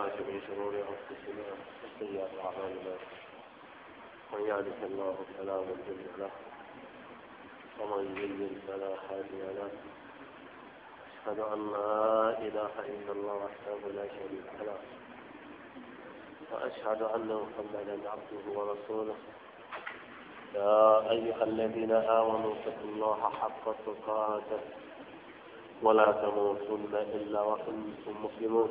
الله من شرور أنفسنا وسيئات أعمالنا من يهده الله فلا مضل له ومن يضلل فلا هادي له أشهد أن لا إله إلا الله وحده لا شريك له وأشهد أن محمدا عبده ورسوله يا أيها الذين آمنوا اتقوا الله حق تقاته ولا تموتن إلا وأنتم مسلمون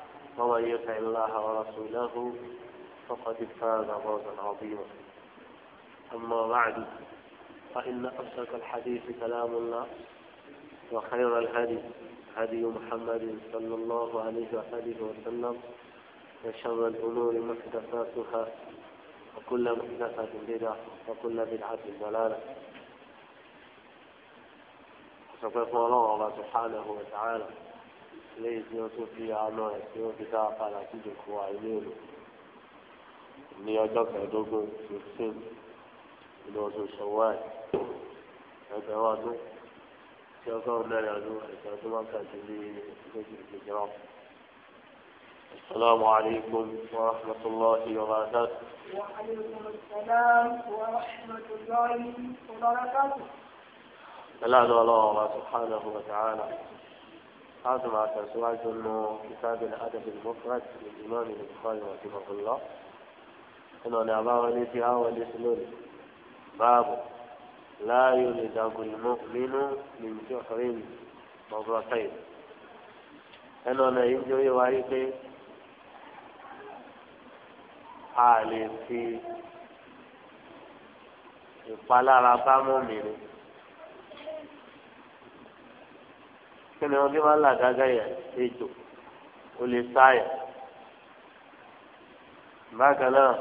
ومن يطع الله ورسوله فقد فاز فوزا عظيما أما بعد فإن أصدق الحديث كلام الله وخير الهدي هدي محمد صلى الله عليه وآله وسلم وشر الأمور محدثاتها وكل محدثة بدعة وكل بدعة ضلالة سبحانه الله سبحانه وتعالى léyìí tí ó tó fi àánú ẹ̀ tí ó fi dá padà sí ìdòkú wa ilé ìlú ní ọjọ́ kẹẹ̀ẹ́dógún fifteen ìlú oṣù sọ̀wáì ẹgbẹ̀rún ọdún tí ọgọ́rùn-ún mẹ́rin ọdún ẹgbẹ̀rún tó máa ń kàdé ní ìgbésí ìgbésíra. السلام عليكم ورحمة الله وبركاته وعليكم السلام ورحمة الله وبركاته الآن الله سبحانه وتعالى هذا مع تسواج انه كتاب الأدب المفرد للامام البخاري رحمه الله انه نعبا وليتها وليسلول باب لا يلدغ المؤمن من جحر مرتين انه نعيجو يواريكي àlè في ìpalára bá kí ni wọn bí wọn là gágá yẹ ejò ó lè sáyà bákan náà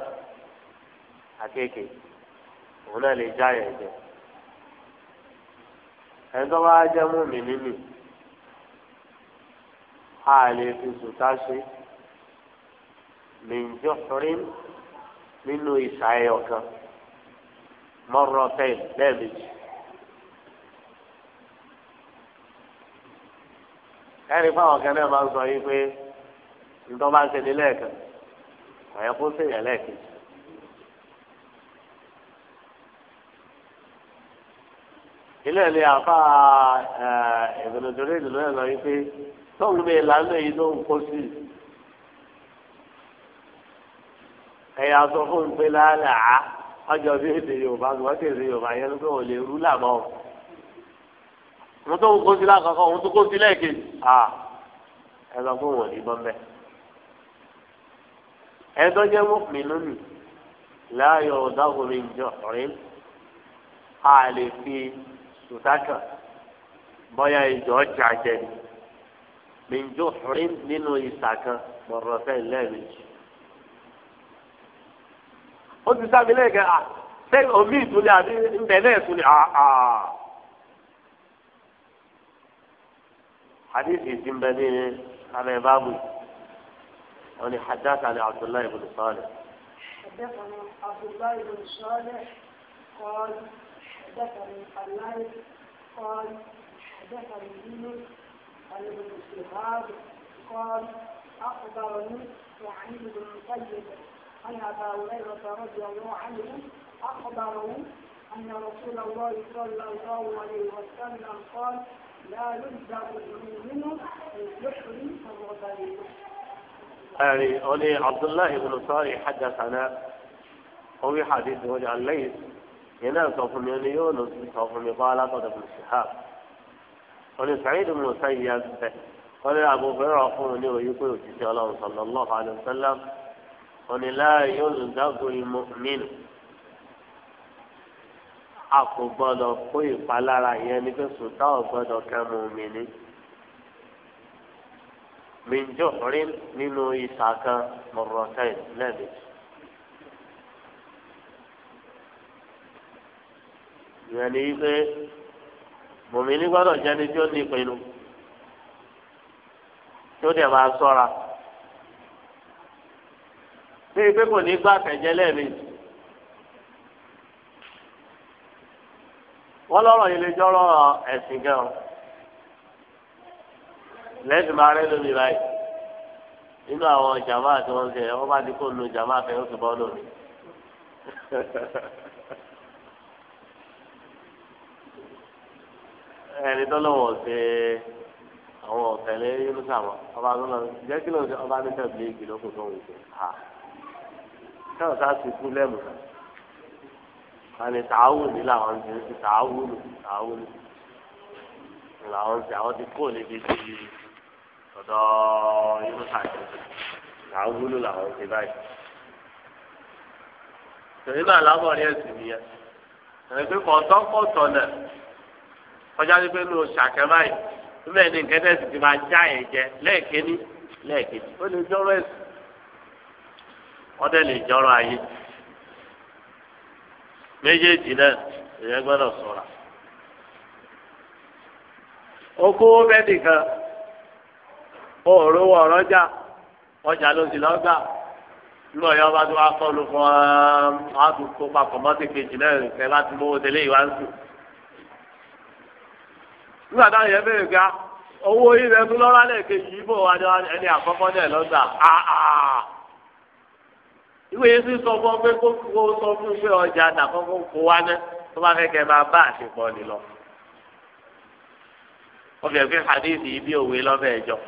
àkekèé òun náà lè já yẹ jẹ ẹ̀ńtọ́ bá jẹ́ mú mi nínú a lè fi sùtá ṣe mìíjọ́ rí nínú ìsàyẹ̀ ọ̀kan mọ́rọ́ tẹ́lẹ̀ lẹ́ẹ̀mejì. ẹni fáwọn kan náà máa ń sọ yìí pé nítorí bá ń ṣe lẹ́ẹ̀kan àyẹ̀ kó sì yàn ilé ilé àfa ìbùdókòrò ìdùnnú yìí pé tóun bẹ́ẹ̀ lánàá yìí ló ń kó sí i. ẹ̀yà sọ fún un pé lálẹ́ àá ọjọ́ bí èdè Yorùbá ni wọ́n ti rí Yorùbá yẹn ló òun tó kó sílẹ̀ àkọ́kọ́ òun tó kó sílẹ̀ kejì à ẹ lọ fún wọn ìbọn bẹ ẹ dọ́jẹ́ mú mi lónìí láàyò ọ̀dọ́gùn mi jọ rí a lè fi sùtákà bọ́yá ìjọ ọjà jẹ ni mi jọ rí nínú ìsàkàn mọ̀rọ̀ fẹ́ ó ti sábẹ́ lẹ́ẹ̀kẹ́ à sẹ́yìn omi ìtúlẹ̀ àbí ń bẹ̀ lẹ́ẹ̀kú ni àà. حديث ti ń على ní abẹ́ حدث wọn عبد الله بن abdullahi ibn salih. عبد الله بن صالح قال حدثني الليث قال حدثني يونس عن ابن شهاب قال اخبرني سعيد بن مسيب عن ابا هريره رضي الله عنه اخبره ان رسول الله صلى الله عليه وسلم قال أري أولي عبد الله بن صاري حدثنا هو حديث وجه الليل هنا سوف من يونس سوف من قال قد ابن شهاب قال سعيد بن مسيب قال أبو هريرة قوم يقول الله صلى الله عليه وسلم قال لا يلدغ المؤمن a kò gbọ́dọ̀ kó ìpalára yẹn ní pé sùtá ò gbọ́dọ̀ kẹmu mi ní. minjọ rí nínú ìta kan mọ̀rọ̀tẹ́n lẹ́nu. ìyẹn ni wípé mòmíní gbọ́dọ̀ jẹ́ni tí ó ní ìpinnu tí ó dẹ̀ máa sọ́ra. bí pé kò ní gbà kẹ̀jẹ́ lẹ́ẹ̀mejì. wọ́n lọ́rọ̀ yìí lè jọ́rọ̀ ẹ̀sìn gan o lẹ́sìn máa rẹ́ lómi báyìí nínú àwọn jàmáà tí wọ́n ń wọ́n bá di kó lu jàmáà fẹ́ ó ti bọ́ lómi. ẹni tó lọ́wọ́ ṣe àwọn ọ̀tẹ̀lé yúnúṣà mọ́ ọba tó lọ jẹ́ kí ló ń ṣe ọba ní sẹ́ẹ̀bì lókùn tó ń ṣe. káwọn sá ti kú lẹ́mùú àní tààwù làwọn ti ti tààwù nù tààwù làwọn ti àwọn ti kó níbi ti ọ̀dọ̀ irú tààwù tààwù làwọn ti báyìí. tòyí náà lábọ̀rí ẹ̀sìn nìyẹn ẹ̀rẹ́ pé kọ̀ọ̀tọ́ kọ̀ọ̀tọ̀ náà kọjá ní pé nù ṣàkẹ́ báyìí bẹ́ẹ̀ ni nǹkan tẹ̀sí ti máa já ẹ̀ jẹ lẹ́ẹ̀kẹ́ni lẹ́ẹ̀kejì ó lè jọ́rọ̀ ẹ̀sìn ọdẹ lè jọ́rọ̀ ayé. méjèèjì náà èèyàn gbọ́dọ̀ ṣọ́ra. okó mẹ́nìkan òòrùn ọ̀rọ̀jà ọjà ló sì lọ́gbà nínú ọ̀yọ́ bá tó wá kọlu fún wa tó kó kejì náà kẹ́ bá ti mówó ìwà ń sùn. nígbà táwọn ah, owó ilẹ̀ tó lẹ́ẹ̀kejì ẹni àkọ́kọ́ náà lọ́gbà áá. Ah, ah, ìwé yẹn sọ fún ọ pé kó sọ fún pé ọjà àtàkọ́kọ́ kó wá ná tó bá kẹ́kẹ́ máa bá àṣepọ̀ ni lọ. wọ́n fẹ́ẹ́ fi hadith yìí bí òwe lọ́fẹ̀ẹ́ ẹjọ́.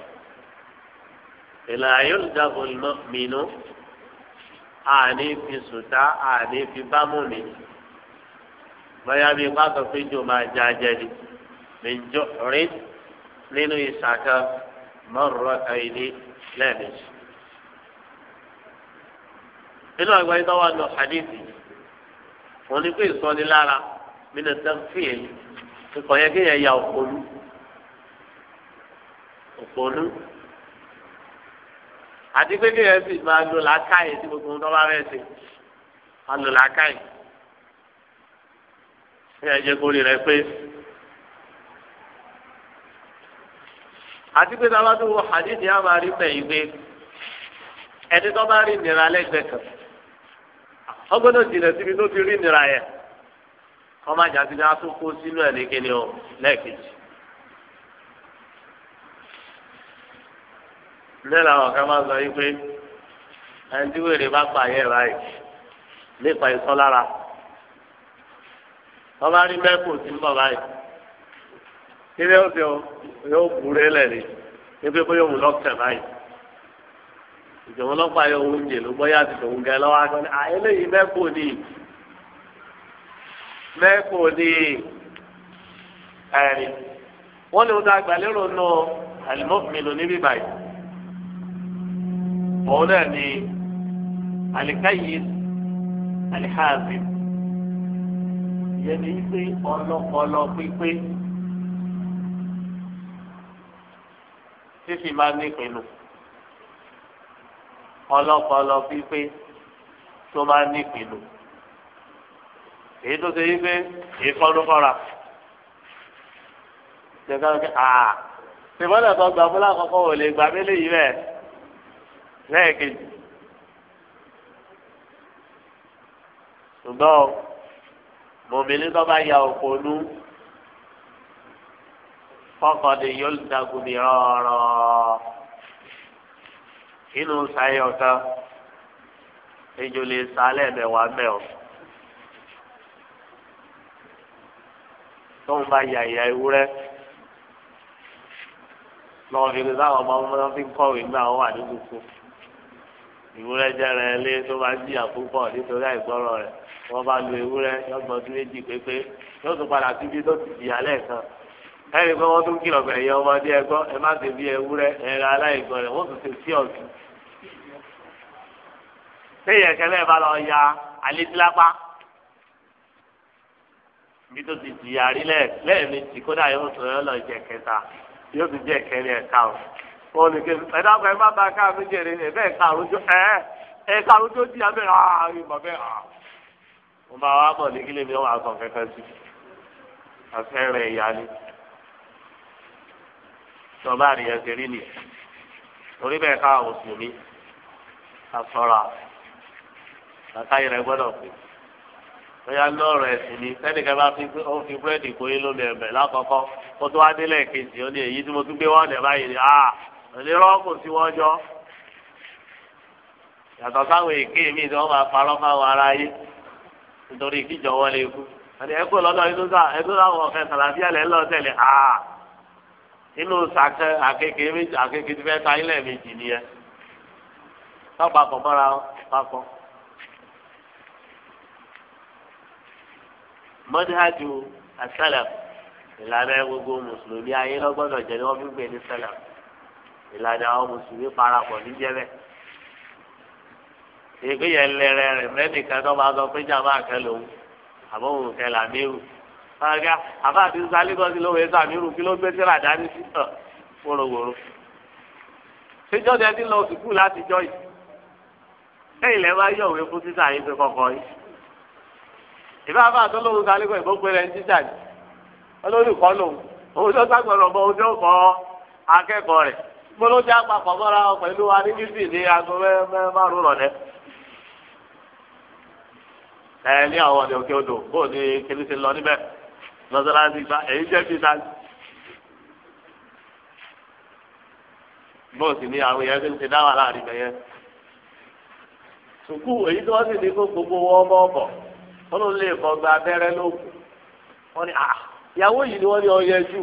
ìlànà yóò dàbò mìínú àní fi sùtá àní fi bámú mi. bóyá bí pásọ péjọ máa já jẹni mìjọ rí nínú ìsàkà mọ́rọ̀ ẹ̀yìn lẹ́ẹ̀mejì nínú àgbà yìí táwọn àlọ hadithi wọn ni pé ìsọnilára mínà tẹ́fìl ikọ̀ yẹ kéèyàn ya òpònú òpònú àti pé kéèyàn sì máa lò làákàyè tí gbogbo ńlọ́wọ́ rẹ̀ ṣe máa lò làákàyè kéèyàn jẹ́ kórè rẹ̀ pé. àti pé táwọn tó wọ hadithi yà máa rí bẹ́ẹ̀ pé ẹni tó bá rí nira lẹ́gbẹ̀ẹ́ kan ọgbọ́dọ̀ jìnnà síbi tó ti rí ìnira yẹn wọ́n má jàdí ní atúnkó sínú ẹ̀ ní kíni o lẹ́ẹ̀kejì. bẹ́ẹ̀ làwọn kan máa ń sọ yìí pé ẹni tí wèrè bá pa yẹn báyìí nípa ìsọ́ lára wọ́n bá rí mẹ́kù tí ń bọ̀ báyìí kíni ó ti o yóò búré lẹ̀ ní bóyá òun lọ́kẹ̀ báyìí ìjọba ọlọ́pàá yọ oúnjẹ ló bọ́ yàtọ̀ tó ń gẹ lọ́wọ́ akọni eléyìí mẹ́kò ni mẹ́kò ni ẹ̀rí wọ́n lè wọ́n àgbà lérò nù alimọ́fìmìlò níbí báyìí òun náà ni alikayi alihazi yẹni pé ọlọ́pọlọ pípé fífi máa ní ìpinnu ọlọ́pọlọ pípé tó máa ní ìpinnu èyí tó ṣe wípé ìfọdúnkọra jẹgá ọkẹ àà tìmọ́lẹ̀ kan gbà fúlà kọ́kọ́ ò lè gbà mélé yìí rẹ̀ lẹ́ẹ̀kejì ṣùgbọ́n mòmìnir tó bá ya òkò nú fọkàn ni yóò dàgùn ní rọrọ inú sáyé ọ̀tá ejò lè sa alẹ́ mẹ́wàá mẹ́ọ̀ tóun bá yà ìyá ewúrẹ́ lọ́wọ́ fi lè sáwọn ọmọ ọmọ fi ń kọ̀wé gbà wọ́n wà ní kúkú ìwúrẹ́ jẹ́rẹ̀ lé tó bá jí àkúpọ̀ nítorí àìgbọ́rọ̀ rẹ̀ wọ́n bá lu ewúrẹ́ yọ́gbọ́n tó méjì pépé yóò tún padà síbi tó ti jìyà lẹ́ẹ̀kan ẹni pé wọ́n tún kìlọ̀ pé ẹ̀yẹ ọmọdé ẹgbọ́ ẹ má ti bí ewúrẹ́ ẹ̀rọ aláìgbọ́n rẹ̀ wọ́n tún ti sí ọ̀sìn. Téèyàn kẹlẹ́ bá lọ ya àlétílápá. Bí tó ti jìyà rí lẹ̀ lẹ́ẹ̀mejì kódà yóò sọ yọ lọ jẹ kẹta yóò tún jẹ kẹrin ẹ̀ka o. Wọ́n ní kí ẹ dákun ẹ má ba ká mi jèrè ẹ bẹ́ẹ̀ ká àrùjọ ẹ ẹ ká àrùjọ jìyà bẹ́ẹ̀ ah ìmọ̀ bẹ́ẹ̀ ah. Mo máa wá bọ̀ ní kílè mi wọ́n á sọ kẹ́kẹ́ sí. Àfẹ́rẹ̀ ìyá ni tọ́ba àríyàn kiri ni torí bẹ́ẹ̀ ká mùsùlùmí àsọ̀rọ̀ àkàyè rẹ̀ gbọ́dọ̀ pé bóyá ní ẹ̀sìn ni sẹ́nìkan bá fi ó fi búrẹ́dì kóyé lómi ẹ̀bẹ̀ lákọ̀ọ́kọ́ kó tó wá délẹ̀ kejì ó ní èyí tí mo tún gbé wọ́n báyìí ni àà ah, onírọ́ kò sí wọ́n jọ yàtọ̀ sáwọn èké mi tí wọ́n máa parọ́ fáwọn ará yé nítorí kíjọ wọlé ikú ẹ̀kú lọ́dọ̀ ẹ̀dúnṣà ẹ̀dúnṣà wọn kẹsàn-án àti ẹ̀lẹ́ lọ́ọ́ tẹ̀lé inú sàkẹ àkekèé méjì àkekèé ti fẹ́ ta ilẹ̀ méjì nìyẹn lọ́pàpọ̀ mọ́ra papọ̀. mọ́dájú asálàm ìlànà gbogbo mùsùlùmí ayé lọ́gbọ́dọ̀ jẹ́ ni wọ́n fi ń gbé ní sálàm ìlànà àwọn mùsùlùmí parapọ̀ níjẹ́bẹ̀. ìgbéyẹ̀lẹ̀ rẹ̀ mẹ́nìkan tó máa sọ pé jàmbá kan lòun àbóhùn kẹlà mẹ́rù ọ̀gá àbá àti sálíkọ́sí ló wẹ̀ sàmì irú kí ló gbé sílà dání sí ọ̀ wóróworó. ṣéjọ́ ni ẹni lọ sùkú láti jọ yìí ẹ̀yìn lẹ́ bá yọ̀ wé fún títà yìí pé kọ̀kọ́ yìí. ìbá bá àtọ́ lóhun sálíkọ́ ìbò pé rẹ̀ ń títà ní olórí kọ́ lòun òun tó sàgbọ̀rọ̀ bọ ojú ọkọ̀ akẹ́kọ̀ọ́ rẹ̀ gbọ́dọ̀ àpapọ̀ mọ́ra pẹ̀lú anígbèsè ẹ ní àwọn ọ̀dẹ̀ òkè odò bóò ní kìlísì lọ níbẹ̀ mọ́sálásí bá èyí jẹ́ bí sáà. bọ́ọ̀sì ni àwọn èèyàn fi ń ṣe dáwà láàrin bẹ̀yẹ. sùkúù èyí tí wọ́n sì ní kó gbogbo wọn bọ̀ bọ̀ wọ́n ló lè kọ́ gba abẹ́rẹ́ lóògùn. wọ́n ní ah ìyàwó yìí ni wọ́n ní ọyẹ́jú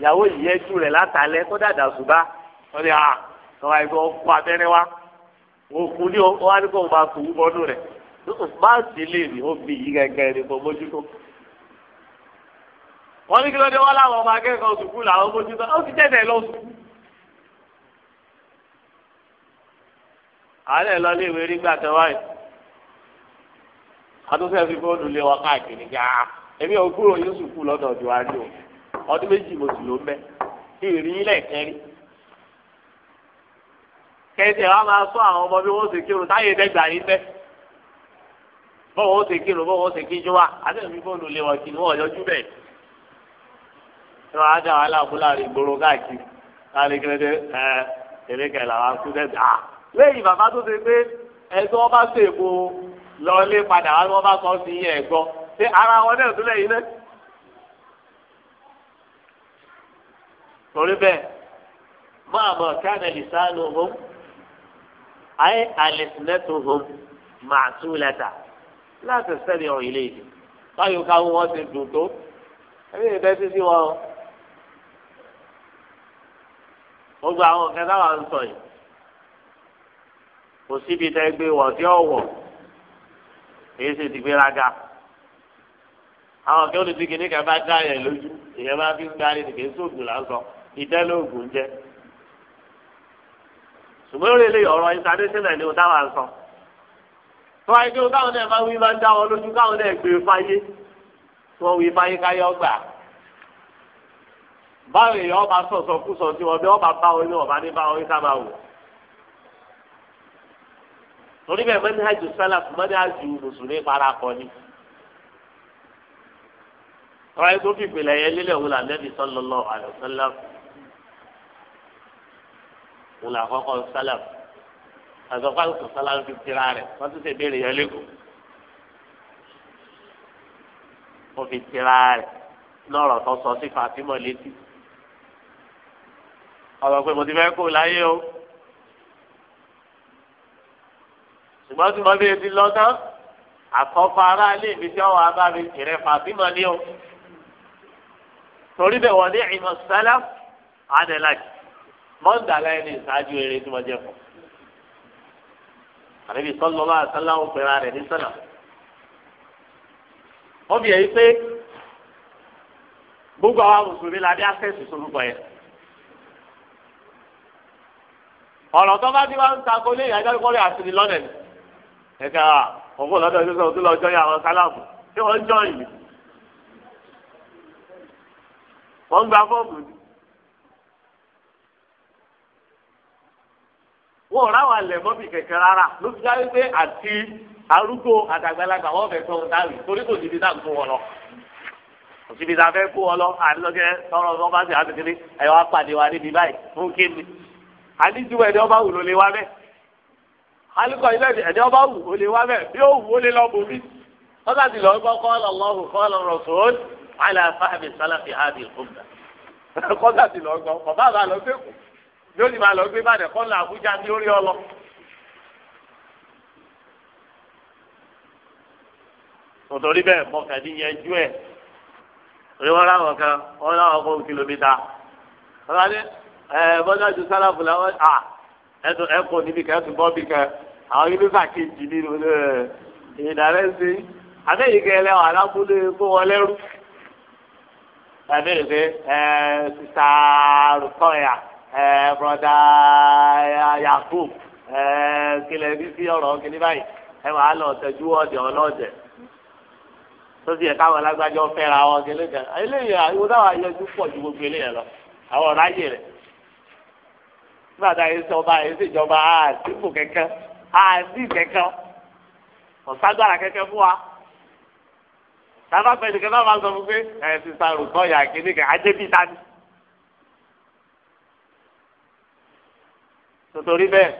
ìyàwó yìí yẹ́jú rẹ̀ látàlẹ́ tó dàdà ṣùgbá wọ́n ní ah tọ́wá ẹgbẹ́ wọn kó abẹ́rẹ́ wá òkú ni wọ́n á ní kó máa kú bọ́dún rẹ̀. máàsì lè ní ó yìí gẹ́gẹ́ ni kò mójútó wọ́n ní kí ló wọ́n láwọn ọmọ akẹ́kọ̀ọ́ sùkúù làwọn mójútó ó ti tẹ̀sẹ̀ lọ sùkúù. àárẹ̀ lọ lé ìwé rí tẹ wáyé àtúnṣe fi fóònù lé wọn káàkiri gà èmi ò kúrò yín sùkúù lọ́dọ̀ ọ̀dọ̀ wa o ọdún méjì mo sì ló ń bẹ ìrìn ilẹ̀ kẹrin kẹsẹ̀ wa máa sọ àwọn ọmọ bí wọ́n ṣe kírun táyé dẹ́gbà yín bẹ́ bọ́wọ́ ó ṣe kírun bọ́wọ́ ó ṣe kíjú wa àtẹ̀mí fóònù lé wọn kì tó a dá wàhálà fúlàní gbòòrò káàkiri láti kí lóde ẹ èmi kẹlẹ àwọn student à lẹ́yìn bàbá tó ti pé ẹ̀sùn ọba ṣèbò lọlé padà wá wọn bá sọ sí iye ẹ̀gbọ́n ṣé ara wọn náà tún lẹ́yìn náà. torí bẹ́ẹ̀ máa mọ̀ kí àdàlìsánú hom ayé àlìsínẹ́tò hom màá tú lẹ́tà láti sẹ́ni ọ̀hún ilé yìí báyọ̀ káwọn wọn ti dùn tó ẹ̀mí ìdẹ́sí sí wọn. gbogbo àwọn kẹta wà ń sọ yìí kò síbi tẹ́ gbé wọ̀ tí ó èyí sì ti gbéraga àwọn kí olùdíje ní kẹfà dá yẹn lójú ìyẹn máa fi ń gbá ní nìkẹ́ sóògùn lásán ìdẹ́lógún jẹ́ ṣùgbọ́n orí ilé ọ̀rọ̀ international ni o táwọn sọ tó wáyé kí o káwọn náà máa wí máa ń dá wọn lójú káwọn náà gbé e fáyé tí wọ́n wí fáyé káyọ́ gbà á báwo èèyàn ọba sọ̀sọ̀ kú sọ tí wọn bí ọba bá wọn ní ọba ní bá wọn sábà wò. torí bẹ́ẹ̀ mẹ́ni àjò sálà fún mẹ́ni àjò mùsùlùmí parakọ ni. ọ̀rọ̀ yìí tó fi ìpìlẹ̀ yẹn lílẹ̀ wò lànàbì sallallahu alaihi wasallam wò làkọ́kọ́ sálà àzọ̀kọ́ àlùkò sálà fi tira rẹ̀ wọ́n ti ṣe béèrè yẹn lẹ́kọ̀ọ́ wọ́n fi tira rẹ̀ lọ́rọ̀ tó sọ sí Fatima létí ọ̀rọ̀ pé mo ti fẹ́ kó láyé o ṣùgbọ́n tí mo bí etí lọ tán àkọ́kọ́ aráalé mi tí ọwọ́ abámi ìrẹ́ fàbímọ ni o torí bẹ̀ wọ́n ní ìmọ̀ sálá àdẹ̀lájì mọ́ńdà láyé ní ìsáájú eré tí mo jẹ́ fún àbíbi sọ́lọ́ bá sálá ó pera rẹ̀ ní sọ́nà ó bìí ẹ̀ yí pé gbogbo àwọn mùsùlùmí la bí access sórúkọ yẹn. ọ̀rọ̀ tó bá ti wá ń tako lé ìyájọ́ ìkórè àṣírí lọ́nà ni. ẹ ká òkú lọ́dọ̀ ìṣẹ́sọ tó lọ jọyìn àwọn sálàmù tí wọ́n jọyìn. wọ́n gba fọ́ọ̀mù ni. wọ́n ò ráwọn alẹ̀ mọ́bì kẹ̀kẹ́ rárá ló fi jáde pé àti arúgbó àtàgbàlagbà wọ́n fẹ́ tọ́hún dáwì torí kò síbi tá à ń kó wọn lọ. kò síbi tá a fẹ́ wọn lọ àdìsíwò ẹni ọba wù ló lè wá bẹ́ẹ̀ alukọ ilé ẹni ọba wù ó lè wá bẹ́ẹ̀ bí ó wù ó lè lọ bòmí ọba ti lọ gbọ́ kọ́ lọ lọ́hùn kọ́ lọ rọ̀ sóòn àlẹ́ àfáàbì sálàfì àbí ìfúnbà kọ́sà ti lọ gbọ́ kọ́ bàbá lọ gbé kù bí ó ti máa lọ gbé bàdẹ̀ kọ́ lọ Àbújá ní orí ọlọ. nítorí bẹ́ẹ̀ mọ̀kàdí yẹn jú ẹ̀ rí wọn láwọn kan wọn láwọn kó kìlómítà wọn ẹ bọ́dá ju sálàfù làwọn à ẹtù ẹkọ níbi kan ẹtù bọ́ọ̀bì kan àwọn yunifà kejì nínú ìdàrẹ́ sí abẹ́yìí kan ẹlẹ́wọ̀n alábúlé kó wọn lẹ́rú abẹ́yìí pé ẹ sísá rúkọ́yà ẹ bọ́dá yàkú ẹ kílẹ̀ ní sí ọ̀rọ̀ kíní báyìí ẹ wàá lọ tẹjú ọ̀dẹ̀ ọlọ́dẹ̀ sọ́sì ẹ̀ka àwọn alágbájọ́ fẹ́ra wọn kílẹ̀ kan eléyìí àwọn ìwọ́n táwọn ayẹyẹ tó pọ̀ ju gbogbo eléyìí lọ àwọn ọ̀rọ̀ ayé rẹ̀ nígbà tá sọba a yẹ sèjọba a kẹkẹ a kẹkẹ ọ̀ságbára kẹkẹ fún wa sábà pẹ̀lú kẹfà máa sọ fún pé ẹ ti sa rògbọ́n yà kíní kẹ ajébí tani. tòtòrí bẹ́ẹ̀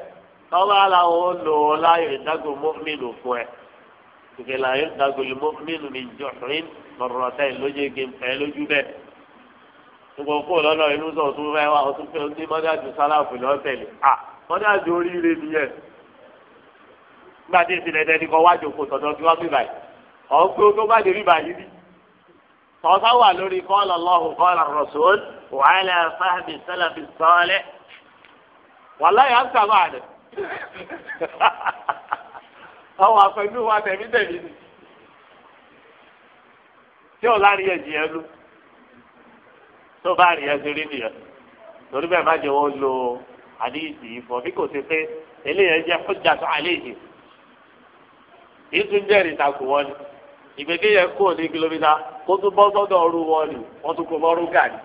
lọ́wọ́ aláwọ̀ lò ó láyò ìdágò mọ́mìnù fún ẹ ìkẹlẹ̀ ayọ̀ ìdágò mọ́mìnù ní jọ̀rín lọ́rọ̀ tẹ́ lójú bẹ́ẹ̀ gbogbo kó lọ́nà inú sọ tún fẹ́ wá ọtún fẹ́ ọtún mọ́dájú sálàfù lọ́tẹ̀lẹ̀ à mọ́dájú oríire nìyẹn nígbà tí èsì lẹ́dẹ́ nìkan wá jòkó tọ̀dọ̀ tí wọ́n fi báyìí ọ̀hún pé tó bá lè rí báyìí rí tọ́sá wà lórí qala Allahu qala Rasul wa ala fahmi salafi salih wallahi ń sàmà rẹ̀ ọwọ́ àpẹ̀lú tó bá rí ẹsẹ̀ rí nìyẹn torí bẹ́ẹ̀ má jẹ́ wọ́n lo àdéhìsì yìí fọ bí kò ṣe pé eléyẹn jẹ fún tó àléhìn yìí tún jẹ́rìí takò wọn ni ìgbẹ́kẹ̀yẹ kú ní kìlómítà kó tún bọ́ sọ́dọ̀ ọrú wọn ni wọ́n tún kó mọ́rú gàdí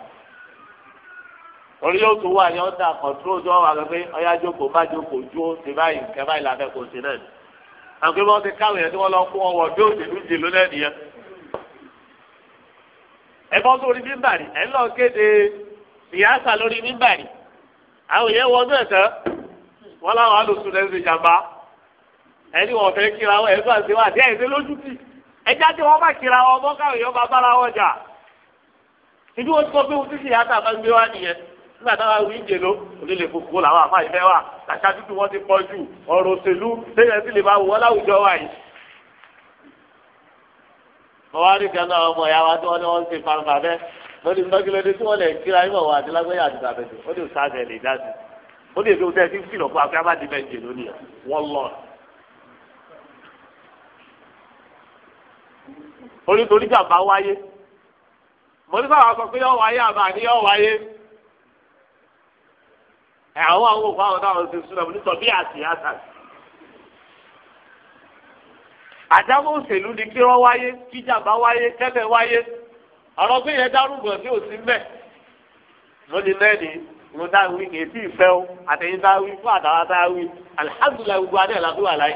yóò tún wà ní ọ̀dà wà pé jókòó má jókòó ẹ sórí mímbàrí ẹ lọ kéde ìyáàsà lórí mímbàrí àwọn yẹn wọnú ẹ̀tẹ́ wọn làwọn alùsùn náà ń ẹni wọn fẹ́ kíra wọn ẹgbẹ́ àti wọn àti ẹ̀ṣẹ́ lójú tì ẹjá tí wọn bá kíra wọn mọ káwọn èèyàn bá bára wọn jà ìdí wọn sọ pé wọn ti ṣe yàtà ń gbé wá nìyẹn nígbà táwọn wí ń jèlò òní lè fòfò làwọn àfáà ìfẹ́ wà àṣà mo wá kan náà ọmọ ìyá wa tí wọ́n ní wọ́n ń ṣe fanfa bẹ́ẹ̀ lórí mọ́kìlódé tí wọ́n lè kíra yín wọ̀ wá àti lágbẹ́yà àti tàbẹ̀tì ó lè sáà tẹ̀lé dá sí ó lè fi oúnjẹ tí ń kìlọ̀ fún akẹ́ abájí bẹ́ẹ̀ jẹ lónìí wọ́n lọ. orí torí jàmbá wáyé mo ní sábà sọ pé yọ wáyé àbá ni yọ wáyé ẹ̀ àwọn àwọn òkú àwọn táwọn ti sún náà mo ní sọ bí àti àtàkì àdámọ́ òṣèlú ni kí wọ́n wáyé kíjàmbá wáyé kẹ́fẹ́ wáyé ọ̀rọ̀ pé yẹn dárúgbọ̀n tí ò sí mbẹ́ lónìí náà ni mo dá wí kì í tí ì fẹ́ o àtẹ̀yìn dá wí fún àtàwà dá wí alihamdulilayi gbogbo adé làdúrà láyé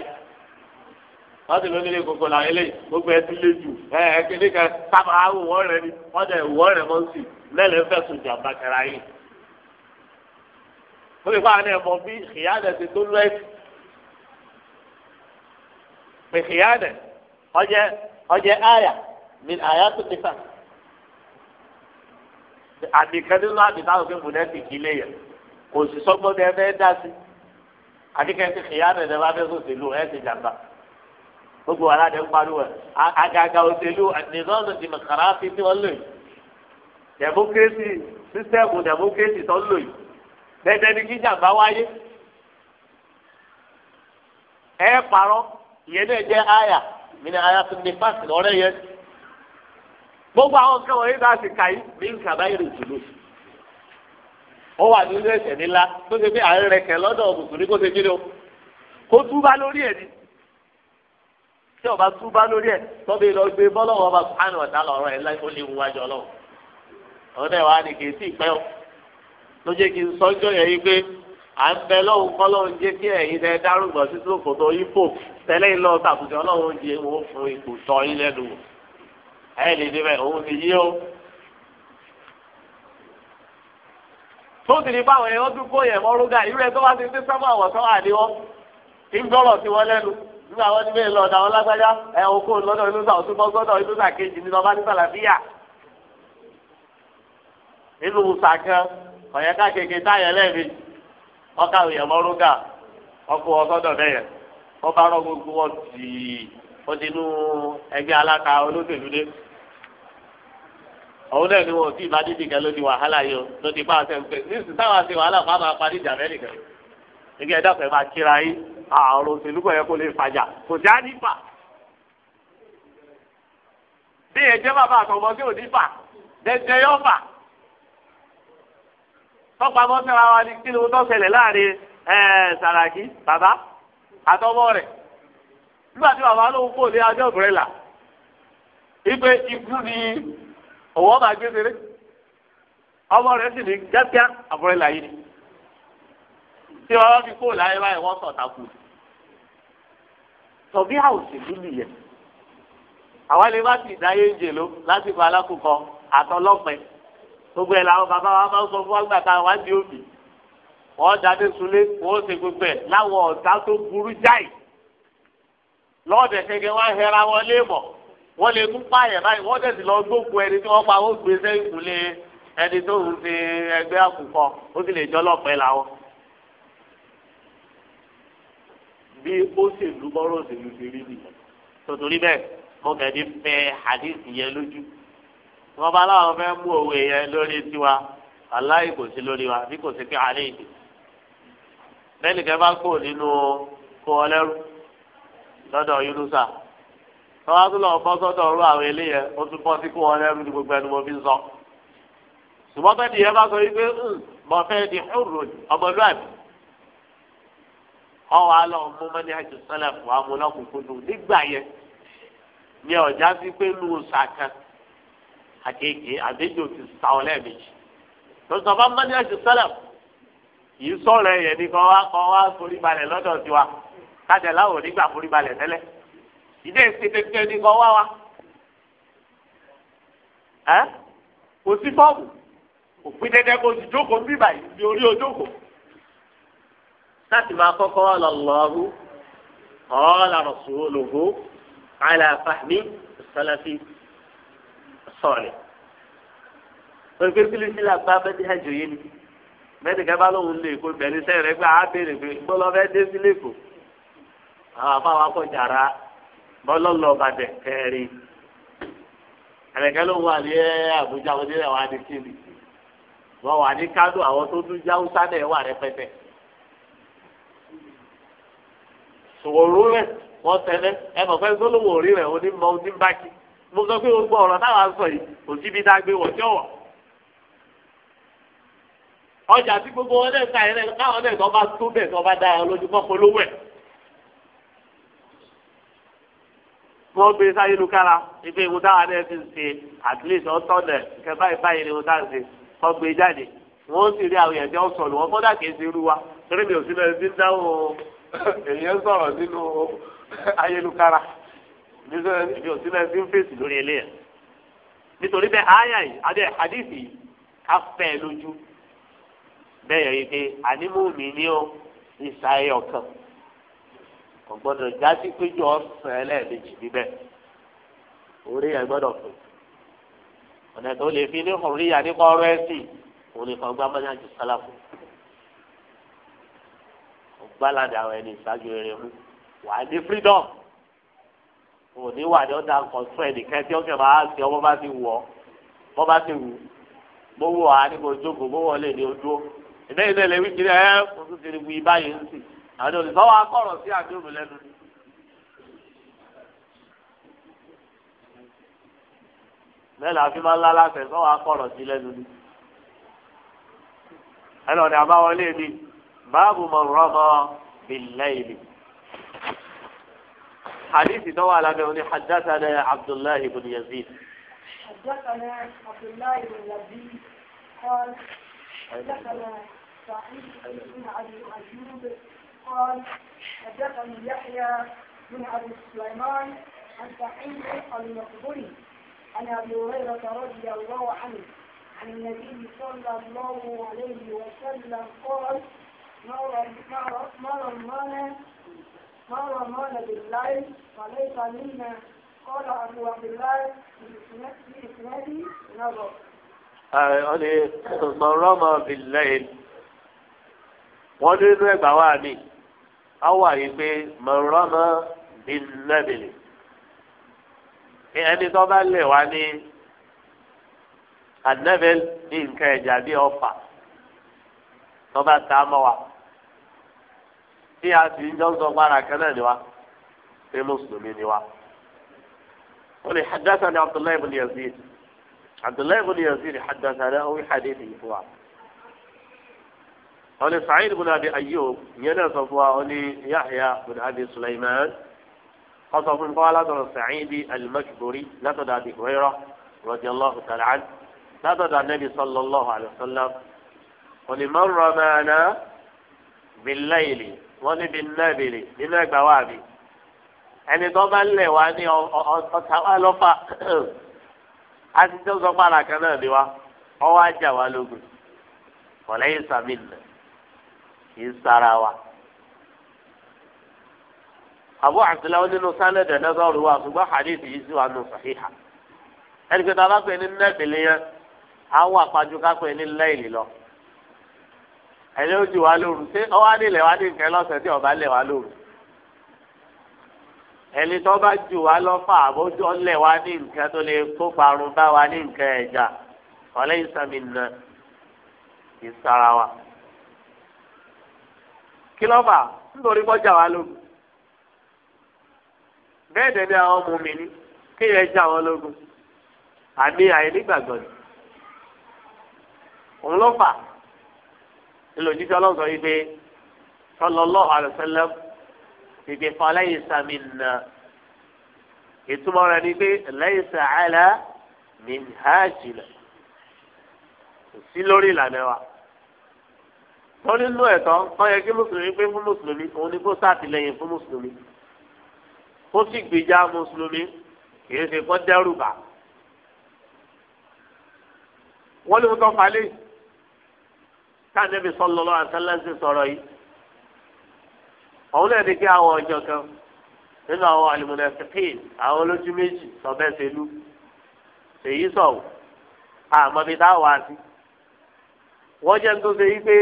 wọ́n ti lónìí gbogbo làwọn eléyìí gbogbo ẹ ti lé jù ẹ ẹ kéde kan sábà áwò wọ́n rẹ ni wọ́n dẹ̀ wọ́n rẹ mọ́ sí lẹ́lẹ̀ fẹ̀sùn jàmbá kẹra yìí. ó lè fọ́ àwọn ẹ̀mọ́ bí ìyá ìfìyàdẹ ọjẹ ọjẹ àyà min àyà tó ti fà àmì kan nínú àmì táwọn fún mi lẹ́sìn si lè yẹ kò si, sọgbọ́n ní ẹgbẹ́ dá sí àdìkẹ́ ti ìfìyàdẹ ní ẹgbẹ́ fẹ́sọ̀ sílùú ẹ̀ ti jàmbá gbogbo aládé ń pariwo àgàgà òṣèlú nìzọ́ọ̀nù dìmọ̀kàrà fi tí wọ́n lò yìí democracy sísẹ́ẹ̀mù democracy tó ń lò yìí dẹ́dẹ́ ni kí jàmbá wáyé ẹ̀ ìyẹn náà jẹ́ àyà mi ni àyà tún ní fásitì lọ́rẹ́ yẹn gbogbo àwọn nǹkan wọ̀nyí bá ti kà yí bí nǹkan bá yẹrù jùlọ ó wà nínú ẹ̀ṣẹ̀ nílá tó ṣe pé àárẹ̀ rẹ̀ kẹ̀ lọ́dọ̀ mùsùlùmí kó ṣe kíni o kó túbá lórí ẹ̀ ni tí ọba túbá lórí ẹ̀ tọ́bi lọ gbé bọ́lọ́wọ́ ọba sùpánù ọ̀tá lọ́rọ̀ ẹ̀ láì ó lè wúwájú ọlọ́run ọ̀dẹ̀ wa ni kì í sì pẹ́ o ló jẹ́ kí n sọ́jọ́ yẹn yí pé à ń bẹ lọ́hùn kọ́lọ́hùn jẹ́ kí ẹ̀yin ẹ dárúgbọ̀n sí tẹ́lẹ̀ ịlọ lọ sàkùsì ọlọ́run di ewu fún ipò tọ́ yín lẹ́nu ẹ̀ lè dé bẹ́ẹ̀ òun ti yí o. tó ti di báwọn ẹ̀yọ́ tún kó yẹn mọ́rúgà irú ẹ̀ tó bá ti dé sábà wọ̀ sọ́wọ́ àdéwọ́ ń gbọ́rọ̀ sí wọn lẹ́nu nígbà lọ ọ̀dà wọn lágbájá ẹ̀ okó lọ́dọ̀ inú sà gbọ́dọ̀ inú sà kejì nínú ọba ọ̀yẹ́ká wọ́n bá rọ gbogbo wọn tì í wọ́n ti nú ẹgbẹ́ aláta olóṣèlú dé òun náà ni wọn ò tí ì bá dídì kan ló di wàhálà yìí o ló ti bá a sẹ́nu pé ní sísáwá sí wàhálà fún àwọn apá níjà mẹ́rìndínlẹ́ nígbà ẹ̀dá fẹ́ máa kíra yín àrùn òṣèlú kò yẹ kó lè fàjà kò sí á nípa bí ẹ̀jẹ̀ bàbá àtọmọ sí òní fà dẹ́jẹ́ yóò fà tọ́pamọ́ sẹ́ra wa ni kí ló tọ́ ṣẹlẹ̀ láàrin Sàràkí bàbá àtọwọ́ rẹ̀ nígbà tí bàbá lóun kò lé ajọ́ òbúrẹ́ là ipe ikú ni òwò ọba gbé seré ọmọ rẹ̀ sì ní gẹ́gẹ́ àbúrẹ́ là yìí ni tí bàbá fi kó láyé báyìí wọ́n sọ̀tà kù tọ̀bí àwòṣèlú nìyẹn àwa lè má sì dá yéǹjẹ ló lásìkò alákòókò àtọlọ́pẹ gbogbo ẹ̀ làwọn bàbá wa máa ń sọ fún wa gbà tá a wá di òbí wọ́n dáadé sulé wọ́n ṣe gbogbo ẹ̀ láwọn ọ̀tá tó burú jáì lọ́ọ̀dẹ̀ kẹ̀kẹ́ wọ́n hẹra wọn lé mọ̀ wọ́n lè tún pààyàn báyìí wọ́n tẹ̀sí lọ gbógun ẹni tí wọ́n pa ó gbé sẹ́yìn kúlé ẹni tó ń fi ẹgbẹ́ àkùkọ ó sì lè jọ lọ́pẹ́ làwọn. bí ó ṣèlú bọ́rọ̀ òṣèlú ti rí nìyẹn tòtòrí bẹ́ẹ̀ mo kẹ́ni fẹ́ hadith yẹn lójú wọ́n bá láwọn fẹ́ mú òwe yẹn lórí tiwa aláì lórí wa bí kò sí pé alẹ́ bẹ́ẹ̀ni kẹ́ bá kó nínú kó wọn lẹ́rú lọ́dọ̀ yunusa tọ́wá tó lọ́ọ́ bọ́ sọ́dọ̀ ọ̀rọ̀ àwọn eléyẹ ó tún bọ́ sí kó lẹ́rú ní gbogbo ẹnu mo fi sọ. ṣùgbọ́n bẹ́ẹ̀ni yẹn bá sọ wípé hmm, mo fẹ́ di ọ̀rọ̀ ọmọlúwàbí ọwọ́ alọ́ mú mọ́ni àjò sọ́lẹ̀ fún nígbà yẹn ọ̀já sí pé àkèké ti sa ọ lẹ́ẹ̀mejì lọ́sọ̀ bá àjò fún yìí sọ̀rọ̀ ẹ̀yẹ̀ ni kọ́ wá kọ́ wá foríbalẹ̀ lọ́dọ̀ tiwa kájà láwọn onígbà foríbalẹ̀ tẹ́lẹ̀ ìdí èsì kékeré ni kọ́ wá wa ẹ́ kò sí fọ́ọ̀mù òpin dẹ́dẹ́ kó ti jókòó bí báyìí ní orí ojókòó láti máa kọ́kọ́ lọ́lọ́rú ọ̀ọ́lá rọ̀sùlùmù àlàfàmì sọlẹ́fì sọ̀rẹ̀ pẹ̀lú pé làgbà bẹ́ẹ̀ bẹ́ẹ̀ni kẹfà lòun lè kó bẹ́ẹ̀ni sẹ́yìn rẹ gbà á béèrè pé gbọ́dọ̀ fẹ́ dé sí lẹ́kọ̀ọ́ àwọn afáwọn akọ̀jàrá bọ́lọ́lọ́ bàtẹ̀ kẹrin ẹ̀rẹ̀kẹ́ lòun wà ní Àbújá wọn nílẹ̀ wà ní kíni wọn wà ní kádò àwọn tó dún jáwúsá náà wà rẹpẹtẹ sòwòrò rẹ wọn tẹlẹ ẹ mọ̀ fẹ́ gbólóhùn orí rẹ onímọ̀ onímbákí mo sọ pé gbogbo ọ̀rọ̀ táwọn sọ yìí òsibí dá gbé wọ́n tí ó ọjà tí gbogbo wọn lẹ́ka yẹn lẹ́ka káwọn lẹ́ka ọba tó bẹ̀ ọba dá ọ lójú kọ́ polówó ẹ̀. wọ́n gbé sáyé lukara ibi ìwò táwa náà ti ń ṣe at least ọ̀tọ̀nẹ̀ kẹ báyìí báyìí ni wọ́n tá à ń ṣe wọ́n gbé jáde wọ́n sì rí àwọn èèyàn jẹ́ ọ̀sọ̀lù wọn fọ́dà kìí ṣe irú wa torí mi ò sí lẹ́nu tí ń dáwọ́ èèyàn sọ̀rọ̀ nínú ayélukára mi ò sí lẹ́nu tí ń fèsì lórí eléyà nítorí bẹ́ẹ̀ ááyà yìí adé àdìsí ká fẹ́ lójú bẹ́ẹ̀ rí pé ànímọ́ọ̀mì ni ó ìsàyẹ̀ ọ̀kan kò gbọ́dọ̀ jásí péjọ ọ̀sán ẹlẹ́ẹ̀mejì níbẹ̀ orí ẹ̀ gbọ́dọ̀ fún ọ̀nà tó lè fi ní ọ̀ríyà nípa ọ̀rọ̀ ẹ̀sìn òun nìkan gbá mọ́nyá ju sálàfù ọ̀gbáládà àwọn ẹni ìṣáájú rere mú wàá ní freedom òní wà ní ọ̀dà kọ̀tún ẹnìkan tí ọ̀kẹ́ máa ṣe ọmọ bá ti wọ̀ bọ́ bá ti wù bó wọ̀ jókòó bó wọlé ní ojú ìbéyìí náà lè wí kiri ẹ mo tún ti wí báyìí ń sì àwọn olùsọ́wọ́ akọ̀rọ̀ sí àdéhùn lẹ́nu. bẹ́ẹ̀ la fi máa ń lálá fẹ̀ sọ́wọ́ akọ̀rọ̀ sí lẹ́nu ni. ẹnì ọ̀dà àbáwọlé mi báàbù mọ̀rọ́mọ bìlẹ́ìlì. حديث دواء على حدثنا عبد الله بن يزيد حدثنا عبد الله بن يزيد قال دخل صحيح بن ابي ايوب قال حدثني يحيى بن ابي سليمان عن سعيد المقبري عن ابي هريره رضي الله عنه عن النبي صلى الله عليه وسلم قال ما رمانا ما رمانا بالليل فليس منا قال ابو عبد الله باسنادي نظر wọ́n ní bìlẹ́yìn wọ́n ní inú á wà yìí pé bìlẹ́bìlì ẹni tó bá lè wá ní ní nǹkan ẹ̀jà bí ọ̀fà tó bá ta mọ́ wa tí a ń sọ kan wa pé mùsùlùmí ni wa. عبد الله بن يزيد حدثنا في حديث فوا قال سعيد بن أبي أيوب ينا صفوا يحيى بن أبي سليمان قصف قال سعيد المكبري لا تدع أبي هريرة رضي الله تعالى عنه لا تدع النبي صلى الله عليه وسلم ولمن رمانا بالليل ولبالنابل لما بوابي يعني ضمن لي واني أتعالى a ti tó sọ pàrà kan náà ni wa ọwọ́ ajá wa lógun kọ̀lẹ́yìn sàmìnà kì í sara wa. àbú àtìláwọ́ wa wà nù sàhíhà ẹni pé tàbá yẹn á wà pàjù ká pè wa lóru wa wa ẹni tó bá jù wá lọ́fà àbójú ọlẹ̀ wá ní nǹkan tó lè kó parun bá wa ní nǹkan ẹ̀jà ọ̀lẹ́ ìsàmì nà ìsara wa. kí ló fà nítorí kọjá wa lógun bẹ́ẹ̀ dẹ̀ ni àwọn ọmọ mi ní kí ẹ já wọn lógun àmì àìnígbàgbọ́ ni òun ló fà ńlò ọlọ́sọ yìí pé sallallahu alaihi ìgbè kan lẹ́yìn sami nà ìtumọ̀ rẹ̀ ni pé lẹ́yìn sàcálà mi hà jìnnà kò sí lórí ìlànà wa wọ́n nínú ẹ̀tọ́ wọ́n yẹ kí mùsùlùmí pé fún mùsùlùmí òun ni kó ṣàtìlẹ́yìn fún mùsùlùmí kó sì gbèjà mùsùlùmí kìí ṣe kó dẹ́rù bà wọ́n lè tọ́ falẹ̀ káàdébí sallallahu alaihi wasallam sọ̀rọ̀ yìí òun náà ní kí àwọn ọjọ́ kan nínú àwọn àlùmọ̀nàfíìn àwọn olójú méjì sọ̀bẹ́sẹ̀lú èyí sọ̀wọ́ àmọ́bi tá a wá sí wọ́n jẹ́ tó ṣe yí pé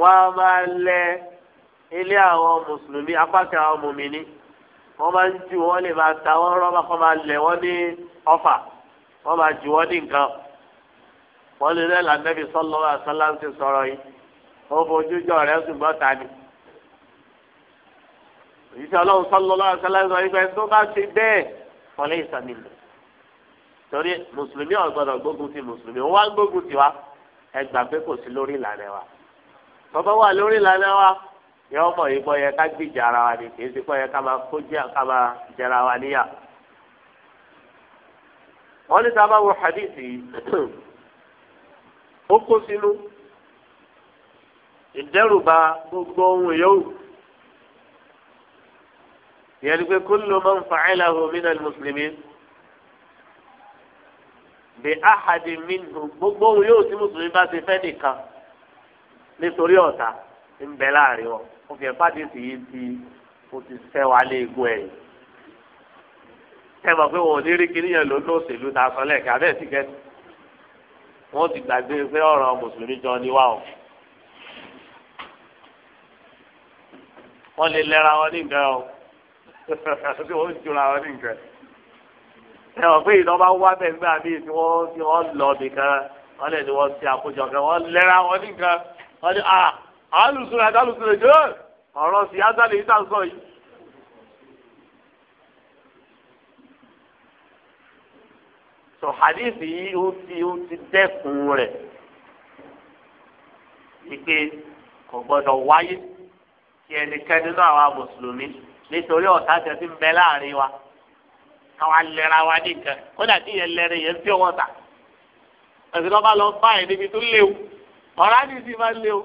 wọ́n á máa lẹ ilé àwọn mùsùlùmí apákan àwọn mùmíní wọ́n máa ń ju wọ́n lè máa ta wọ́n rọ́bà kọ́ máa lẹ̀ wọ́n ní ọ̀fà wọ́n máa ju wọ́n ní nǹkan wọ́n lè lẹ́la nẹ́bí sọ́lọ́ àṣálá ń ti sọ̀rọ̀ yìí wọ́n fojú jọ rẹ̀ ṣùgbọ́n ta òṣìṣẹ́ ọlọ́run sọ́lọ́ lọ́wọ́ sẹ́lẹ̀ sọ wípé tó bá ṣe bẹ́ẹ̀ fọlẹ́ ìsàmìlẹ̀ torí mùsùlùmí ò gbọdọ̀ gbógun ti mùsùlùmí wọ́n wá gbógun ti wa ẹ gbà pé kò sí lórí ìlànà wa tọ́bọ̀ wà lórí ìlànà wa yọ ọmọ yìí bọ́ yẹ ká gbìjà ara wa ni kì í ṣe pọ́ yẹ ká máa kó jẹ́ ká máa jẹra wa níyà. wọ́n ní sábà wo hadithi ó kó sínú ìdẹ́rùba gbogbo ohun yòówù yẹn pé kullu man fa'alahu minal muslimin bi ahadi minhum gbogbo yóò tí mùsùlùmí bá ti fẹ́ nìkan nítorí ọ̀tá ń bẹ láàrin wọn ó fi ẹ̀fá ti sì yìí ti ó ti fẹ́ wa lé egbò ẹ̀yìn ẹ mọ̀ pé wọn ò ní rí kinní yẹn lónú òṣèlú ta sọ lẹ́ẹ̀kẹ́ abẹ́ sì wọ́n ti gbàgbé pé ọ̀ràn mùsùlùmí jọ ni o wọ́n lè lẹ́ra wọn nígbà o tí wọ́n jura wọn ní nǹkan. ẹ ọ̀ pé ìlọ́ba wá bẹ́ẹ̀ gbé àbí tí wọ́n tí wọ́n lọ nìkan wọ́n lè ní wọ́n ti àkójọ kan wọ́n lẹ́ra wọn ní nǹkan wọ́n ní àlùsùn àti àlùsùn èjò ọ̀rọ̀ sì á yìí sàǹsọ̀ yìí. sọ hadith yìí ó ti ó ti dẹ́kun rẹ̀ wípé kò gbọ́dọ̀ wáyé kí ẹnikẹ́ni náà wà mùsùlùmí nítorí ọ̀tá tẹ̀sí ń bẹ láàrin wa káwa lẹ́ra wa ní nǹkan kódà tí yẹn lẹ́rìn yẹn fi ọwọ́ ta ẹ̀sìn lọ́ba lọ bá ẹ̀ níbi tó léwu ọ̀rá ní ti máa léwu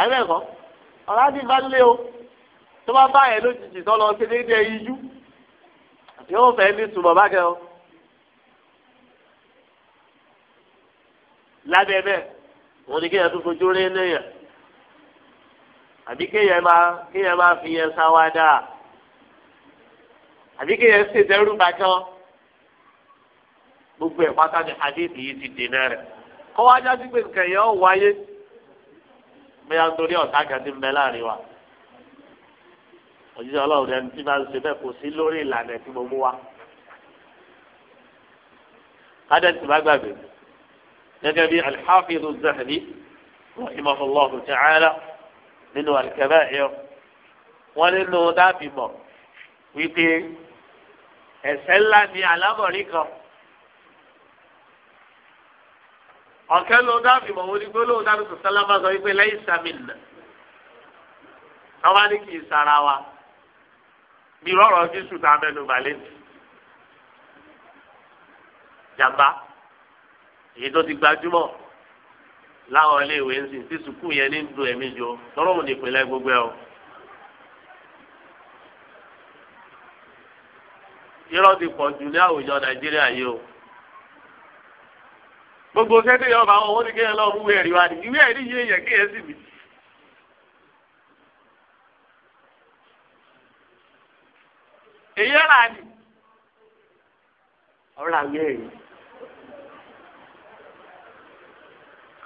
àbẹ̀kọ́ ọ̀rá ní máa léwu tó bá bá ẹ̀ lójijì tó lọ sí déédéé ijú yóò fẹ́ ní sùmọ̀ bá kẹ́ ọ. lábẹ́ bẹ́ẹ̀ wọ́n ní kí ẹ̀ tó fojú rí lẹ́yìn àbí kéèyàn máa kéèyàn máa fi yẹn sáwádà àbí kéèyàn ṣe dẹrù bàtàn gbogbo ẹ̀ pátá ni hadith yìí ti dènà rẹ̀ kọ́ wá já sí pé nǹkan yẹn ó wáyé bóyá nítorí ọ̀tá kan ti ń bẹ láàrin wa òjijì ọlọ́run ẹni tí máa ń ṣe bẹ́ẹ̀ kò sí lórí ìlànà tí mo mú wa adẹ́tì bá gbàgbé gẹ́gẹ́ bí al-Hafiz az-Zahabi rahimahullahu ta'ala nínú àlùkẹ́bẹ́ ẹ̀yọ wọ́n nínú dábì mọ̀ wípé ẹ̀ṣẹ̀ ńlá ni àlámọ̀rí kan ọ̀kẹ́ ló dábì mọ̀ wọ́n ní gbólóhùn dábì tó sálámà sọ wípé lẹ́yìn sàmìnà àwọn ni kì í sara wa bí rọrọ jésù tá a mẹnu balẹ̀ ní. jàmbá èyí tó ti gbajúmọ̀ láwọn iléèwé ń sìn tí sùkúù yẹn ní dùn ẹ̀mí jọ lọ́rọ̀ òun gbogbo ẹ̀ o. irọ́ ti pọ̀ jù ní àwùjọ nàìjíríà yìí o. gbogbo sẹ́tì yẹn ọba owó ni kéèyàn lọ́ọ́ wee ìwé ẹ̀rí wa ni ìwé ẹ̀rí yìí yẹ kéèyàn sì bì. èyí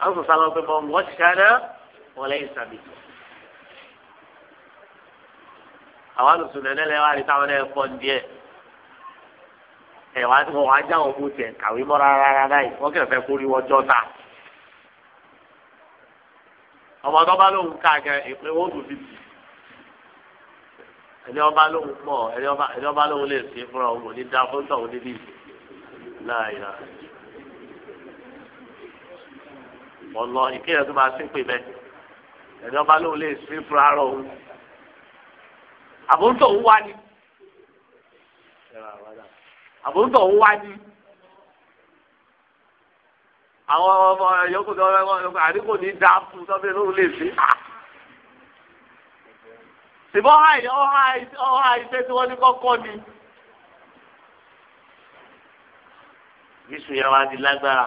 àwọn sọ sábà pé bọ́ọ̀mù wọ́n ti ṣáná wọ́n lẹ́yìn sàbí. àwọn àlùsùn nẹ́nẹ́ lẹ́wọ́ àti táwọn ẹ̀ pọ̀ díẹ̀ ẹ̀wà tí wọ́n wá já wọn bó tiẹ̀ kàwé mọ́ rárá rárá yìí wọ́n kẹ̀lẹ́ fẹ́ kórí wọn jọ́ta. ọmọ tó bá lóun ká kẹ ìpín wọn kò fi tì ẹni ọba lóun pọ̀ ẹni ọba lóun lè fi fúnra òun ò ní dá fóńtọ̀ òun níbí láàyè náà. wọlọ ìkéyà tó máa sínpè bẹ ẹni ọba lóun lè sí fúnra rọ òun àbóńtò òun wá ní àbóńtò òun wá ní àwọn ọmọ yòókù tó ọmọ àdínkù ní dáa fún tọ́bí lóun lè sí ṣùgbọ́n ọ̀há ìṣe tí wọ́n ní kọ́kọ́ ni. Yíṣu yẹn wá di lágbára.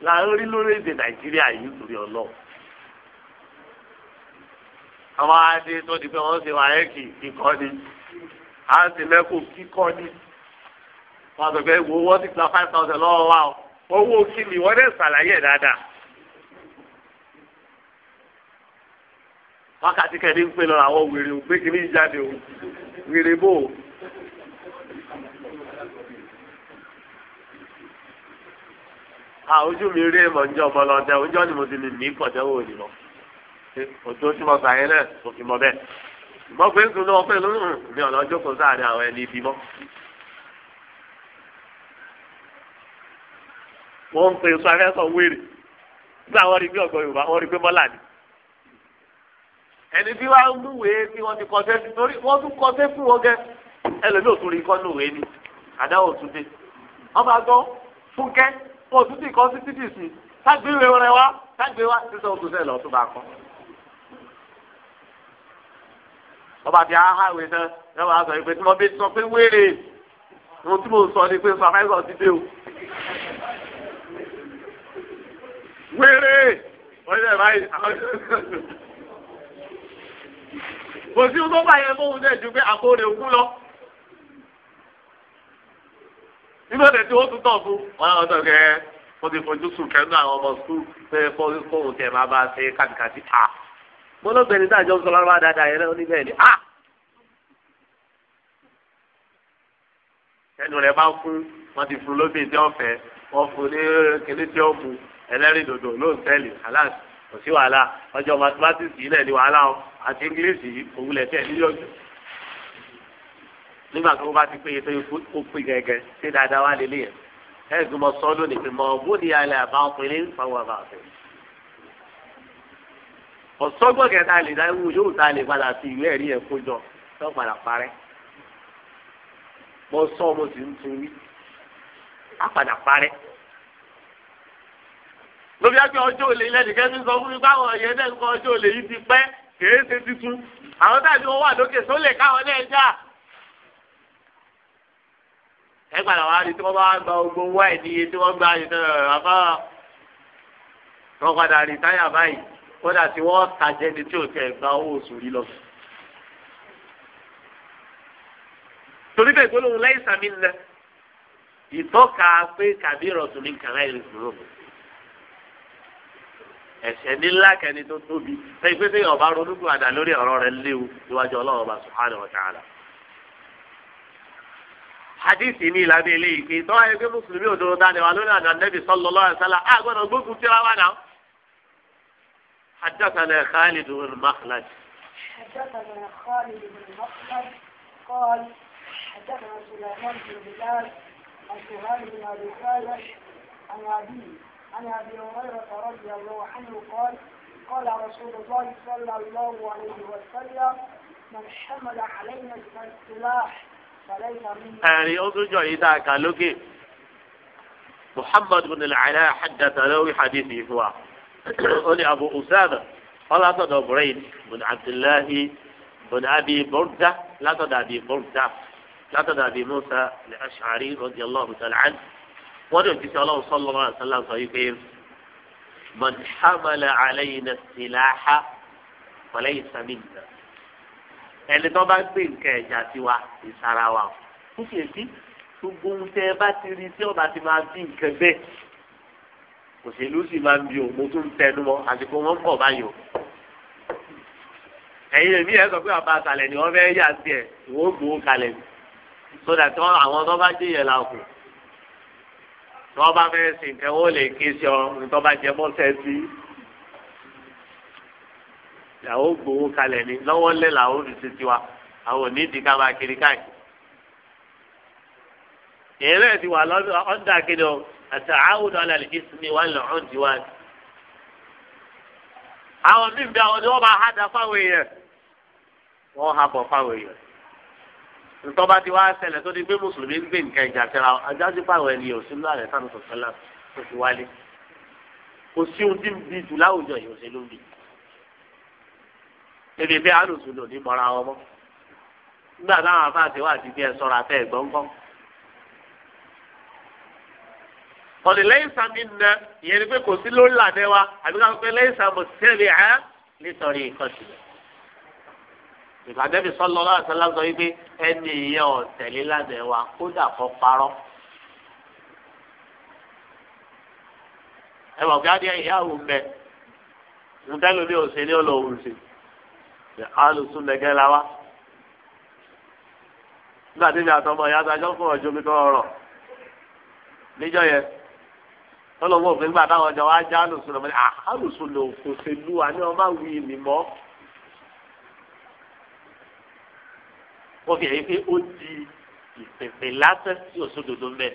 La orí lórílẹ̀‐èdè nàìjíríà yìí torí ọlọ́run àwọn adé tó di pé wọ́n ṣe wáyé kì kíkọ́ ni à ń ṣe lẹ́kùn kíkọ́ ni wọ́n sọ pé wo wọ́n ti gba five thousand lọ́wọ́ wa o owó kí ni wọ́n dẹ̀ ṣàlàyé ẹ̀ dáadáa. wákàtí kẹ́ni ń pè lọ àwọn wèrè òpé kìíní jáde o wèrè bò ó. àwùjọ mi rí èèmọ̀ ń ọmọ lọ oúnjẹ ni mo ti lè ní ìpọ̀jẹ́wò òní lọ. òtò tí mọ bẹ́ẹ̀. ìmọ̀ pé ń sunú ọpẹ́ ló ń rùn mi ọ̀nà ọjọ́kọ̀ sáàrin àwọn ẹni ibi mọ́. wọ́n ń pe sọ afẹ́sọ̀ wéèrè nígbà wọ́n rí bí ọ̀gbọ́n Yorùbá wọ́n rí pé mọ́là ni. ẹni wàá ń gbọ́ fúnkẹ́ wọn ò tún ti kọ́ sí títì sí kágbéwé rẹ wá kágbé wá sísọ oṣù sẹ́ẹ̀ lọ́ọ́ tún bá kọ́. ọba ti aháwé náà ẹ wàá sọ pé tí mo bí sọ pé wéèrè ohun tí mo sọ ni pé sàfẹ́sọ̀ ti dé o. wéèrè wọ́n yẹ báyìí kò sí ohun tó bá yẹ fóun náà ju pé àkóòrè ogún lọ nínú ọ̀dẹ̀ wọ́n tún tọ̀ fún wọn àwọn ọ̀dọ̀ wọ́n ti fojú sùn kẹ́nu àwọn ọmọ sùkúl pé fóun tẹ̀ máa bá ṣe kàtìkàtì à mo ló bẹ̀rẹ̀ dájọ́ sọ lọ́wọ́ dáadáa yẹn náà níbẹ̀ ni à ẹnu rẹ̀ bá fún wọn ti fún lóbi tí wọ́n fẹ́ fún ní kíní tí ó mu ẹlẹ́rìí dòdò lóòtẹ́ẹ̀lì aláàsì kò sí wàhálà ọjọ́ mathematics yìí náà ní wàhálà àti English yìí òwúlẹ̀ tẹ̀ níyọ̀jú nígbà tó bá ti péye tó o pè gẹ́gẹ́ ṣé dáadáa wá lélẹ̀ yẹn ẹ̀ ẹ́ gbọ́n sọ lónìí pé mọ bóde alẹ́ àbá ọkùnrin fáwọn àbá ọ̀fẹ́. ọ̀sọ́gbọ̀n kẹta lè dá ewu yóò ta lè padà sí ìwé ẹ̀rí yẹn kójọ tó padà parẹ́. mo sọ mo sì ń torí á padà parẹ́. lóbi àgbẹ̀ ọjọ́ òlè ilẹ̀ nìkan ti sọ fún mi báwọn ọ̀yẹ́ náà ọjọ́ òlè yìí ti pẹ́ kèé ẹ padà wá rí tí wọ́n bá gba gbogbo owó ẹ̀ níye tí wọ́n gba ìtàn àbá wọ́n padà rí táyà báyìí kódà tí wọ́n tàjẹ́ ni tí ò tẹ̀ gba owó oṣù rí lọ. torí bẹ́ẹ̀ gbólóhùn lẹ́yìn sàmì nà ìtọ́ka pé kàbí ìrọ̀tún ní kàrá ìrìn kúrò ẹ̀ṣẹ̀ nílá kẹni tó tóbi ẹ̀yìn pé sẹ́yìn ọba ronúkú àdá lórí ọ̀rọ̀ rẹ̀ léwu níwájú Ọlọ́run ọba subhanahu wa ta'ala. hadith mi lábẹ́ لي في tọ́wọ́ yẹ pé mùsùlùmí òdodo دا wa lónìí النبي صلى الله عليه وسلم اه gbọ́dọ̀ بو كنت لا وانا حدثنا خالد بن مخلد حدثنا خالد بن مخلد قال حدثنا سليمان بن بلال عن سهيل بن ابي صالح عن ابي عن ابي هريره رضي الله عنه قال قال رسول الله صلى الله عليه وسلم من حمل علينا السلاح ẹ̀rín ó tún jọ yìí tá a kà lókè muhammad bin al-ala hadatha lórí hadith yìí fún wa ó ní abu usama wọn látọ̀dọ̀ burayn bin abdullahi bin abi burda látọ̀dọ̀ abi burda látọ̀dọ̀ abi musa al-ash'ari radiyallahu ta'ala anhu wọ́n ní òjíṣẹ́ ọlọ́run sallallahu alaihi sọ yìí pé man hamala alayna silaha falaysa minna ẹni tó bá gbé nǹkan ẹ̀jà sí wa ìsara wa o ó sì èsì gbogbo ohun tẹ ẹ bá ti rí tí ọba ti máa bí nǹkan bẹ́ẹ̀ òṣèlú sì máa ń bi òun mo tún tẹnu mọ́ àsìkò wọn ń báyìí o ẹ̀yin èmi ẹ̀ sọ pé bàbá àtàlẹ̀ ni wọ́n fẹ́ yà sí ẹ̀ wọ́n gbowó kalẹ̀ ni sódà tí wọ́n àwọn tó bá jẹ́ yẹn la kù tí wọ́n bá fẹ́ sìn kẹ́ wọ́n lè ké sí ọ ní tó bá àwọn gbowó kalẹ̀ ni lọ́wọ́ ńlẹ̀ làwọn olùsè tiwa àwọn ò ní ìdí ká máa kiri káàkiri. èrè ti wà lọ́dọ̀ ọ̀dà kiri o àti àwọn ọ̀dà lè fi sinmi wà lọ́dọ̀ ọ̀dì wa. àwọn míì bí àwọn ni wọ́n máa hádà fáwọn èèyàn wọ́n hà bọ̀ fáwọn èèyàn. ntọ́ba ti wá ṣẹlẹ̀ tó di pé mùsùlùmí ń gbé nǹkan ìjà kẹra ajá sí fáwọn ẹni ò sínú àrẹ sánú sọ̀tẹ́lá tó fi wálé. kò sí ebi fi alùsùn lò ní mọ́ra wọn mọ́ nígbà táwọn afáàtì wà ti fi ẹ sọ́ra fẹ́ gbọ́ngbọ́n. ọ̀nì lẹ́yìn sami nà ìyẹn ni pé kò sí lórí làdẹ wa àbí káwọn pé lẹ́yìn sami tẹ́lẹ̀ ẹ́ nítorí nǹkan ṣùgbọ́n. ìgbàdẹ́bí sọ́lọ́ lọ́wọ́ àti aláǹsọ yìí pé ẹni ìyẹn ò tẹ̀lé làdẹ wa kódà kọ́ parọ́. ẹ mọ̀ kí á dé ìyá òun bẹ̀ ń tẹ́lẹ̀ mi ò ṣe ní ọlọ́run ṣe alùsùn lẹ́gẹ́ la wá nígbà tí mi àtọmọ ìyá tó ajọ́ fún ọjọ́ mi tó rọrọ̀ níjọ́ yẹn tọ́lọ́wọ́ òfin gbà táwọn ọjọ́ wa já alùsùn lọ́mọdé alùsùn lò kò ṣe lù wá ní ọmọ àwìn ìlì mọ́ wọ́n fi èyí pé ó di ìpèpè lásán tí òṣòdodo ń bẹ̀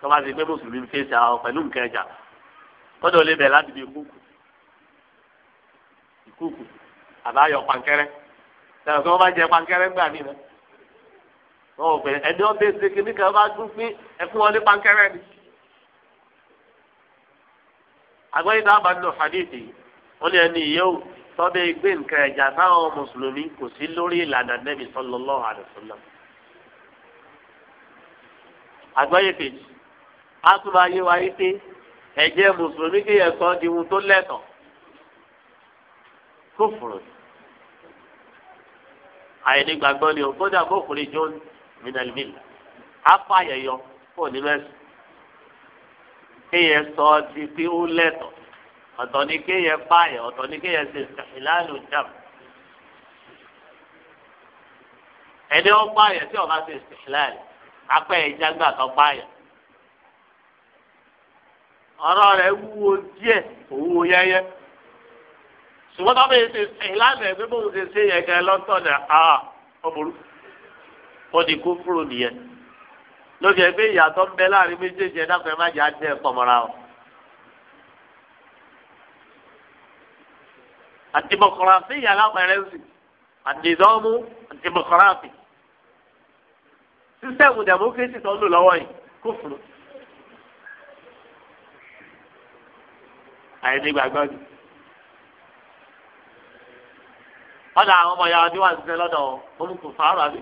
tọ́ba ti pé mùsùlùmí ń fèsì àwọn pẹ̀lú nǹkan ẹja kọ́dọ̀ lè bẹ̀ láti bí kúkú. kúkú àbáyọ pankẹrẹ tẹlifí wọn bá jẹ pankẹrẹ gbà mí náà wọn ò pè ẹni ọbẹ ṣèké ní kẹfà dún ẹfún wọn ní pankẹrẹ ni. agbẹ́yìn náà bá nínú hadith yìí ní ẹni tọ́bẹ̀ gbé nǹkan ẹ̀jà mùsùlùmí kò sí lórí ìlànà nẹ́bí kejì tún yé wa yí pé ẹ̀jẹ̀ mùsùlùmí kéèyàn sọ di kófòrò àyìnbí gbàgbọ́ ni o kódà kófòrò jọ mìnàlímìlà apá àyẹyọ kò ní mẹ́sàn kéèyàn sọ ọ ti fi ó lẹ́tọ̀ ọ̀tọ̀ ni kéèyàn pààyàn ọ̀tọ̀ ni kéèyàn ṣe ìlànà jàm ẹni ó pààyàn tí ọba ṣe ìlànà apẹ́ ìjàgbá tó pààyàn ọ̀rọ̀ rẹ̀ wúwo díẹ̀ òwúwo yẹ́yẹ́ ṣùgbọ́n tó bẹ́ẹ̀ ṣe ṣe ìlànà ẹgbẹ́ bó ṣe ṣe yẹn kẹ lọ́tọ̀nà à ọ̀bùrú wọ́n ti kú fúrò nìyẹn lókè ẹgbẹ́ ìyàtọ̀ ń bẹ láàrin méjèèjì ẹ̀ dákun ẹ̀ má jẹ́ àti ẹ̀ pọ̀mọ́ra o. àtìmọ̀kọ̀ráfì yàrá pẹ̀rẹ́sì àdìdọ́mú àtìmọ̀kọ̀ráfì sísẹ́mù dẹ̀mọ́kírésì tó ń lò lọ́wọ́ yìí kú fúrò. àyè yìí. ọ̀dà àwọn ọmọ yàrá níwájú ṣiṣẹ́ lọ́dọ̀ olùkùnfàárọ̀ àbí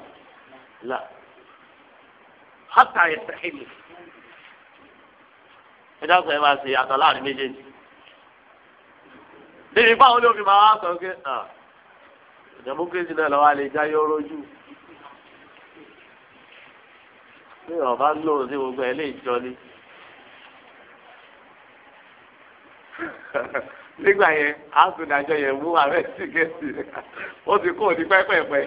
là hàtà ẹ̀sẹ̀ ìlú ẹ dákun ẹ máa ṣe àtọ̀ láàrin méjèèjì níbi báwo ló fi máa wá sọ pé democracy náà lọ́wọ́ àlè já yọ rojú bí ọba ń lò sí gbogbo ẹ lè jọ ni nígbà yẹn àtúndájọ yẹn mú ààrẹ tíkẹ́ẹ̀tì ó ti kó ní pẹ́pẹ́pẹ́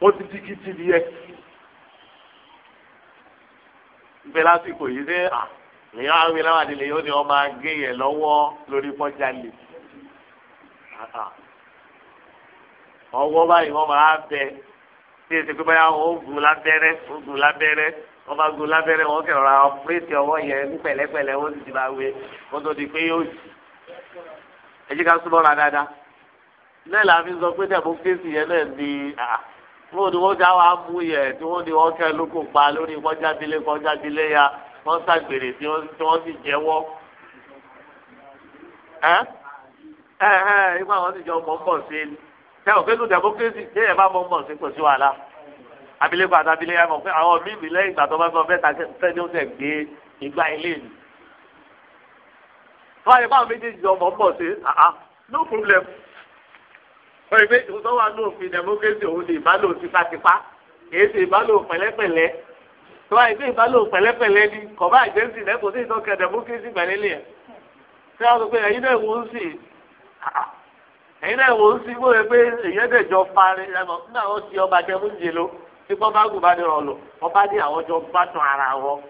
ó ti di kìtì ní ẹ. bẹ́ẹ̀ lásìkò yìí ṣé à lèyìn àwọn ìwé láwọn yóò ní ọmọ agé yẹn lọ́wọ́ lórí pọ́jálì. ọwọ́ báyìí wọ́n máa bẹ tí èsì pé báyà wọ́n ó gùn lábẹ́rẹ́ ó gùn lábẹ́rẹ́ wọ́n bá gun lábẹ́rẹ́ wọn kẹ̀rọ ra ọ̀pẹ́rẹ́tì ọwọ́ yẹn ní pẹ̀lẹ́pẹ̀lẹ́ wọ́n sì ti máa wé wọ́n tó di pé yóò jì ẹ jẹ́ ká súnmọ́ ra dáadáa náà là á fi sọ pé dẹ̀bù kéésì yẹn náà ni wọ́n ni wọ́n já wàá mú yẹ tí wọ́n ni wọ́n kẹ́ lóko pa lórí kọjábílé kọjábílé ya wọ́n ṣàgbèrè tí wọ́n sì jẹ́wọ́ ẹ́ ẹ́ ẹ́ ipá wọn ti jọ mọ̀ ń bọ̀ sí ẹ ò pé lu dẹ̀bù kéésì tí ẹ bá mọ̀ ń bọ̀ sí kò sí wàhálà abilékọ àti abiléyà mọ̀ pé àwọn míì mi lẹ́yìn ìgbà tó bá sọ bẹ́ẹ̀ ta sẹ́ni ó sẹ̀ gbé ìgbà ilé mi. tó wáyé báwọn méjèèjì ọmọ ń bọ̀ sí àá no problem. wọ́n yìí pé ìwòsàn wà ní òfin democracy òun ni ìbálò tipátipá kì í ṣe ìbálò pẹ̀lẹ́pẹ̀lẹ́ tó wáyé pé ìbálò pẹ̀lẹ́pẹ̀lẹ́ ni kọ̀ọ̀bá àjẹsì lẹ́kọ̀ọ́ sí ìtọ́kẹ́ democracy pẹ̀lẹ́lẹ́ yẹn. tí wọ́n sọ pé ẹ̀yin náà wò ó sì ẹ̀yin náà wò ó sì wọ́n yẹ pé èyí ẹ̀dẹ̀jọ parí ẹ̀mọ́ nígbà wọ́n ti tí wọ́n bá gùn bá ní ọ̀lọ́ wọ́n bá ní àwọn jọ bá tán ara wọn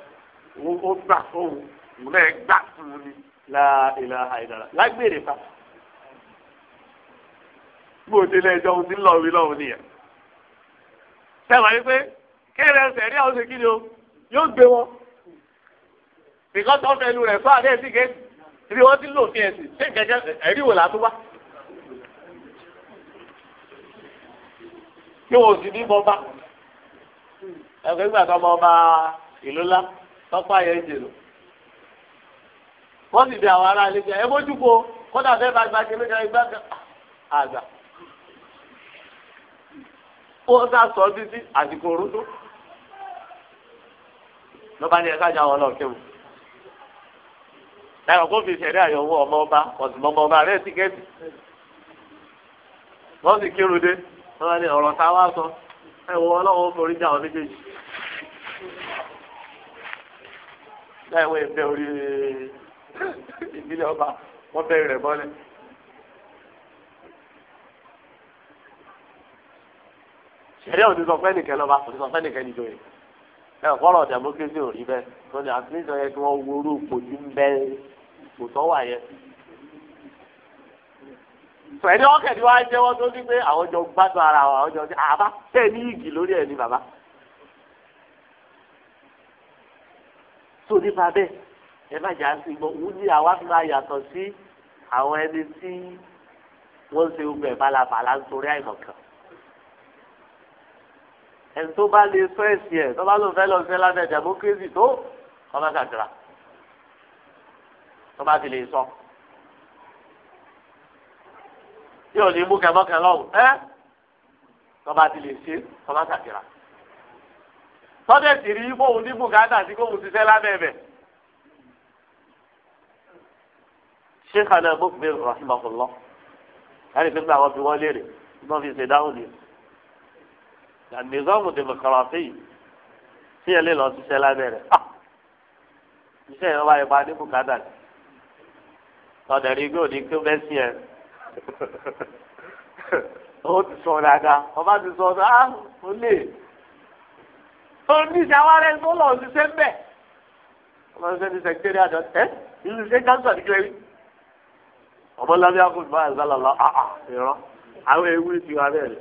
wọ́n ó gbà fóun òun náà gbà fún mi láìlà àìdára lágbèrè fa. Gbogbo délé ẹjọ́ ohun tí ń lọ rí lọ́wọ́ nìyẹn. Sẹ́wọ̀n yìí pé kéèrè ẹsẹ̀ rí àwọn ṣèkí ni o yóò gbé wọn. Bìkọ́ tó fẹ́ lu rẹ̀ fún àdé ẹ̀sìn kéèkì. Ibi wọ́n ti ń lò fi ẹ̀sìn ṣé ìkẹ́kẹ́ ẹ̀rí wò látúbá. Kí wọ́n sì ní bọ́ bá. ẹgbẹ́ ìgbà tó ọmọ ọba ìlú ńlá tọ́pọ̀ ayé ìjèrò wọ́n sì di àwọn ará ilé ẹ bójú ko kódà bá kan ìgbà kan àgbà ó sọ títí àsìkò rúdú lọ́ba ni ẹ̀ka kó fi ṣẹ̀rí àyọ̀wò ọmọ ọba ọmọ ọba rẹ̀ tíkẹ́ẹ̀tì wọ́n sì ní ọ̀rọ̀ sọ ọlọ́wọ́ forí jà wọn méjèèjì. láìwé ìfẹ́ orí ìbílẹ̀ ọba wọ́n bẹ̀rẹ̀ rẹ̀ bọ́lẹ̀. ṣẹ̀rí òní sọ fẹ́ nìkẹ́ lọ́ba òní sọ fẹ́ nìkẹ́ nìjọyè ẹ fọ́rọ̀ democracy ò rí bẹ́ẹ̀ tó ní àti nítorí kí wọ́n worú ipò tí ń bẹ ipò tó wà yẹn. pẹ̀lú ọ̀kẹ́ ni wọ́n á jẹ́wọ́ tó ní pé àwọn jọ gbádùn ara wọn àwọn jọ àbá tẹ̀ ní ìgì lórí ẹ̀ ní bàbá. tó nípa bẹ́ẹ̀ ẹ má jà sí gbọ́ òun ní àwa fi máa yàtọ̀ sí àwọn ẹni tí wọ́n ń ṣe gbogbo ẹ̀ balabala nítorí àìmọ̀kan. ẹni tó bá lè sọ ẹ̀sì ẹ̀ tó bá lòun fẹ́ lọ sí lábẹ́ democracy tó ọba kàdúrà tó bá ti lè sọ. tí ní mú kẹmọ́kẹ lọ́wọ́ ẹ́ tó bá ti lè ṣe ọba kàdúrà tọ́dẹ̀ sì rí fóun ní bùkátà sí kóun ṣiṣẹ́ lábẹ́ bẹ̀. sheikh ana mokbir rahimahullah ẹni pé àwọn fi wọ́n léèrè tí wọ́n fi ṣe dáhùn ni. nizamu demokarasi tí ẹ lè lọ ṣiṣẹ́ lábẹ́ rẹ̀ ah! iṣẹ́ yẹn wáyé pa ní bùkátà sí. tọ́dẹ̀ rí gbé òní kí ó sí ẹ. ó ti sọ dáadáa ọba ti sọ ọ́ ah! ó lè oníṣẹ́ awárẹ́ tó lọ ṣiṣẹ́ ń bẹ̀. ọmọ ṣiṣẹ́ ní sẹkítẹ́rì àdán ẹ́ ìlú ṣe káńsà ní kílẹ̀ rí. ọmọ lábẹ́ akóso bá àzá lọ́la ah, àà ah, ìrọ́ àwọn ewu ti wà bẹ́ẹ̀ rẹ̀.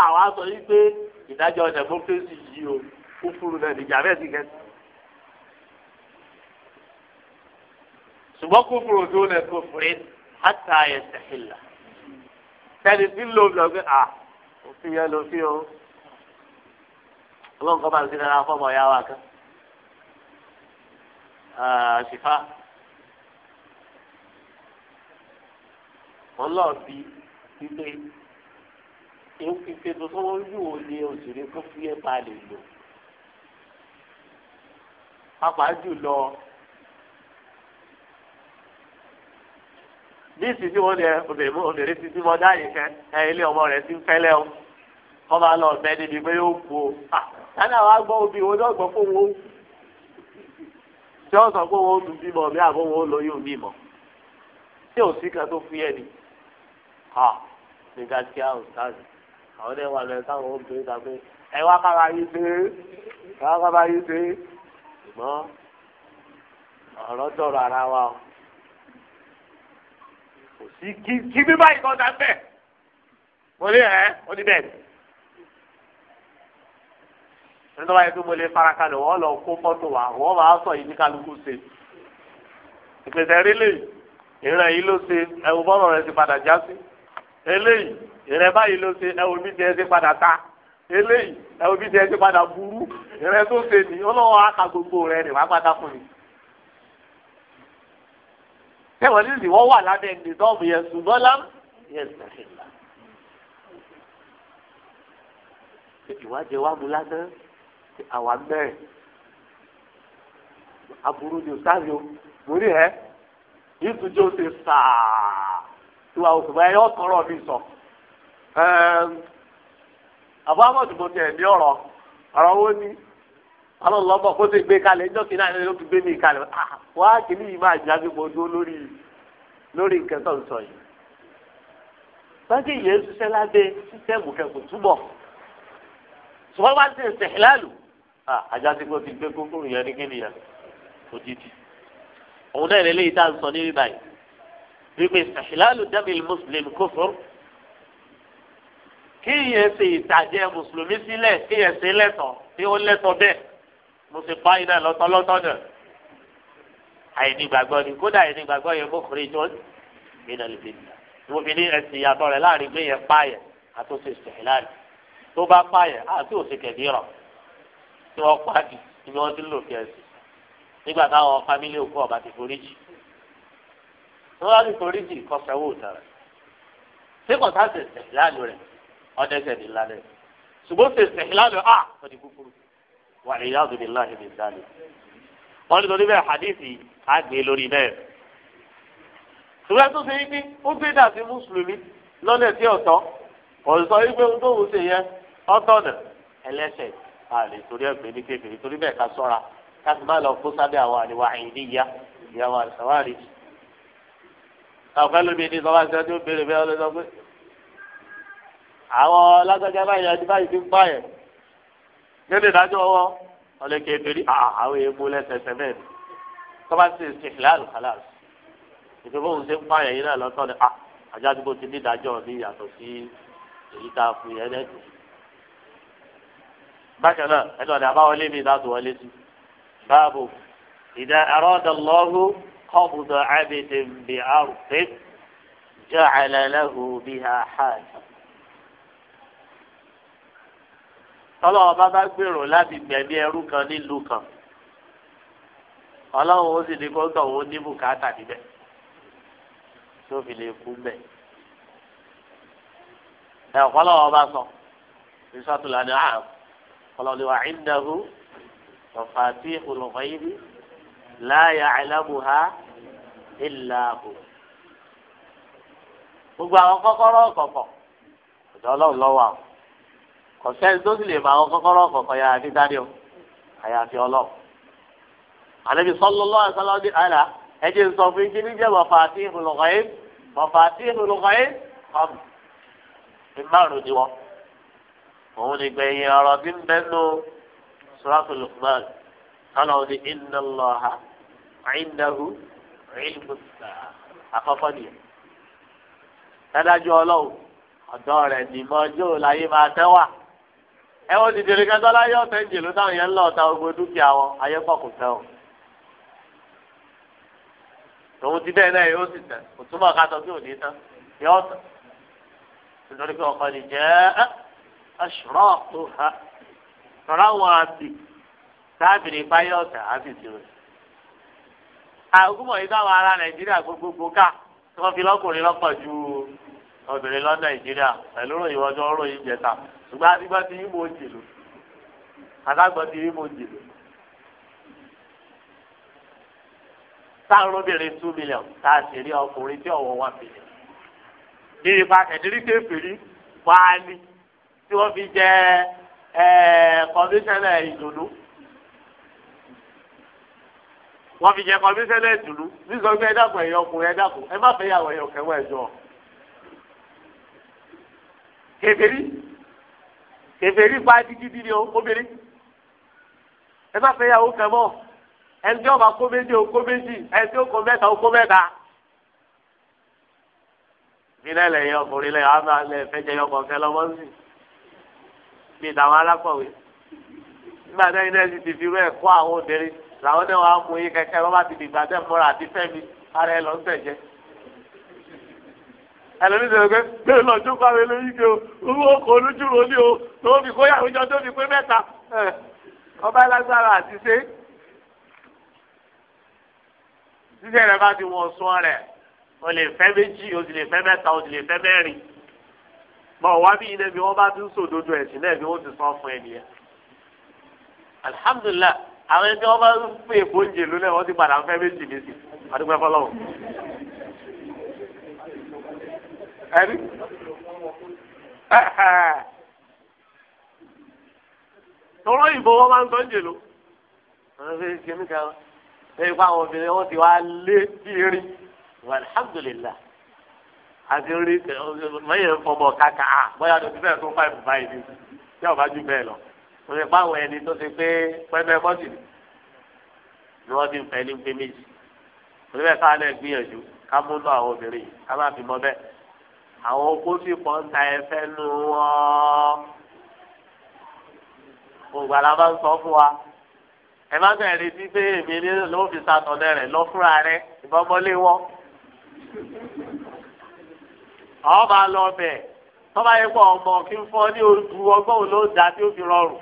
àwa sọ yìí pé ìdájọ́ democracy yìí o kúfúrú náà nìjà bẹ́ẹ̀ ti kẹ́ ṣùgbọ́n kúfúrú tó lẹ kúfúrí hátà ayẹsẹ̀ hìlà. sẹ́ni tí ń lo ọ̀gbìn à ah, òfin yẹn lọ sí o ọlọ́run kọ́ bá ń sin ara fọ́mọ ya wa kan ṣìfà ọlọ́ọ̀bí wípé ìpèsè tó sọ́wọ́ yóò lé òṣèré kó fi ẹ̀ bá lè lò pàápàá jùlọ bí ìsìn tí wọ́n lè obìnrin obìnrin ti bímọ dáyìí kẹ́ ẹ ilé ọmọ rẹ̀ ti ń fẹ́lẹ́ o wọ́n máa lọ ọ̀bẹ níbi pé yóò fò ó àná àwọn agbọ́ obì wo ní ọ̀gbọ́n fún wọn tí wọ́n sọ pé wọ́n ó dùn bímọ bí àbọ̀ wọn ó lọ yóò mímọ tí ò kan tó fi ẹ̀ ni ha nígbà tí a ò sáré àwọn ẹ̀ wà lẹ́yìn táwọn obìnrin ta pé ẹ wá kára yín ṣe é wá kára yín ṣe ṣùgbọ́n ọ̀rọ̀ dọ̀rọ̀ ara wa o kò sí kí bí báyìí kọ́ ta mo ní ẹ̀ ọ́ ní bẹ́ẹ̀ ni nítorí wáyé pé mo lè fara kalẹ̀ wọ́n lọ kó fọ́tò wa wọ́n máa sọ yìí ní kálukú ṣe ìpèsè rílẹ̀ ìran yìí ló ṣe ẹ̀wù bọ́ọ̀rọ̀ rẹ̀ ti padà já sí eléyìí ìrẹ́ báyìí ló ṣe ẹ̀wù bí tiẹ̀ ti padà ta eléyìí ẹ̀wù bí tiẹ̀ ti padà burú ìrẹ́ tó ṣe ní ọlọ́wọ́ aka gbogbo rẹ̀ ní wàá pátá fún mi. tẹ̀wọ̀n ní ìwọ́ wà lábẹ́ ẹni tọ́ọ̀bù yẹn ṣùgbọ́n lám ìwádìí wa mú lásán. àwa mẹ́rin aburú ni òsáyò mo rí ẹ yìí tún jẹ́ oṣù sàá tí wàá mi sọ. àbọ̀ mo ní ni alọ́lọ́bọ̀ kó gbé kalẹ̀ ẹjọ́ ló fi mi kalẹ̀ ah, wá yìí máa lórí lórí nǹkan tó ń sọ yìí. báńkì yẹn ṣiṣẹ́ túbọ̀ ṣùgbọ́n wá ajá tí kò ti gbé kúkúrú yẹn ní kíni yẹn òjijì òun náà lè léyìí tá à ń sọ ní bíbá yìí wípé ìṣàṣìláàlù dábìlì mùsùlùmí kò fún kí yẹn ṣe ìtàjẹ mùsùlùmí sílẹ̀ kí yẹn ṣe lẹ́tọ̀ọ́ kí ó lẹ́tọ̀ọ́ bẹ́ẹ̀ mo sì pa iná lọ́tọ́lọ́tọ́ náà àìní gbàgbọ́ ni kódà àìní gbàgbọ́ yẹn mọ́kùnrin jọ nínú ìbílẹ̀ ni mo fi ní ẹsìn ìyàtọ̀ rẹ̀ láàrin gbé yẹn pààyàn àtúnṣe ìṣàṣìláàlù tó bá pààyàn àti òṣèkè mìíràn tí wọ́n pàdé ni wọ́n ti lò fi ẹ̀sìn nígbà táwọn fámílì òkú ọ̀bà ti foríjì wọ́n wá ti foríjì kọ́ fẹ́wọ́ òtàrà ṣé kò sá ṣe ṣẹ̀ lánàá rẹ̀ ọ̀dẹ́sẹ̀ ní lánàá rẹ̀ ṣùgbọ́n ṣe ṣẹ̀ lánàá à wọ́n ti kúkúrú wà ní yàtọ̀ ní láàyè mi dání. wọ́n ní torí bẹ́ẹ̀ hadithi á gbé e lórí bẹ́ẹ̀. ṣùgbọ́n tó ṣe wípé ó gbé dà sí mùsùlùmí lọ́nà tí ọ̀tọ̀ ọ̀sọ̀ wípé ohun tó ń ṣe yẹn ọ̀tọ̀ náà ẹlẹ́sẹ̀ a lè torí ẹgbẹ́ ní kékeré torí bẹ́ẹ̀ ká sọ́ra káàkiri má lọ kó sábẹ́ àwọn àríwá àìníyá ìyàwó àṣàwárí. àwọn ẹlòmíì ní sọ́wọ́ àṣẹ tí ó béèrè bẹ́ẹ̀ ọlọ́sọ pé àwọn lágbájá báyìí ẹni báyìí ti ń pa yẹn nílé ìdájọ́ ọwọ́ ọlẹ́kẹ̀ ìbéèrè àwọn èèmú lẹ́sẹsẹ bẹ́ẹ̀ ni tọ́ba sì ṣe ìlànà kálá ìfẹ́ ṣe ń pa yìí náà lọ́tọ́ ni ah, àjá àdúgbò ti ní ìdájọ́ ní bákan náà ẹni ọ̀dà àbáwọlé mi láti wọlé sí. báàbò ìdá àrọ́dà lọ́hù kọ́bùdà àbètè bí àrùfẹ́ jẹ́ àlàlẹ́hù bí àhàj. tọ́lọ́ ọba bá gbèrò láti gbẹ̀mí ẹrú kan nílùú kan ọlọ́run ó sì ní kó tọ̀ wọ́n ní bùkátà níbẹ̀ tó fi lè kú bẹ̀. ẹ̀ ọ̀pọ̀lọpọ̀ ọba sọ ìṣàtúlànà ààrùn ọlọ́ni wa ìnáhu ọ̀fàtí olùfẹ́yìí láàyè àìlábùhá ìlàbù. gbogbo àwọn kọ́kọ́rọ́ ọ̀kọ̀ọ̀kọ̀ ọ̀dọ̀ ọlọ́run lọ́wọ́ àwọn kọ̀sẹ́ni tó sì lè mọ àwọn kọ́kọ́rọ́ ọ̀kọ̀ọ̀kọ̀ yà àti daniel àyàfi ọlọ́run. àlebi sọlọ́lọ́ àṣálọ́dí àlà ẹ̀jẹ̀ ń sọ fún yín kí ní jẹ́ ọ̀fàtí olùfẹ́yìí ọ̀fàtí olùfẹ́yìí ọ̀m onu ni gbẹ̀yìn ọ̀rọ̀ bí mẹ́nu sùràtù lukman kálọ̀ ní inna Allaha indahu ilmu saa àkọ́kọ́ nìyẹn. dájú ọlọ́run ọ̀dọ́ rẹ̀ nìmọ̀ ọjọ́ láyé máa tẹ́wà ẹ wọ́n ti táwọn yẹn ń lọ dúkìá wọn ayé o. ashraqha tọ́lá wọn àbí sábìrì báyọ̀tà àbí tirẹ̀. àgùnmọ̀ yìí táwọn ará nàìjíríà gbogbogbò ká tí wọ́n fi lọ́kùnrin lọ́pọ̀ ju obìnrin lọ nàìjíríà pẹ̀lú ròyìn ọjọ́ ròyìn jẹta ṣùgbọ́n adigun ti yí mo jèlò adágbọ́n ti yí mo jèlò. táwọn obìnrin two million tá a sì rí ọkùnrin tí ọ̀wọ́ one million. ìrìpà kẹ̀dírí kéferì wáá ní tí wọ́n fi jẹ kọmíṣánná ìdùnnú wọ́n fi jẹ kọmíṣánná ìdùnnú nígbà pé ẹ̀dàkùn ẹ̀yọ ọkùnrin ẹ̀dàkùn ẹ má fẹ́ yàwó ẹ̀yọ kẹwọ́ ẹ̀jọ. kèfèrí kèfèrí pa gidigidi ni obìnrin ẹ má fẹ́ yàwó kẹwọ́ ẹni tí wọ́n bá kó méjì ó kó méjì ẹni tí ó kó mẹ́ta ó kó mẹ́ta ìpínlẹ̀ lẹ́yìn ọkùnrin lẹ́yìn àmà lẹ́fẹ̀jẹ̀ yọkọ̀ fẹ́ lọ́mọ́sí bíi tàwọn alákọ̀wé nígbà tó yín náà sì ti fi rú ẹ̀ kọ́ àwọn obìnrin làwọn náà wàá mú yín kẹ́kẹ́ wọ́n bá ti dìgbà tẹ̀ mọ́ra àti fẹ́mi ara ẹ lọ ń tẹ̀jẹ́ ẹlẹ́ni sọ̀rọ̀ pé bẹ́ẹ̀ lọ jókòó àwọn eléyìí kí o owó ọkọ̀ olójúro ní o tó fi kó yàrá ìjọ tó fi pé mẹ́ta ọba lágbára àti ṣe ṣíṣe rẹ bá ti wọ̀ sún rẹ̀ o lè fẹ́ méjì o sì lè fẹ́ mẹ́ta o sì lè fẹ́ mẹ́rin mọ wá bí ilé mi wọn bá tún sòdodo ẹsìn náà ni wọn ti sọ fún ẹnìyẹn alihamudulila àwọn ẹni wọn bá ń pè bóńjè lónìí wọn ti padà fẹ méjì méjì àdúgbò ẹfọ lọ́wọ́ ẹni tọrọ ìbò wọn máa ń tọ́jú lò wọn fi ṣe mí kan lẹ́yìn fún àwọn obìnrin wọn ti wá lé bí erin alihamudulila àti orí mẹ́yẹ̀ fọmọ kàkà á bóyá tó ti fẹ́ tó fáìmù báyìí ni tí ọba jù bẹ́ẹ̀ lọ òní báwo ẹni tó ti pé pẹ́ẹ́mẹ́ bọ́ọ̀sì ni wọ́n ti ń fẹ́ ní pé méjì òní bẹ́ẹ̀ káwọn náà gbìyànjú ká mú lọ àwọn obìnrin yìí ká má fi mọ bẹ́ẹ̀ àwọn okó sì pọ̀ ń ta ẹfẹ́ nu wọ́n gbogbo àlá máa ń sọ fún wa ẹ má bẹ̀rẹ̀ retí pé èmi ló fi sàtọ̀lẹ́ rẹ̀ lọ fúnra rẹ̀ àwọn máa lọ bẹ̀ tọ́ba yẹ kó ọmọ kí n fọ́ ní ojú ọgbọ́n òun ló dá tí ó fi rọrùn.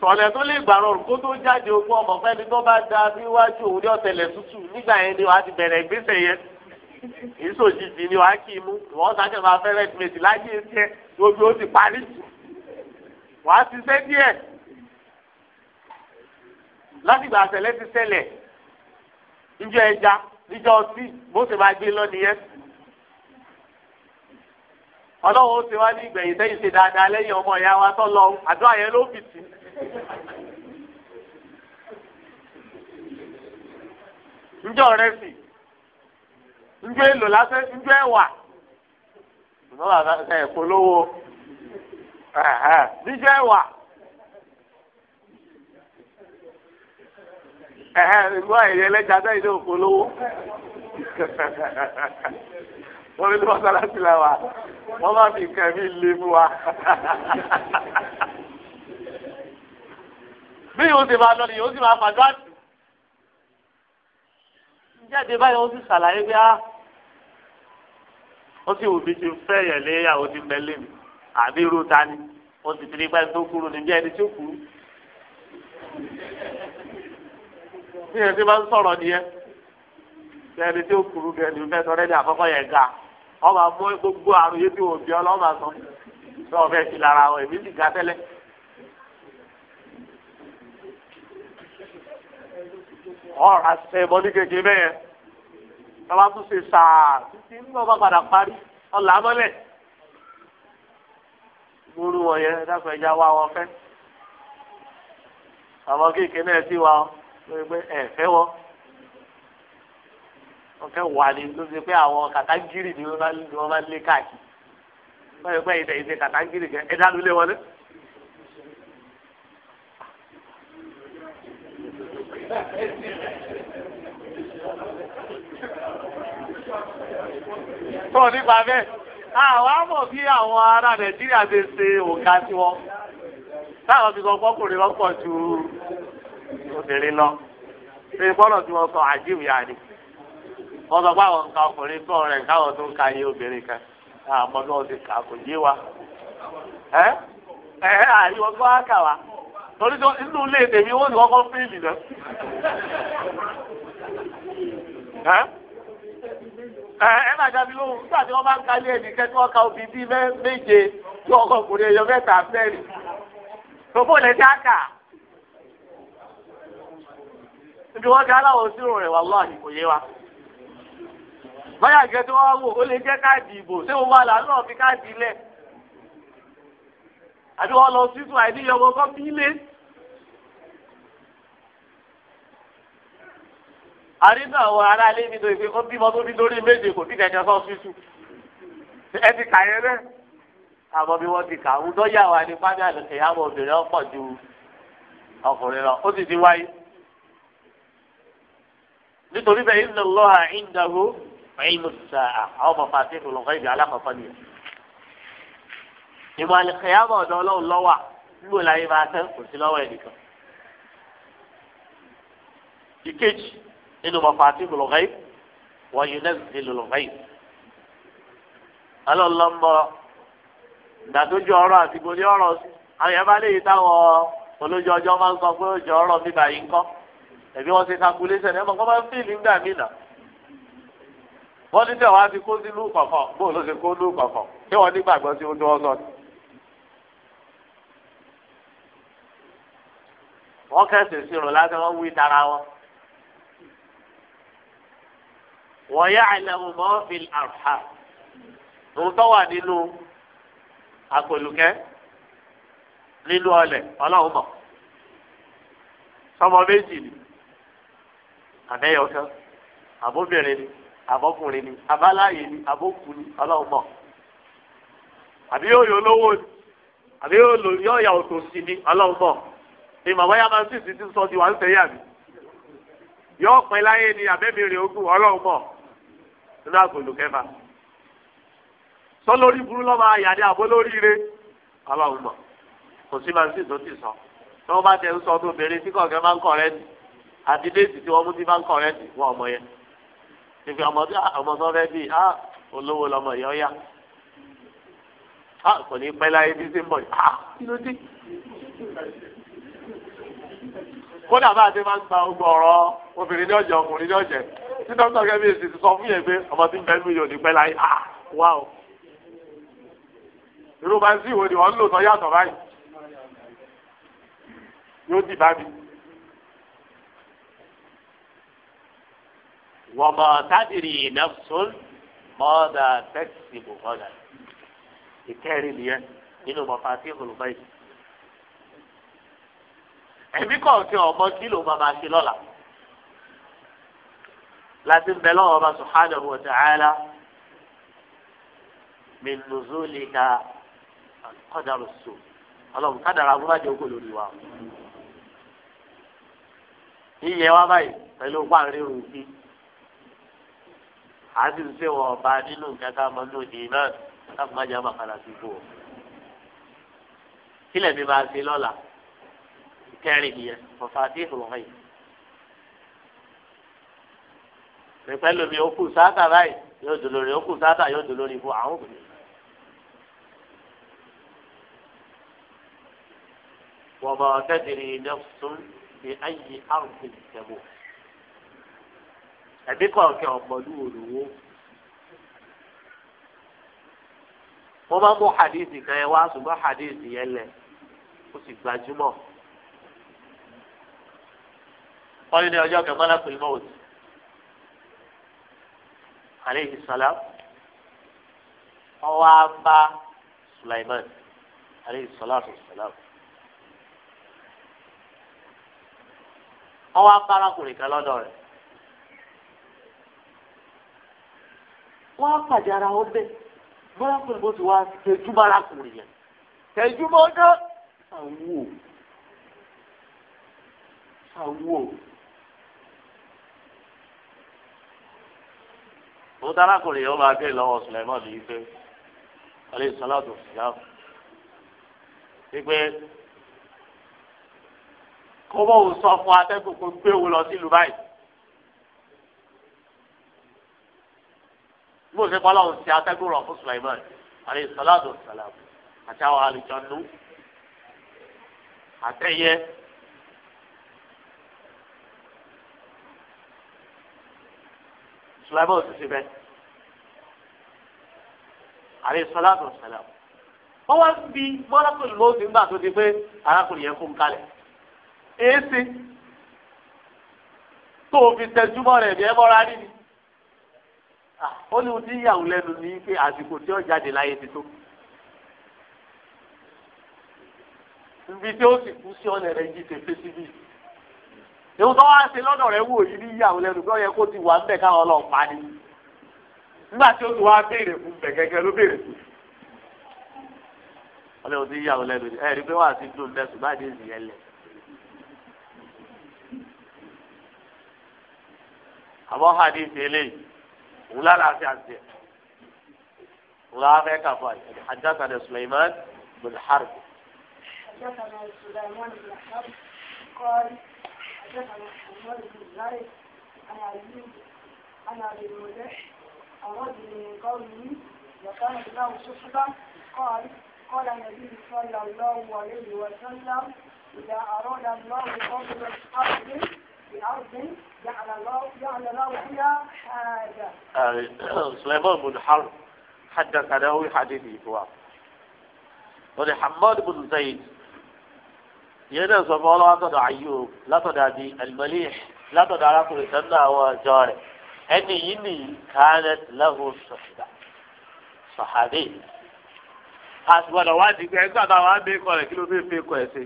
sọ̀lẹ̀ tó lè gbà rọrùn kó tó jáde ogún ọmọ fẹ́ni tó bá da níwájú òun ní ọ̀tẹlẹ̀ tútù nígbà yẹn ni wàá ti bẹ̀rẹ̀ ìgbésẹ̀ yẹn ìsòjìjì ni wàá kí i mú wọ́n sáké máa fẹ́rẹ̀ tìmẹ̀tì láyé tiẹ̀ gbogbo ó ti parí wàá ṣiṣẹ́ díẹ̀ látìgbà àṣẹlẹ̀ ti ṣẹlẹ̀ ń níjọ́ tí bó ṣe máa gbé lọ nìyẹn ọlọ́run ó ti wá ní ìgbẹ̀yìn sẹ́yìn ṣe dáadáa lẹ́yìn ọmọ ìyá wa tó lọ àdúrà yẹn ló fi tì. njẹ́ ọ̀rẹ́ sì se èlò lásán njẹ́ ẹ̀wà ẹ̀wà. ìwọ ẹ̀yẹ ẹlẹ́jà sẹ́yìn ló polówó wọ́n lé mọ́sálásí la wa wọ́n má fi nǹkan mi lé mu wa. bí yóò ṣe máa lọ ni yóò ṣe máa fàdúrà tù. jáde báyìí ó sì ṣàlàyé bí a ah, ó sì wù mí ti fẹ́ yẹn léyàwó ti mẹ́lẹ́ mi àbí irú ta ni ó sì ti rí pẹ́ tó kúrò níbi ẹni tó kúrò. bí yẹn ti máa ń sọ̀rọ̀ nìyẹn ẹni tí ó kúrú bẹ́ẹ̀ ni bẹ́ẹ̀ sọ̀rọ̀ ẹni àkọ́kọ́ yẹn ga ọba mú gbogbo àrùn yẹn tí wọ́n bí ọlọ́ba sọ tí wọ́n fẹ́ ti lára wọn èmi ti ga tẹ́lẹ̀. ọ̀rọ̀ àṣẹ ìbọn ní kékeré bẹ́ẹ̀ yẹn ọba tún ṣe sàá títí nígbà ọba padà parí ọ̀là mọ́lẹ̀ gbúrú wọn yẹn dákun wá wọn fẹ́ àwọn kéèké náà sì wá wọn wọ́n gbé ẹ̀fẹ́ wọ́ wọ́n fẹ́ wà ní ló ṣe pé àwọn kàtàgìrì ni wọ́n máa ń lé káàkiri wọ́n yẹ pé ìdè ìdè kàtàgìrì kẹ ẹ̀dá ló lé wọlé. tó nípa bẹ́ẹ̀ àwọn àmọ̀ bí àwọn ará Nàìjíríà ṣe ṣe òǹkà tiwọn táwọn fi sọ fọkùnrin lọ́pọ̀ ju. obìnrin lọ tí wọ́n sọ wọ́n sọ pé àwọn nǹkan ọkùnrin rẹ̀ káwọn tó ń ka iye obìnrin kan àmọ́ bí wọ́n ti kà kò yé wa gbọ́ àkà wa torí tó inú ilé wọ́n ti kọ́kọ́ fíìlì náà ẹ máa lóhùn nígbà tí wọ́n bá ń ka obì bíi méje tí mẹ́ta níbi wọ́n ti aláwọ̀ sírò rẹ̀ wà lọ́ọ̀dì kò yé wa. báyà jẹ́ tí wọ́n wò ó lè jẹ́ káàdì ìbò tí wọ́n wà láàánú ọ̀fi káàdì ilẹ̀. àbí wọ́n lọ sí sùn àìní yọmọ kọ́ bí ilé. àrínú àwọn ará ilé mi bímọ tó bí lórí méje kò ẹ ti kà bí ti kà ní pàmì àlùkè nítorí bẹ́ẹ̀ inna Allaha indahu ilmu sa'a àwọn ọmọ fàtí olùkọ́ ibi alákọ̀ọ́kọ́ nìyẹn. ìmọ̀ àlìkẹ́yàmọ̀ ọ̀dọ̀ ọlọ́run lọ́wà nígbò láyé máa tẹ́ kò sí lọ́wọ́ ẹnìkan. ìkejì nínú ọmọ fàtí olùkọ́ ibi wọ́n yóò náà sí olùkọ́ ibi. ọlọ́lọ́mọ ìdàdójú ọ̀rọ̀ àti gbòdì ọ̀rọ̀ àwọn yẹn bá léyìí táwọn olójú ọjọ́ máa ń sọ pé ó jọ ọ̀rọ̀ bíbá yìí ń kọ́ ẹbí wọn ṣe calculation ẹ mọ kọ́ máa ń fìlì ń dà mí nà wọ́n ní tẹ̀wọ́n á ti kó sínú kọ̀ọ̀kan bóun ló ṣe kó nú kọ̀ọ̀kan tí wọ́n ní gbàgbọ́ sí ohun tí wọ́n sọ ni. wọ́n kẹ́sì sírò láti wọ́n wí tara wọn. wọ́n yá àìlẹ́hùn mọ́ fil àrùfà òun tó wà nínú àpèlùkẹ́ nínú ọlẹ̀ ọlọ́run mọ̀ sọmọ méjì ni àbẹ́yọ̀ kan àbóbìnrin ni àbọ́kùnrin ni abáláyé ni àbókù ni ọlọ́run mọ̀ àbí yóò yọ olówó ni àbí yóò yà òtòṣì ni ọlọ́run mọ̀ ni màmá yá máa ń tìsí tí sọ ti wà ń sẹ́yà mi yóò pẹ́ láyé ni àbẹ́bìnrin ogún ọlọ́run nínú àgòlò kẹfà sọ burú lọ́mọ àyàdé àbó lórí ire kò sí máa ń tìsí tó ti sọ tí wọ́n bá tẹ ń sọ tó bèrè tí kọ̀ọ̀kẹ́ máa ń kọ̀ rẹ́ ni àti déètì tí wọ́n mú sí bá ń kọ̀ rẹ́ẹ̀tì wọ́n ọmọ yẹn ìfẹ́ ọmọ tí ah, ọmọ sọ fẹ́ bíi ah olówó lọmọ yẹn ọ̀yà ah kò ní pẹ́ láyé bí sí ń bọ̀ ah kí ló dé kódà bá a ti máa ń gba ogbó ọ̀rọ̀ obìnrin ní ọ̀jẹ̀ ọkùnrin ní ọ̀jẹ̀ tí dókítà kẹ́mi èsì ti sọ fún yẹn pé ọmọ tí ń bẹ nínú yìí ò láyé ah wá o irú bá ń sí ìwé ni wọ́n ń lò sọ yàtọ̀ báyìí yóò dì bá mi. وما تدري نفس ماذا تكسب غدا ìkẹrin nìyẹn nínú mọ̀fàtí olùbáyì ẹ̀mí kọ̀ọ̀kan ọmọ kí ló máa máa ṣe lọ́la láti ń bẹ lọ́wọ́ ọba subhanahu wa ta'ala min nuzulika kọ́dàrú sọ ọlọ́run kádàrá abúlájọ ògùn lórí wa yíyẹ wa báyìí pẹ̀lú pàǹrí rùbí àti ṣe wọn ọba nínú nǹkan ká mọ lóde náà káfí má jábà padà sí ibò kílẹ̀ mi máa ṣe lọ́la kẹrin nìyẹn ọ̀fà tí ìfòwò hàn yìí. pẹ̀pẹ́ lomi ó kù sáàtà báyìí yóò dùn lórí ó kù sáàtà yóò dùn lórí ibò àwọn òbí. wọ́n bá ọ̀tẹ́ dìrì nẹ́fùsùn bí ayé àrùn tẹ̀lé tẹ̀lé ẹbí kọ̀ọ̀kẹ́ ọ̀pọ̀lú òrówó. wọ́n máa ń mú hadithi kan yẹn wá ṣùgbọ́n hadithi yẹn lẹ̀ ó sì gbajúmọ̀. wọ́n ní ọjọ́ kẹ́ malakul maut aleyhi salam ọwọ́ á Sulaiman aleyhi salatu salam. ọwọ́ á bá arákùnrin kan lọ́dọ̀ rẹ̀. wọ́n á pàdé ara wọn bẹ́ẹ̀ bọ́lá pẹ̀lú bó ti wá tẹjúmọ́ arákùnrin yẹn tẹjúmọ́ ọ̀dá àwọ̀ àwọ̀ mo dára kùnrin yẹn ó máa bẹ́ẹ̀ lọ́wọ́ Sùlẹ́mọ́n ní ife alẹ́ sọ́láàtò ìyáàfọ̀ wípé kọ́bọ̀ ò sọ fún atẹ́kùn kó gbé lọ sílùú báyìí. bó ṣe kọ́ lọ́hùn sí atẹ́gùn rọ̀ fún Sulaiman alayhi salatu wassalam àti àwọn àlùjànnú àtẹ̀yẹ. Sulaiman ti ṣe bẹ́ẹ̀ alayhi salatu wassalam wọ́n wá bí mọ́lákùnrin lóòótọ́ nígbà tó di pé arákùnrin yẹn fún un kalẹ̀ èé ṣe tó o fi tẹjúmọ́ rẹ̀ bí ẹ mọ́ra rí ni. ó ní ti yà ń lẹ́nu ní pé àsìkò tí ó jáde láyé ti tó ibi tí ó sì kú sí ọ̀nà rẹ̀ yìí tẹ̀fẹ́ síbí ìwọ tó wá ṣe lọ́dọ̀ rẹ̀ wò yìí ní yà lẹ́nu bí ó yẹ kó ti wà káwọn ni nígbà tí ó ti wá béèrè fún ti lẹ́nu ẹ̀ rí pé ولا lálàáfíà ń tiẹ̀ òun lálàáfíà kà fún حدثنا سليمان بن حرب حدثنا سليمان بن حرب قال حدثنا محمد بن زايد عن عيوب عن ابي الملح عن من قومه وكانت له صحبه قال قال النبي صلى الله عليه وسلم إذا أراد الله قبل أرض سليمان بن حرب حدث له حديثه فوا ولي حماد بن زيد ينا زمان لا تدع أيوب لا تدع المليح لا تدارك لا تدع وجاره أني إني كانت له صحبة صحابي àtùgbọ́dọ̀ wá di pé ẹgbẹ́ àtàwọn àbẹ́kọ̀ rẹ̀ kí ló fẹ́ fẹ́ kọ̀ ẹ̀ sí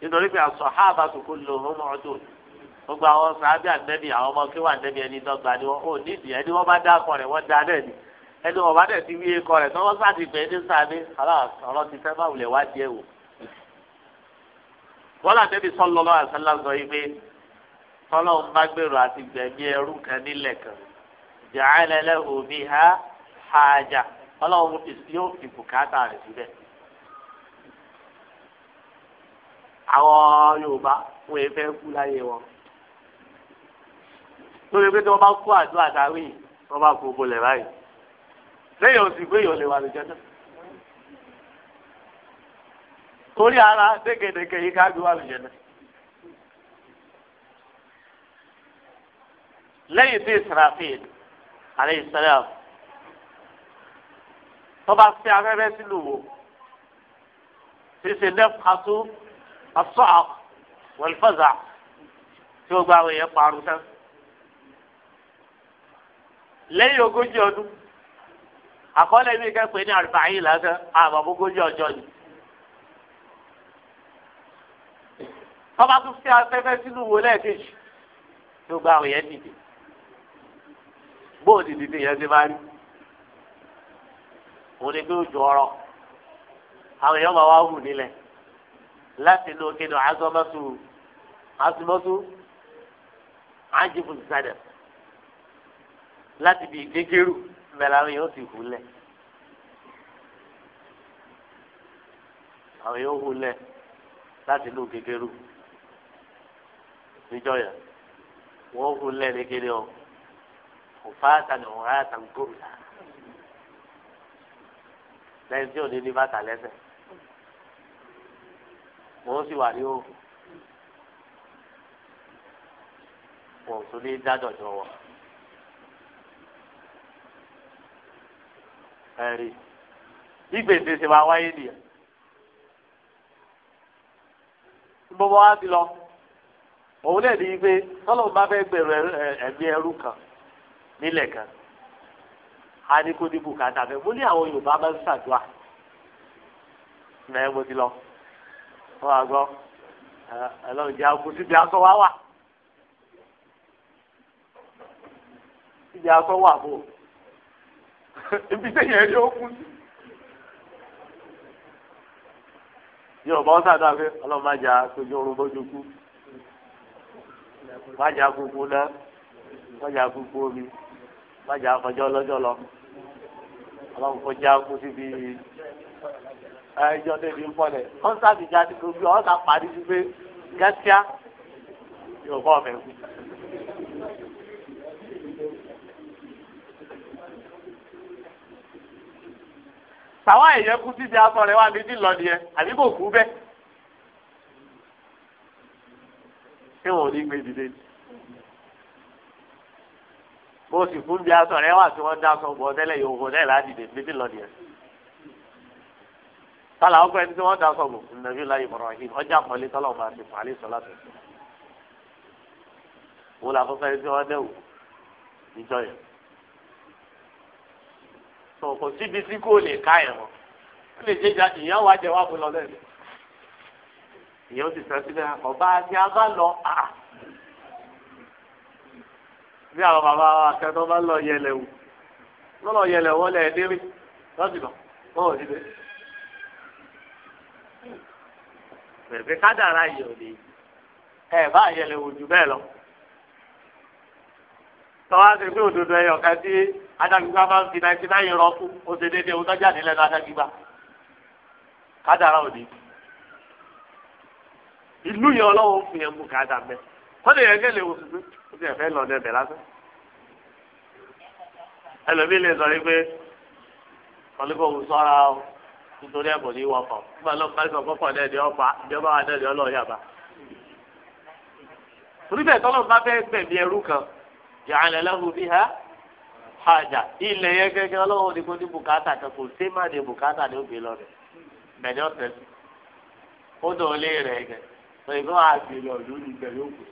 nítorí pé àsọ̀hábà gbogbo àwọn sàábì àtẹ́bí àwọn ọmọ kí wà àtẹ́bí ẹni dọ́gba ni wọn ò nídìí ẹni wọn bá dá akọ rẹ wọn dá náà ni ẹni wọn bá dẹ̀ ti wí ikọ rẹ tọwọ́ sáàtì pé ní sàábì ọ̀rọ̀ ti fẹ́ bá wulẹ̀ wá díẹ̀ wò. wọn àtẹ́bí sallallahu alaihi wasallam sọ yìí pé tọ́lọ́hún bá gbèrò àti gbẹ̀mí ẹrú kan nílẹ̀ kan ja'ala lahu biha haja ọlọ́run yóò lórí pé tí wọ́n bá kó àdó àtàwé yìí wọ́n bá kó bolẹ̀ báyìí lẹ́yìn oṣù pé yóò lè wà lójọ́ náà torí ara dégedéke yìí ká gbé wà lójọ́ náà lẹ́yìn tí Israfil alayhi salam tó bá fẹ́ afẹ́fẹ́ sílùú wo ṣíṣe lẹ́fàtú asọ́à wal faza tí ó gba àwọn èèyàn parun sẹ́yìn lẹ́yìn ogójì ọdún àkọọ́lẹ̀ mi kẹ́pẹ́ ní àrùbáyìn lásán àmọ́ ogójì ọjọ́ ni. tọ́ba tún fi afẹ́fẹ́ sínú wo lẹ́ẹ̀kejì tó gba àwọn yẹn dìde bóòdì dìde yẹn ti máa rí òun ni pé ojú ọ̀rọ̀ àwọn èèyàn máa wá hù nílẹ̀ láti lo kéde àzọmọ́sù àzọmọ́sù àjìbùsàdẹ̀ láti bí gégérù bẹ̀rẹ̀ àwọn yóò sì hulẹ̀ àwọn yóò hulẹ̀ láti lù gégérù níjọ́ yẹn wọ́n hulẹ̀ lẹ́gẹ́rẹ́ o kò fáta ní ọ̀rá àtàngóòlà lẹ́yìn tí ò ní ní bàtà lẹ́sẹ̀ wọ́n sì wà ní o wọ́n tún ní dádọ̀jọ́ wọn. ẹ̀rí ìgbèsè ṣe máa wáyé nìyẹn gbogbo wa ti lọ òun náà ní bá fẹ́ gbèrò ẹ̀mí ẹrú kan nílẹ̀ kan a ní kó dìbò kàtà fẹ́ mo ní àwọn Yorùbá ń ṣàdúrà mẹ́rin mo ti lọ wọ́n á gbọ́ àkó síbi aṣọ ibi téèyàn ẹni ó kú sí. yóò bá wọn sàdá pé ọlọ́run má jà péjú orun bójú kú má jà kúkú náà má jà kúkú omi má jà kọjọ́ lọ́jọ́ lọ ọlọ́run kò já kú síbi ẹjọ́ débi ń pọ̀ dẹ̀ kọ́nsáàtì já ti gbogbo ọ̀sán pàdé sí pé gẹ́tíá yóò bá ọ̀fẹ́ kú. sàwọn èèyàn títí aṣọ rẹ̀ wà méjì lọ nìyẹn àbí kò kú bẹ́ẹ̀. ṣé wọn ò ní gbé dìde ni. bó sì fún bí aṣọ rẹ̀ wà tí wọ́n dá aṣọ bọ̀ tẹ́lẹ̀ yòó fún náà ládìde méjì lọ nìyẹn. sálà ọkọ ẹni tí wọ́n dá aṣọ bọ̀ nàbí láyé Ibrahim ọjà pọ̀lẹ́ tọ́lọ̀ máa ti fún alẹ́ sọlá tó. wọ́n làkọ́kọ́ ẹni tó kò síbi tí kò lè ká ẹ̀ wọ́n ó lè jẹ́ ìjà ìyẹn wàá jẹ wàá bó lọ lẹ́nu ìyẹn ó sì sọ síbẹ̀ ọba ni a bá lọ à bí àwọn bàbá wa kẹtọ́ bá lọ yẹlẹ̀ wò wọ́n lọ yẹlẹ̀ wọ́n lẹ̀ dérí lọ́sì lọ wọ́n ò bẹ̀rẹ̀ kádàrá yìí ò ní ẹ̀ bá yẹlẹ̀ wò jù bẹ́ẹ̀ lọ tọ́wá ṣe pé òdodo ẹyọ kan tí adágbígbá máa ń fi náà ti náà yẹn rọ fún ó ṣe déédéé ohun tó jáde lẹ́nu adágbígbá kádàrá òní. ìlú yẹn ọlọ́wọ́ fún yẹn mú kádà mẹ́ wọ́n lè yẹn kẹ́lẹ́ wò fún ó ti ẹ̀fẹ́ lọ́dẹ bẹ̀ lásán. ẹlòmíì lè sọ wípé kọ́lébọ̀ ń sọ́ra o nítorí ẹ̀bùn ní wọ́pọ̀ nígbà lọ́pàá sọ kọ́kọ́ ja'ala lahu biha haja ilẹ̀ yẹn gẹ́gẹ́ ọlọ́run ní kó ní bùkátà kan kò sí má ní bùkátà ní òbí lọ́rẹ̀ bẹ̀rẹ̀ ọ̀tẹ̀ sí ó dọ̀ ọ́ lé rẹ̀ gẹ̀ pẹ̀lú ìgbọ́n àgbèrè ọ̀dọ́ ní ìgbẹ̀ yóò kù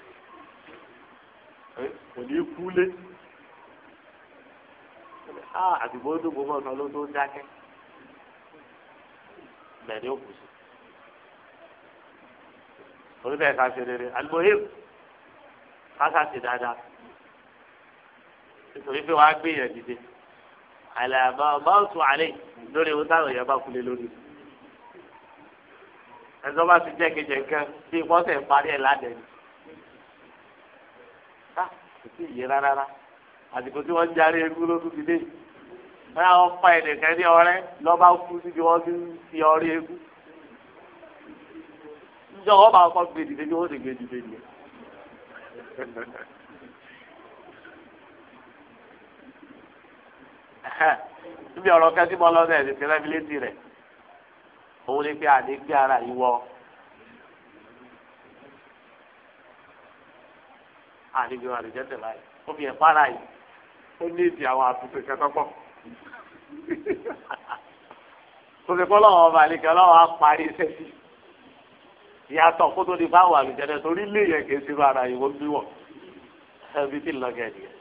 eh, kò ní kú lé àdìgbò dùgbò mọ́ ọ̀sán ló tó dákẹ́ bẹ̀rẹ̀ òkú sí orí bẹ́ẹ̀ ká ṣe rere àgbò yìí ká ṣàṣì dáadáa nítorí pé wàá gbé yẹn dìde àlàbà ọbaàtú àlẹ lórí ohun táwọn èèyàn bá kulè lórí ẹjọ́ bá ti jẹ kejì nǹkan bí wọ́n tẹ parí ẹ ládẹni ká kò sí ìyẹ rárá àsìkò tí wọ́n ń jarí egun ló tún ti dé wọn àwọn fa ẹnìkan ní ọ̀rẹ́ lọba kú síbi wọ́n ti fi ọrí egun níjọ wọ́n bá kọ gbèdìdé bí wọ́n ti gbèdìdé nìyẹn. níbi ọ̀rọ̀ kẹ́sí mọ́ lọ́sẹ̀ ẹ̀sìn ti rẹ́bílétì rẹ̀ òun ni pé àdé gbé ara ìwọ àdégbé wa lè jẹ́ tẹ̀ báyìí ó fi ẹ̀fọ́ ara yìí ó ní ìdí àwọn àtúnṣe kẹtọ́pọ̀ tó ti kọ́ lọ́wọ́ ọba àlekẹ́ lọ́wọ́ á parí iṣẹ́ sí ìyàtọ̀ kó tó di fáwọn àlùjẹ́dẹ́ torí lè yẹ kí n ṣe bá ara ìwọ bí wọ̀ ẹbí tí ń lọ yẹn.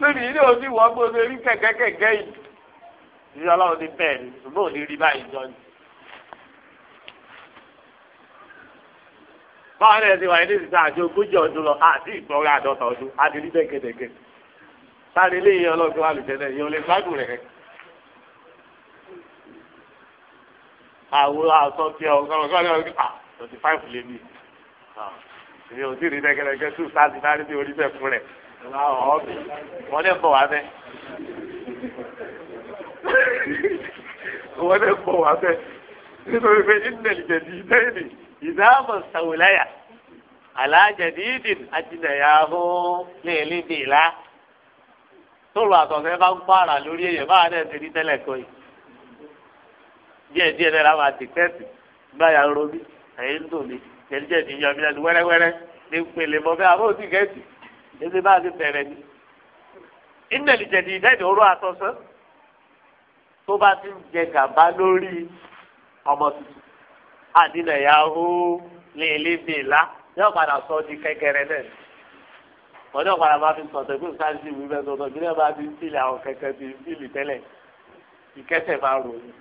lórí ilé òbí wọ́n gbọ́dọ̀ rí kẹ̀kẹ́kẹ̀kẹ́ yìí ìdílé ọlọ́run ní bẹ́ẹ̀ ni ṣùgbọ́n òní rí báyìí jọ ni. báwọn ẹni wà ní ìsìn àjọ ogójì ọdún lọ àti ìgbọ́nrẹ́ àdọ́ta ọdún á ti dẹ́gẹ́dẹ́gẹ́ sáré ilé yẹn ọlọ́run wà lùtẹ́lẹ̀ yẹn ò lè gbádùn rẹ̀. àwòrán àtọ́ tí ọgọ́rùn-ún kọ́ni ọdún ah twenty five lé mi. ìyẹn ah, ò tí ì rí dẹ́gẹ́dẹ́gẹ́ tù sáà ti dá ọ̀ọ́bì wọ́n lè bọ̀ wá bẹ́ẹ̀. wọ́n lè bọ̀ wá bẹ́ẹ̀ nítorí pé ìdílé ìjẹ̀dì ìdẹ́ẹ̀lì ìdáàbò sàwùláyà àlàjẹ̀dì ìdìn àtìlẹ̀yàwó léèlé bìlá tóòrò àtọ̀fẹ́ bá ń pààrà lórí èèyàn báwa náà ti rí tẹ́lẹ̀ kọ́ yìí díẹ̀ díẹ̀ náà máa ti kẹ́ẹ̀tì gbáyà ń robí ẹ̀yìn ń dùn yọ mí lẹ́nu wẹ́rẹ́wẹ́rẹ́ ní pèlè mọ́ bẹ́ẹ̀ àbóòtì kẹ́ẹ̀tì ẹsẹ bá a ti fẹrẹ ni ìnẹlì jẹdì ìdẹni oró àtọsán tó bá ti ń jẹ gàba lórí ọmọ tuntun àdínà yahoo lèlè bèlà yóò padà sọ di kékeré náà wọn yóò padà máa fi sọtọ ìpín sáńsì ìwé bẹ́ẹ̀ sọtọ ìpínlẹ̀ bá ti ń fìlì àwọn kẹ̀kẹ́ ti ń fìlì tẹ́lẹ̀ ìkẹsẹ máa ròyìn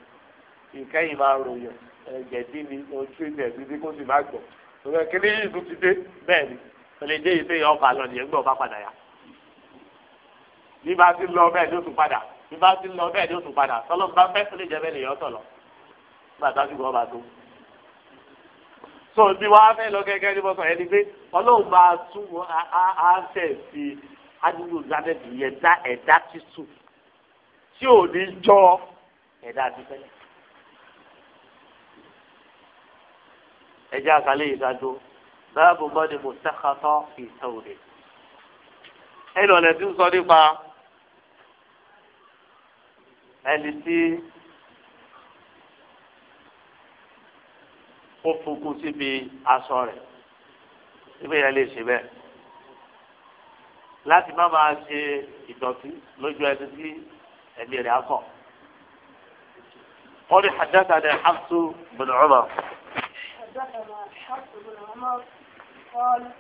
ìkẹyìn máa ròyìn ẹjẹ dín ní ojú ìdẹ̀bí bí kò sì má gbọ́ òkè kí ni yìí tún ti dé bẹ́ẹ̀ ni tẹ̀lé dé ìfẹ́ yẹn ọkọ̀ àlọ́ nìyẹn gbọ́ bá padà yá bí bá ti lọ bẹ́ẹ̀ ló tún padà bí bá ti lọ bẹ́ẹ̀ ló tún padà tọ́lọ́ bá fẹ́ tẹ̀lé jẹ́ bẹ́ẹ̀ nìyẹn ọ̀tọ̀ lọ nígbà a ti gbọ́ bá tó. so bí wàá fẹ́ lọ kẹ́kẹ́ ní bọ́sọ̀ ẹni pé ọlọ́run bá a tún á fẹ́ fi adúlù zanẹ́tì yẹn dá ẹ̀dá ti sùn tí ò ní jọ ẹ̀dá ti fẹ́lẹ̀. ẹja àkàlẹ́ yìí ká dúró báàbù mọ́ni mùsàkàtọ̀ fi sọ̀rọ̀ ẹnì ọ̀lẹ́ tí ń sọ nípa ẹni tí ó fukun síbi aṣọ rẹ̀ ibi yẹn lè ṣe bẹ́ẹ̀ láti má máa ṣe ìdọ̀tí lójú ẹni tí ẹ̀mí rẹ̀ á kọ̀. قال حدثنا حفص بن عمر حدثنا حفص بن عمر قال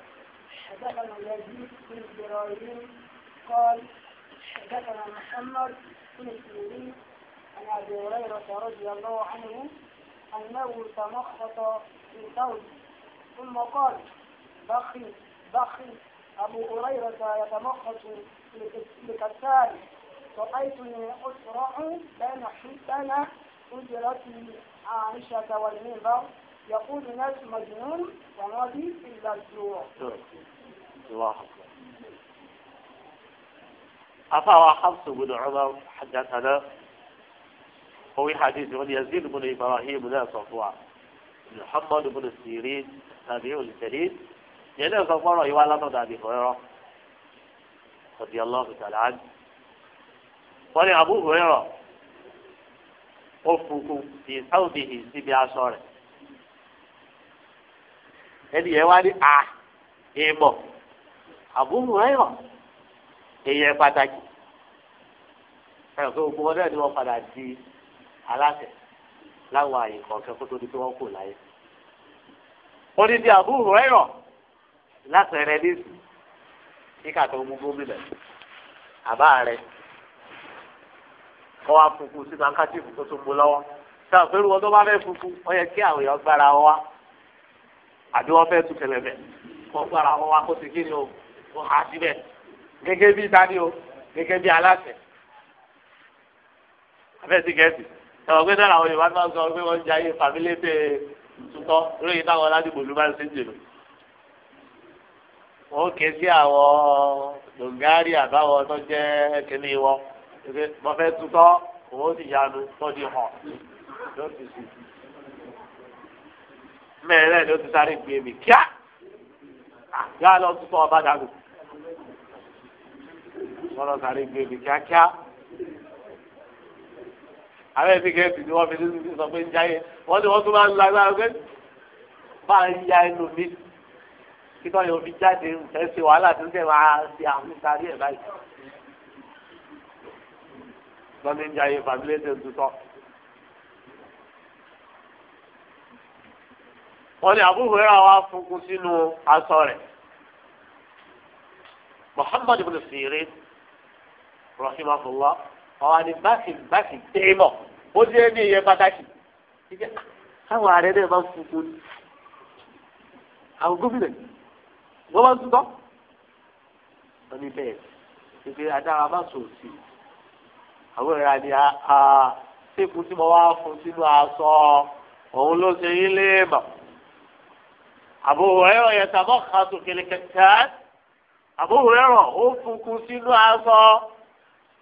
حدثنا يزيد بن إبراهيم قال حدثنا محمد بن سيرين عن أبي هريرة رضي الله عنه أنه تمخط في ثوب ثم قال بخي بخي أبو هريرة يتمخط لكسار رأيتني أسرع بين حبنا أجرتي عائشة والمنبر يقول الناس مجنون وماضي إلا الجوع الله أفا حفص بن عمر حدثنا هو حديث من يزيد بن إبراهيم لا صفوان محمد بن السيرين تابعي الجليل يلا صفوان يوالا ضد أبي هريرة رضي الله تعالى عنه قال أبو هريرة أفكم في ثوبه سبع شهر ẹni yẹn wá ní a ìmọ̀ àbúrò ẹ̀rọ èèyàn pàtàkì ẹ̀rọ pé gbogbo ọdẹ ni wọ́n padà di aláṣẹ láwọn àyè kọ̀ọ̀kan kó tó di pé wọ́n kò láyé. odidi àbúrò ẹ̀rọ látẹ̀rẹ̀ nísì kíkà tó mú gómìnà àbá rẹ̀ kọ́ wa funfun sínú akáṣífù tó tún mú lọ́wọ́ sáà pé irú wọn tó bá fẹ́ funfun ó yẹ kí àwọn gbára wa àbí wọ́n fẹ́ tu kẹlẹ̀bẹ̀ wọ́n gbára wọn wá kó ti kí ni o wọ́n há síbẹ̀ gẹ́gẹ́ bí dání o gẹ́gẹ́ bí aláṣẹ. abẹ́sí gẹ̀ẹ́sì ẹ̀wọ̀n pé dára àwọn Yorùbá náà sọ pé wọ́n ń jayé fàmílẹ́ tẹ tutọ́ lóyìn táwọn aládùúgbò ló bá ń ṣe jèrò. wọ́n ké sí àwọn dòǹgárì àbáwọn tó jẹ́ kíní wọn wọ́n fẹ́ tutọ́ òun ó sì yanu tó di hàn ló ti sì mẹ́rẹ̀ẹ́rẹ́ ló ti sáré gbé mi kíá ah, yá lọ tún sọ ọba dàgbò wọ́n lọ sáré gbé mi kíákíá àwọn ẹbí kẹ́ẹ̀sì ni wọ́n fi ní sọ pé ń jáyé wọ́n ní wọ́n tún máa ń lágbára pé bá a ń ya ẹnu mi kíkọ́ yóò fi jáde ẹ̀ ṣe wàhálà tó ń tẹ̀ máa ṣe àwọn ìsáré ẹ̀ báyìí lọ́ní ń jáyé fàmílẹ́sẹ̀ tuntun. wọ́n ní Abu Hurairah wa funkun sínú aṣọ rẹ̀ Muhammad ibn Sirin rahimahullah ọ̀hún ni báàkì báàkì tẹ́lọ̀ ó jẹ́ ní iye pàtàkì káwọn ààrẹ náà máa ń funkun àwọn gómìnà wọ́n máa ń tutọ́ wọ́n ní bẹ́ẹ̀ ṣèké adára má sọ sí àwọn ìrìn àdìyà ṣé ikú tí mo wá fún sínú aṣọ òun ló ṣe yín léèmọ̀. Abu Hurairah yatabakhasu fil kattan Abu Hurairah ó funkun sínú aṣọ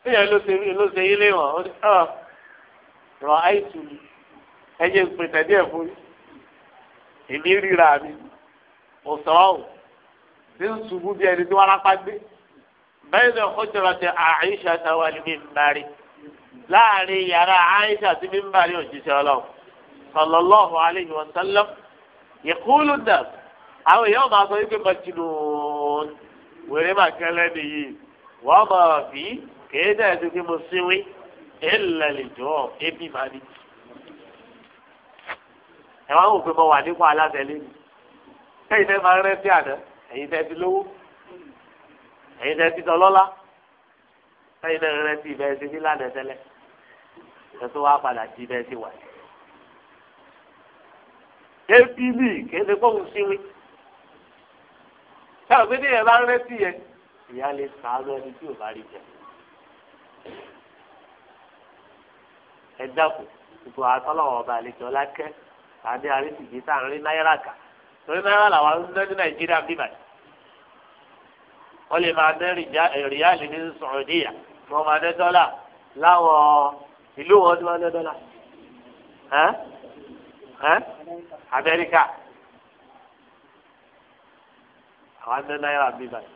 tí yẹn ló ṣe yí lé wọn rọ àìsù ẹyẹ ìpèsè díẹ̀ fún yìí èmi ríra mi ò sọ̀rọ̀ o ti ń ṣubú bí ẹni tí wọ́n rápá gbé bẹ́ẹ̀ ni ọkọ̀ jọra ti Àìṣà táwa ní mímbari láàrin yàrá Àìṣà tí mímbari òjíṣẹ́ ọlọ́run sallallahu alaihi wa sallam ìkúlù dà àwọn èèyàn máa sọ wípé mọ̀jìnnùún wèrè máa kẹ́lẹ́ nìyí wọ́n máa fi kéé dẹ̀ ẹ̀sìn tí mo síwí èèlẹ̀ lè jọ ẹbí máa ní. ẹ wá wò pé mo wà nípò aláṣẹ lẹ́nu ẹ̀yin tẹ́ máa ń rẹ́ sí àná ẹ̀yin tẹ́ ti lówó ẹ̀yin tẹ́ ti tọ́lọ́lá ẹ̀yin tẹ́ rẹ́ sí ibẹ̀ ẹ̀sìn nílànà tẹ́lẹ̀ ẹ̀ tó wá padà sí ibẹ̀ ẹ̀sìn wáyé ébílì kéde kóhùn síwí táwọn gbédè yẹn bá ń rẹ́tì yẹn ìyá lè sàánú ẹni tí ò bá rí jẹ ẹ dákun gbogbo àtọ́lọ́wọ́ ọba àlejò ọlákẹ́ àdé àrísìkí tá à ń rí náírà kà torí náírà làwọn arúgbó ní nàìjíríà bíbà yìí wọ́n lè máa dẹ́ rìyáàlì eh, ní sọ̀rọ̀díyà wọ́n máa dẹ́ dọ́là láwọn ìlú wọn tí wọ́n dẹ́ dọ́là Amẹ́ríkà àwọn ẹgbẹ náírà bí báyìí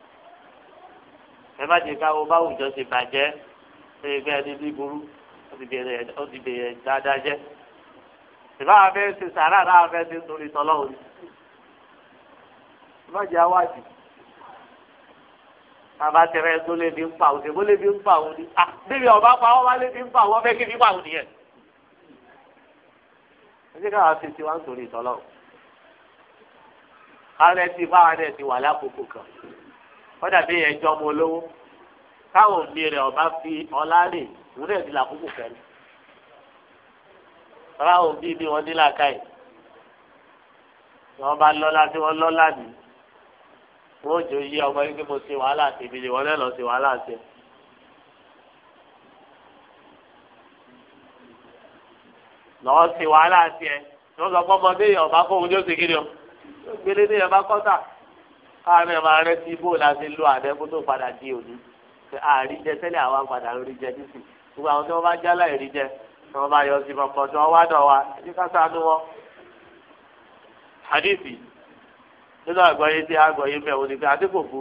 ẹ má jẹ káwọn báwo jọ ṣe bàjẹ́ ṣe fẹ́ ẹni bí burú ó ti bẹ̀rẹ̀ dáadáa jẹ́ ìbá abẹ́ ṣe sàrà náà abẹ́ ṣe torí tọ́lọ́wọ́ ni má jẹ́ awájú bàbá tẹ̀rẹ̀ tó lè fi ń pa òde bó lè fi ń pa òde à débi ọba pa ọba lè fi ń pa òde ọbẹ̀ kí fi pa òde yẹn ẹsẹ káwọn fi tiwa nítorí ìtọ́lọ́ kárẹ́ ti bá wọn dẹ̀ ti wà lákòókò kan kọ́dà bí ẹjọ́ ọmọ olówó káwọn òbí rẹ̀ ọba fi ọlá rè òun dẹ̀ ti làkókò kẹ́lẹ́ rárá òbí ni wọ́n ní làákàyè wọ́n bá lọ́lá tí wọ́n lọ́lá nìyí wọ́n jò yí ọmọ yín pé mo ṣe wàhálà tèmi ni wọ́n lẹ́ ṣe wàhálà tèmi. lọ́ọ́ ṣe wàhálà tiẹ̀ ló sọ fún ọmọdé yẹn ọba kó oúnjẹ ṣe kiri o ló gbélé ní ọba kọ́tà káàmì ọba rẹ ti bó la ṣe lo àdẹ́kùn tó padà di òní àárí jẹ tẹ́lẹ̀ àwa padà lórí jẹ nísì gbogbo àwọn tí wọ́n bá jálá ìrí jẹ tí wọ́n bá yọ sí bọ̀kọ̀ tí wọ́n wá dọ̀ wa ẹni ká ṣàánú wọn. hadithi nínú àgbọ̀yé tí àgbọ̀yé bẹ̀ wọ́n ni pé adé burú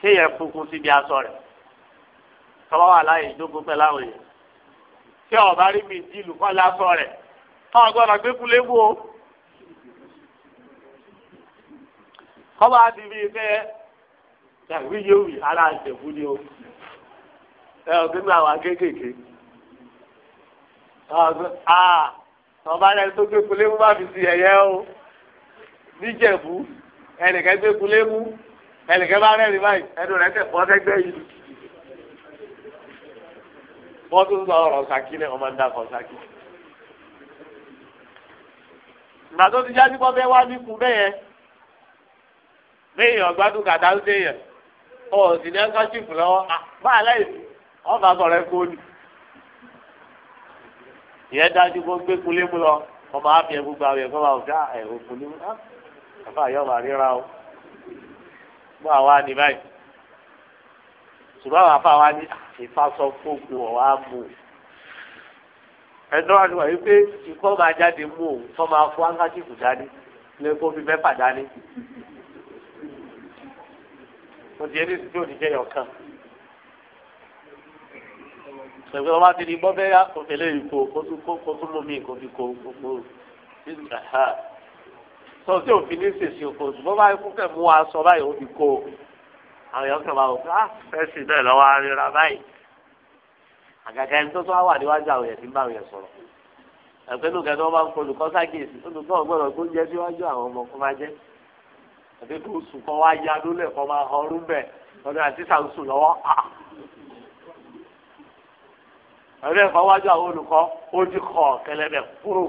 kéèyàn fukun síbi aṣọ rẹ̀ tọ́wọ́ wà láyé ìjókòó pẹ̀láwọ̀ yẹn tẹ ọba rí mi dìlù kọ́ lásán rẹ̀ káwọn gbọ́dọ̀ gbé kulé wò ó. kọ́ba ti fi fẹ́ tàbí yóò wì ara ìjẹ̀bú ni o ẹ ò gbẹ́nu àwọn akékèké ọba rẹ tó gbé kulé mú bá fi si ẹ̀yẹ o níjẹ̀bú ẹnìkan gbé kulé mú ẹnìkan bá rẹ́rìn báyìí ẹnu rẹ̀ tẹ̀ fọ́ sẹ́gbẹ́ yìí wọ́n tún sọ ọ̀rọ̀ saki lẹ́ wọ́n máa ń dàkọ̀ ìgbà tó ti já sí pọ́nbẹ́ wá ní kú bẹ́yẹn léèyàn gbádùn kàdá ń déyàn ọ̀ sì ní ẹ́ńkọ́ṣífù lọ́wọ́ bá a láìsí wọ́n bá sọ̀rọ̀ ẹ̀kọ́ ni. ìyẹn dájú kó gbé kulé mu lọ wọ́n máa fi ẹ̀kú gba ọ̀yẹ̀kọ́ máa fi ẹ̀kú kulé mu bàbá àyọ̀ máa ríra o gbọ́ àwa ni báyìí ṣùgbọ́n àwọn afáwa ní à ìfasọ̀fógun ọ̀wá mú un ẹ̀dọ́ àti wà wípé ikọ́ máa jáde mú òun tó máa fọ́ áńgájìkù dání ní kó fi mẹ́fà dání mo ti ẹni tí ò ní jẹyọ kan ọba ti di bọ́bẹ́yà òfèlè ìkó kó tún mú mi kó fi kó gbogbo sọ tí òfin ní sèṣin òkò ṣùgbọ́n báyìí kúkẹ́ mú wa báyìí ó fi kó o àwọn èèyàn kàn máa wò pé ah fẹ́sì náà lọ́wọ́ arìnrìn báyìí àgàgà ẹni tó tó wà níwájú àwọn èèyàn tí ń bá àwọn èèyàn sọ̀rọ̀ ẹ̀pẹ́ ló kẹ́tọ́ bá ń kọ olùkọ́ ságìsì olùkọ́ ọ̀gbọ́dọ̀ tó jẹ́ síwájú àwọn ọmọ kó máa jẹ́ àti kó sùn kọ́ wá ya lólẹ̀ kọ́ máa hàn bẹ̀ ọdún àti sàǹsù lọ́wọ́ ẹ̀rí ẹ̀kọ́ wájú àwọn olùkọ́ ó ti kọ̀ kẹlẹ́bẹ̀ kúrò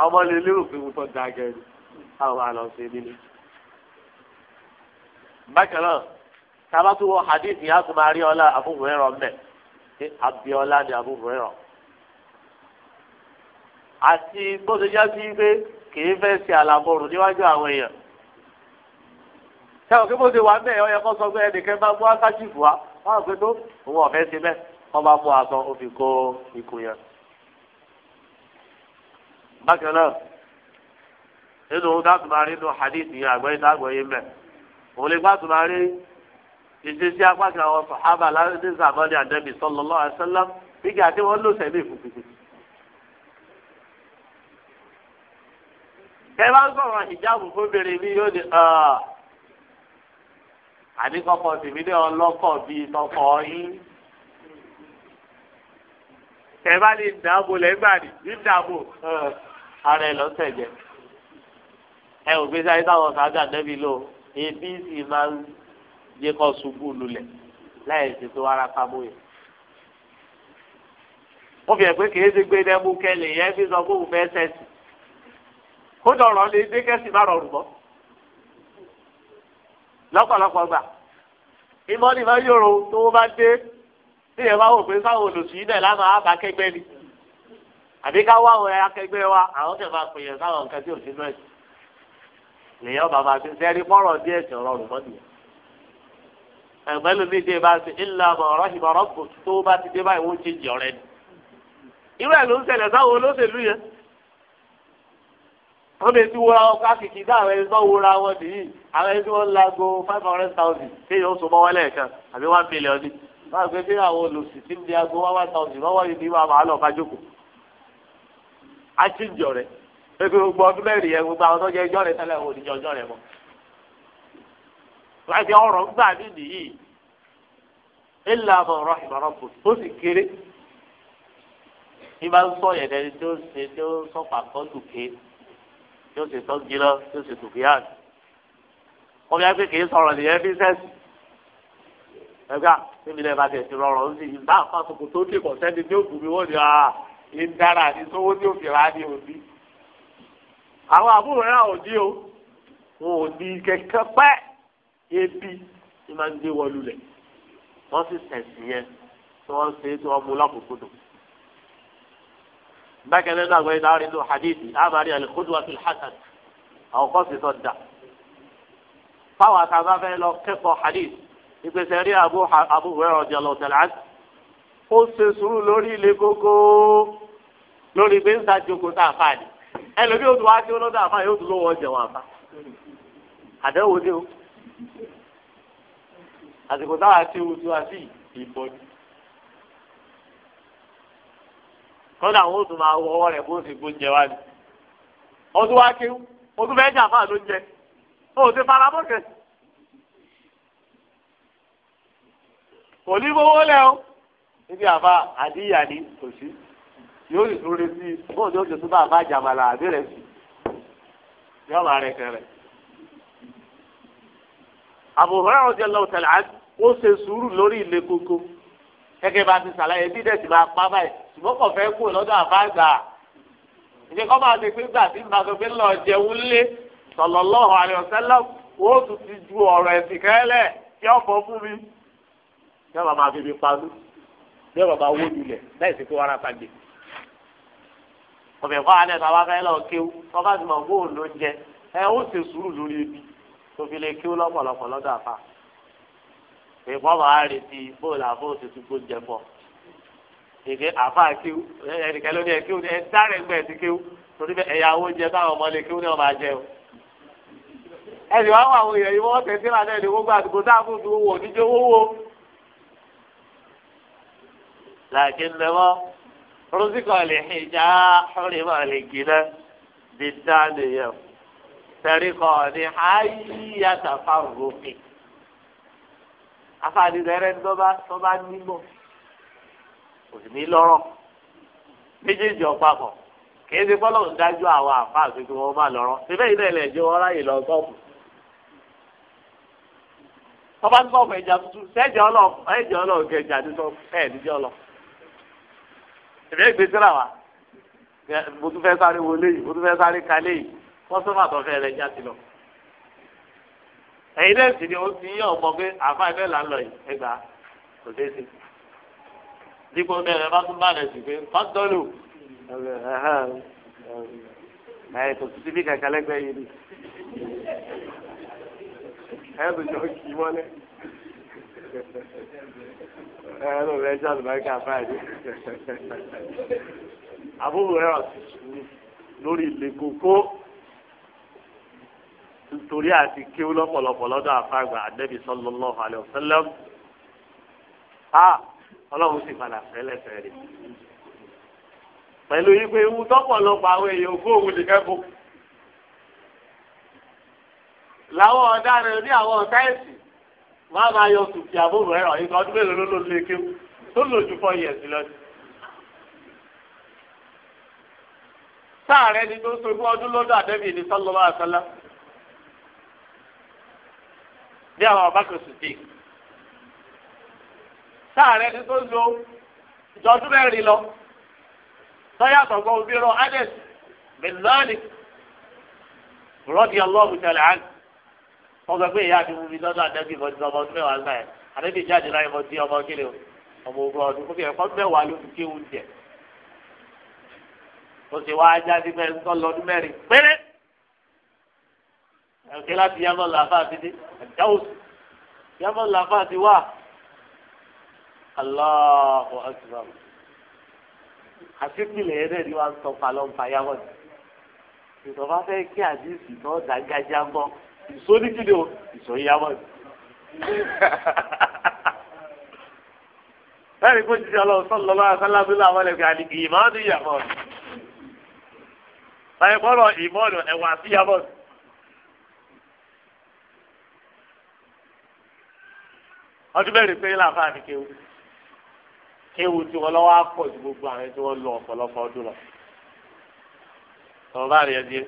àwọn ọmọ lè lérò pé mo tọ́ da gẹ̀ẹ́rì àwọn àlọ́ ṣe nílé bákan náà sábàtú wọ hadith yìí àtúmọ̀ àríọ́lá àbúhùrẹ́rọ̀ mbẹ́ ṣé abiola ni àbúhùrẹ́rọ̀ àti gbọ́dọ̀já sí pé kìí fẹ́ ṣe àlàbọ̀rù níwájú àwọn èèyàn sẹ́wọ̀n kí bó ṣe wà ń bẹ̀ ọ yẹ kó sọ pé ẹnìkan bá mú akáṣífù wa wọ́n á pé tó òun ọ̀fẹ́ ṣe bẹ́ẹ̀ wọ́n bá mú aṣọ ó fi kó ikùn yẹn. bákan náà nínú dáàtúmọ̀ àrínú hadith yìí àgbẹ̀yìn dáàgbẹ̀yìn mẹ́ẹ̀ òun lè gbàtú máa rí ìṣesí apá kan àwọn sọ̀hábà láti sàmọ́lì àdẹ́bì sallallahu alaihi wasallam nígbà àti wọ́n lò sẹ́mi ìfúnfífi. ẹ bá ń sọ̀rọ̀ ìjáàbù fóbìnrin mi yóò ní àdìkọ́kọ́ tèmi ní ọlọ́kọ̀ bíi tọkọ yín. ẹ bá ní ìdààbò lẹ́gbàdì ìdààbò ara ẹ lọ́sẹ̀ jẹ ẹ ò gbé sáyé táwọn sáájà dẹ́bi lò ebi sì máa ń jẹ́ kó ṣubú lulẹ̀ láì ṣe tó ara pamọ́ yẹn. wọ́n fi hàn pé kìí ṣe gbé dẹ́mú kẹ́lẹ̀ yẹn fi sọ fóun fẹ́ sẹ́sì kódà ọ̀rọ̀ lè dé kẹ́sì má rọrùn mọ́ lọ́pọ̀lọpọ̀ gbà ìmọ̀lì máa yòrò tó bá dé tí ẹ bá wò pé sáwọn olùsí náà lánàá àbá kẹgbẹ́ ni àbí ká wá àwọn akẹgbẹ́ wa àwọn tẹ̀ pèèyàn sáwọn nǹkan tí ò sí náà lèyàn bàbá fi sẹ́rí mọ́rọ̀ díẹ̀ tí ọ̀rọ̀ rùmọ́ nìyẹn. ẹ̀gbẹ́ ló ní dé bá ṣe ńlá mọ̀ ọ̀rọ̀ ìmọ̀ ọ̀rọ̀ kò tó bá ti dé báyìí wọ́n ti jẹ ọ̀rẹ́ ni. irú ẹ̀ ló ń ṣẹlẹ̀ sáwọn olóṣèlú yẹn. wọ́n lè ti wúra ọkọ̀ àkìkì dá àwọn ẹni tó wúra wọn nìyí àwọn ẹni tí wọ́n lago five hundred thousand kéèyàn ó so mọ́ wọlé àbí one million ni. báwo pé kí àwọn olùsì tí ń di ago one thousand wọ́n máa lọ ká jókòó. a pé gbogbo ọdún mẹ́rin yẹn gbogbo àwọn tó jẹ rẹ tẹ́lẹ̀ wò níjọ ọjọ́ rẹ mọ́. láti ọrọ̀ gbà mí nìyí ilà àmọ̀ ọ̀rọ̀ ìmọ̀ràn kù tó sì kéré. bí bá ń sọ yẹn lẹni tó ṣe tó sọ pàtó dùké tó ṣe tó gílọ tó ṣe tùkìyàn. wọ́n yá pé kì í sọ̀rọ̀ nìyẹn bí sẹ́sì. ẹgbẹ́ níbi lẹ́ẹ̀ bá tẹ̀ sí rọrùn ó sì bá àpá tó dé kọ̀ọ̀sẹ́ni ní àwọn àbúrò rẹ̀ ò di o wọn ò di kẹ̀kẹ́ pẹ́ ebi ni máa ń gbé wọlú lẹ̀ wọ́n sì sẹ̀sìn yẹn tí wọ́n ṣe tí wọ́n mú lọ́kùnkúndùn. bákan náà gbọ́dọ̀ náà rí inú hadithi amari al-qudwatul hasan àwọn kan sì tọ́ da. fáwọn àtàwọn afẹ́ lọ kẹ́kọ̀ọ́ hadith ìpèsè rí Abu Hurairah radiyallahu ta'ala anhu ó ṣe sùúrù lórí ilé gógó lórí pé ń ta joko tá a fà ní ẹlòmí òtún wá sí olódò àfa yóò tún lówó ọjà wọn àfa àdéhùn dé o àsìkò táwa ti wù tí ìbọn ni kọ́dà àwọn òtún máa wọ ọwọ́ rẹ̀ bó sì gbóúnjẹ wá ni ọdún wá kéwú ọdún fẹ́ẹ́ jà fáà ló ń jẹ ó ti fara mọ́kẹ́ kò ní gbowó lẹ́ o níbi àfa àdíyà kò sí yóò sì tún retí bóun ni ó ti tún bá bá jàmàlà àbẹ̀rẹ̀ sí yóò máa rẹ kẹrẹ. àbùrọ̀ àwọn ọ̀jẹ̀ lọ́wọ́ tẹ̀lé á ó ṣe sùúrù lórí ilé koko gẹ́gẹ́ bá ti ṣàlàyé bí dẹ̀sí máa pa báyìí ṣùgbọ́n kò fẹ́ kú lọ́dọ̀ àbáàgbà ìṣe kọ́ máa ṣe pé gbà tí màá sọ pé lọ jẹun lé sallallahu alaihi wasallam ó tún ti ju ọ̀rọ̀ ẹ̀sìn kẹ́lẹ̀ tí ó fún mi. yọ̀bà máa fi mi pa mí yọ̀bà máa wó lulẹ̀ láì sí pé wàrà pàgbé ọbẹ̀ kọ́ alẹ́ tàbá fẹ́ lọ kéwú tọ́ba ti mọ̀ fóònù ló ń jẹ ẹ ó ṣe sùúrù lórí ibi tó fi lè kéwú lọ́pọ̀lọpọ̀ lọ́dọ̀ àfa ìpọ́ màá retí bóòlù àfọ òṣè tó gbóúnjẹ pọ̀ èké àfa kéwú ẹnìkan ló ẹ kéwú ẹ dárẹ̀ gbẹ̀ ti kéwú torí bẹ́ẹ̀ ẹ̀yà owó jẹ táwọn ọmọ lè kéwú ní ọmọ ajẹ o ẹnì wá wà àwọn èèyàn yìí wọ́n tẹ̀sí ra náà ní gbogbo àdúgbò tó wò ní jẹ́ owó wo làkínlẹ́wọ́ rúzíkọ̀ lè hìjà ọ̀rẹ́mọ̀ lè gbiná bí dáná yẹn tẹ̀ríkọ̀ ní ayíyàtà fáwọ̀rọ̀kì. afáàní rẹ̀ ń dọ́bá tọ́ba nímọ̀ kò sí ní lọ́rọ̀ méjèèjì ọ̀pápọ̀ kì í ṣe kọ́ lóun dájú àwọn àfáà pé kí wọ́n má lọ́rọ̀ síbẹ̀ yìí lẹ́lẹ̀ jẹ́ wọ́n ráyè lọ gọ́ọ̀mù. tọ́ba ń bọ̀ fẹ̀jà tuntun sẹ́jọ́ ọlọ́ọ̀ ẹ̀jẹ̀ ọlọ́ọ̀ kẹjà ní sọ ọlọ́ọ̀ ìfẹ́ ìgbésí ra wa mo tún fẹ́ sáré wọlé yìí mo tún fẹ́ sáré kalé yìí wọ́n tún máa tọ́ fẹ́ rẹ̀ já sí lọ. ẹ̀yin náà sì ni ó ti yàn ọmọ pé àfáà ẹgbẹ́ là ń lọ yìí ẹgbà kò dé sí. dípò bẹ́ẹ̀ bá tún bá rẹ̀ sí pé fọ́tọ́lù ẹ̀ kò sí bí kankan lẹ́gbẹ̀ẹ́ yìí ni ẹ̀ bùjọ́ kì í wọlé ẹ̀rọ rẹ̀ jẹ́ àlùbáríkà fáìlì àbúrò rẹ̀ ọ̀sìn sùúrù lórí ilé kókó nítorí àti kéwú lọ́pọ̀lọpọ̀ lọ́dọ̀ àfàgbà àdẹ́bí sallallahu alaihi wasallam a ọlọ́run sì padà fẹ́lẹ̀ fẹ́rẹ̀ pẹ̀lú ipe ewu tọ́pọ̀lọpọ̀ àwọn èèyàn ògbó òun nìkan kú làwọn ọ̀daràn ní àwọn ọ̀tá ẹ̀sìn má máa yọ sùfì àbúrò ẹ̀rọ yìí kan ọdún mélòó ló lè ké tó lò ju fọ yẹ̀ sí lọ sí. sáàrẹ̀ ni tó so fún ọdún lọ́dọ̀ àdẹ́bí ni sọ́lọ́wọ́ àṣálá bí àwọn ọba kò sì dé. sáàrẹ̀ ni tó lo ìjọdún mẹ́rin lọ sọ́yàtọ̀ gbọ́ obìnrin adẹ́sì bẹ̀lánì rọ́dí ọlọ́run tẹ̀lé àná wọ́n sọ pé ìyá mi mú mi lọ́dọ̀ àdẹ́bí ìbọn ti ọmọ ọdún mẹ́wàá gbà yẹn àdẹ́bí jáde láyé mo di ọmọ kíni o ọmọ ogun ọdún fún mi ẹ̀kọ́ mẹ́wàá ló fi kéwù jẹ. mo sì wá ajá sí mẹ́rin tó lọ́dún mẹ́rin péré ẹ̀kẹ́ láti yámọ́ làfà ti dé ẹ̀dáwòsì yámọ́ làfà ti wà aláàbò àtìmọ́rù àtìpìlẹ̀ yẹn náà ni wọ́n á sọ palọ́ǹpa yámọ́ ni ìtọ́fà fẹ́ kí àdìsí tó dàgájá mọ́ ìsóníkìlì o ìsòyàmọ́ láti kó jíjẹ ọlọ́run sọ́lọ́ lọ́wọ́ asálàbí làwọn ẹlẹ́gbẹ́ àdìgì ìmọ̀ọ́dún ìyàmọ́ báyìí bọ́lọ̀ ìmọ̀ọ́dún ẹ̀wà sí ni ọdún mẹ́rin péré làwọn afáàní kéwu kéwu tí wọ́n lọ́wọ́ á pọ̀ ju gbogbo àwọn tí wọ́n lọ ọ̀pọ̀lọpọ̀ ọdún lọ. sọ̀rọ̀ bá rẹ̀ yẹn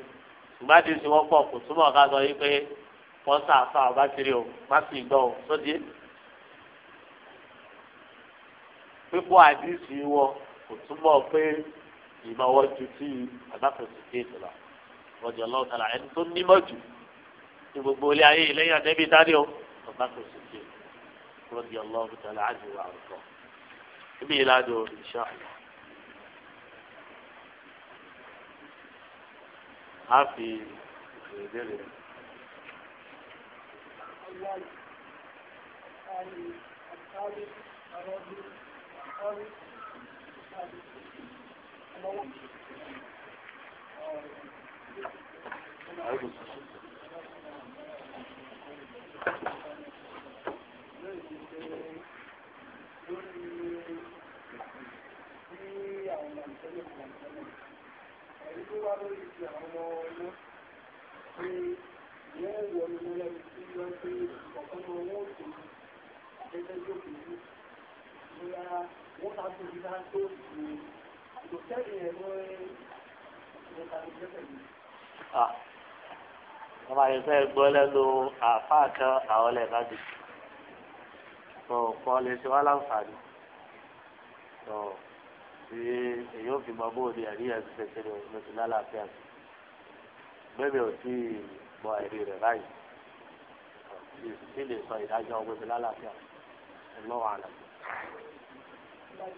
ṣùgbọ́n àti ìsìn wọn pọ̀ kò túmọ̀ ká sọ yí pé wọ́n sà sọ àbá kiri o má sì gbọ́ o sóde. pípọ̀ àdìsí wọn kò túmọ̀ pé ìmọ̀wọ́ ju ti àbáfẹ́sì kéèkì lọ rọjò lọ́wọ́ tala ẹni tó nímọ̀ jù ní gbogbo ilé ayé lẹ́yìn àtẹ́bí tani o àbáfẹ́sì kéèkì rọjò lọ́wọ́ tala àjùwà àrùkọ. ibi ìlànà ìṣàlọ́. á fi Thank you. tó wá lórí ti àwọn ọmọ pé wọ́n wọ inú lẹ́nu tí wọ́n pé ọ̀kan náà wọ́n tó gẹ́gẹ́ bí òkèlú nígbà wọ́n ta tó ní náà tó ìlú àtòkẹ́rì ẹ̀ mọ́ ẹ̀ ta ló gẹ́gẹ́ bí. wọ́n máa yẹ fẹ́ gbọ́ lẹ́nu àáfàá kan àwọn ọlẹ́ bá dùn. lè ṣe wá láǹfààní tí èyí ò fi mọ bó di ẹ̀rí ẹ̀sìn ṣẹṣẹ rẹ̀ ló ti lálàáfíà sí bẹ́ẹ̀ ò tí ì mọ ẹ̀rí rẹ̀ báyìí tí lè sọ ìdájọ́ ọgbẹ́ mi lálàáfíà ọlọ́wọ́ àlà. Thank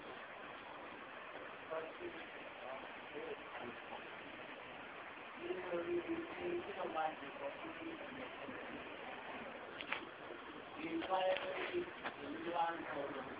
you.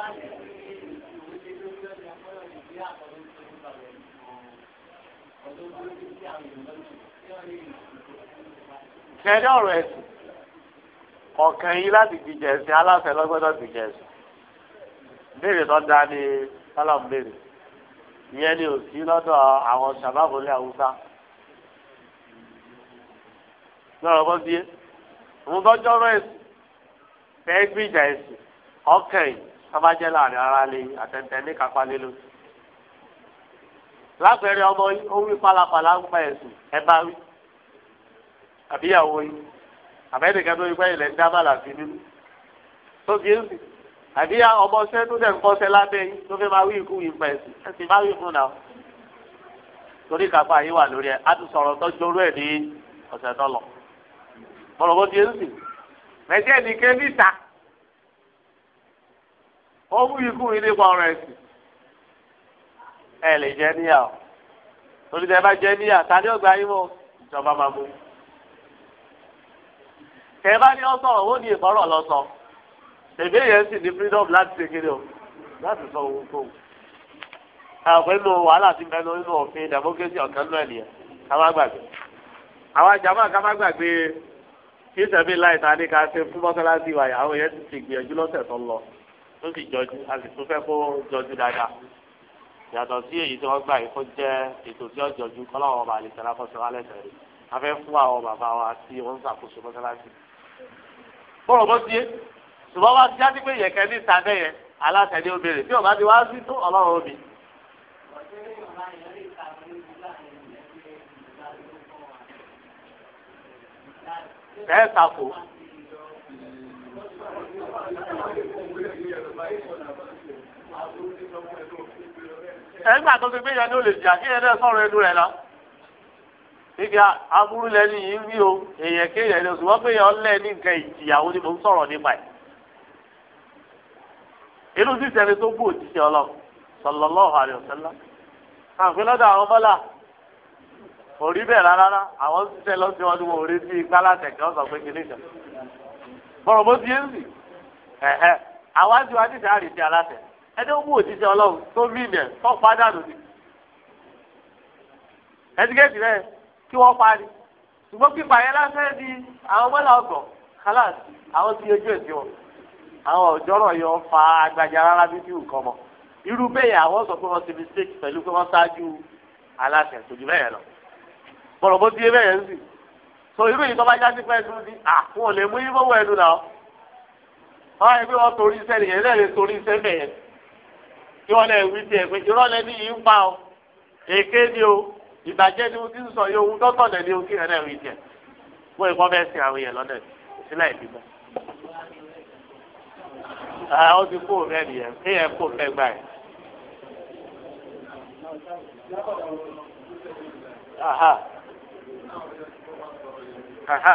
kẹ́ẹ̀dẹ́ ọ̀rọ̀ ẹ̀sìn ọ̀kan yín láti gbìjà ẹ̀sìn aláfẹ́ lọ́gbọ́dọ̀ gbìjà ẹ̀sìn béèrè tó dáa ní sálọ̀m béèrè ìyẹn ni òsì lọ́dọ̀ àwọn sàbáàbò ní àwùsá lọ́rọ̀ bọ́ bíyé òun tó jọ́rọ̀ ẹ̀sìn fẹ́ẹ́ gbìjà ẹ̀sìn ọ̀kan tọ́ba jẹ́ láàrin ara lè àtẹ̀tẹ̀ ní kápá lé lórí. lápẹẹrẹ ọmọ yìí ó wí pálapàla ń pa ẹ̀sùn ẹ bá wí àbíyàwó yìí àbẹ́nìkan tó yí pé ilẹ̀ ń dá bàlà sí nínú tó bí èsì àbí ọmọ ṣẹ́ tó dẹ̀ ń kọ́ṣẹ́ lábẹ́ yìí tó fẹ́ máa wí ikú yìí pa ẹ̀sùn ẹ̀sìn máa wí fún náà torí kápá yìí wà lórí ẹ̀ á ti sọ̀rọ̀ tó jorú ẹ̀ ní ọ̀sẹ̀ tó lọ. mọ̀lọ́bọ̀ bí èsì mẹ́tí ẹ̀ wọ́n mú ikú yìí nípa ọ̀rọ̀ ẹ̀sìn ẹ lè jẹ níyà o torí tẹ bá jẹ níyà ni gba yín mọ́ ìjọba máa mú bá ní ọsọ ọwọ́ ní ìfọ̀rọ̀ lọsọ tèmi yẹn sì ní freedom láti ṣe kéde o láti sọ owó tó àwọn inú wàhálà ti bẹnu inú òfin democracy ọ̀kan náà nìyẹn gbàgbé àwọn àjàmọ́ gbàgbé kí sẹ́mi láì ta ká fún mọ́sálásí àwọn yẹn ti ti gbìyànjú lọ́sẹ̀ tó lọ. tó sì jọjú a sì tún fẹ́ kó jọjú dáadáa yàtọ̀ sí èyí tí wọ́n gbà yìí kó jẹ́ ètò tí wọ́n jọjú kọ́ láwọn ọba àlejò aláfọ́sọ alẹ́ tẹ̀lé a fẹ́ fún àwọn bàbá wa tí wọ́n ń ṣàkóso mọ́sálásí. bọ́lọ̀ bó ti yé ṣùgbọ́n wá sí àdìgbò yẹ̀kẹ́ ní ìsàdẹ́ yẹn aláṣẹ ni ó béèrè ọba ti wá sí tó ọlọ́run ó bì. bẹ́ẹ̀ tako. e tó ti gbé yẹn ní o jà kí yẹn náà sọ̀rọ̀ ẹnu rẹ̀ lọ. níbi aburú lẹ́nu yìí o èèyàn kéèyàn lọ ṣùgbọ́n pé yẹn ní nǹkan ìjìyàwó ni mò ń sọ̀rọ̀ nípa ẹ̀. inú tó bú òjíṣẹ́ ọlọ́run lọ́dọ̀ àwọn kò rí bẹ́ẹ̀ rárá àwọn lọ́sẹ̀ wọn ni ipá látẹ̀kẹ́ ọ̀sán pé kìnnìkan. bọ̀rọ̀ bó àwọn àti wájú ti àrètí aláṣẹ ẹni ó mú òjíṣẹ́ ọlọ́run tó mí nẹ̀ tó pàdánù ni ẹtikẹ́tì rẹ kí wọ́n parí ṣùgbọ́n pípa yẹn lásán di àwọn mọ́là ọgbọ̀n kálá àwọn tí ojú èsì wọn àwọn ọ̀jọ́rọ̀ yọ fa agbájá rárá bí bí nǹkan mọ́ irú bẹ́ẹ̀ àwọn sọ pé wọ́n ti mistake pẹ̀lú pé wọ́n ṣáájú aláṣẹ tòjú bẹ́ẹ̀ lọ bọ̀rọ̀ bó ti yé bẹ́ẹ̀ ń sì so irú yìí tó bá já sí pẹ́ẹ́nu ni à wọn ò lè mú yín fọwọ́ ẹnu náà àwọn ẹbí wọn torí iṣẹ́ nìyẹn lẹ́ẹ̀lẹ́ torí iṣẹ́ bẹ̀yẹn kí wọ́n lè wí tiẹ̀ pé irọ́ lẹ́ni yìí ń pa ọ èké ni o ìbàjẹ́ ni o ti ń sọ yóò dọ́tọ̀ lẹ̀ ni o kí ẹ̀rẹ́ wí tiẹ̀ wọ́n ìkọ́ bẹ́ẹ̀ sin àwọn èèyàn lọ́dẹ̀ sílẹ̀ ìbí mọ́. àwọn ti kó rẹ nìyẹn kéèyàn kó rẹ gbà yẹn. Aha. Aha.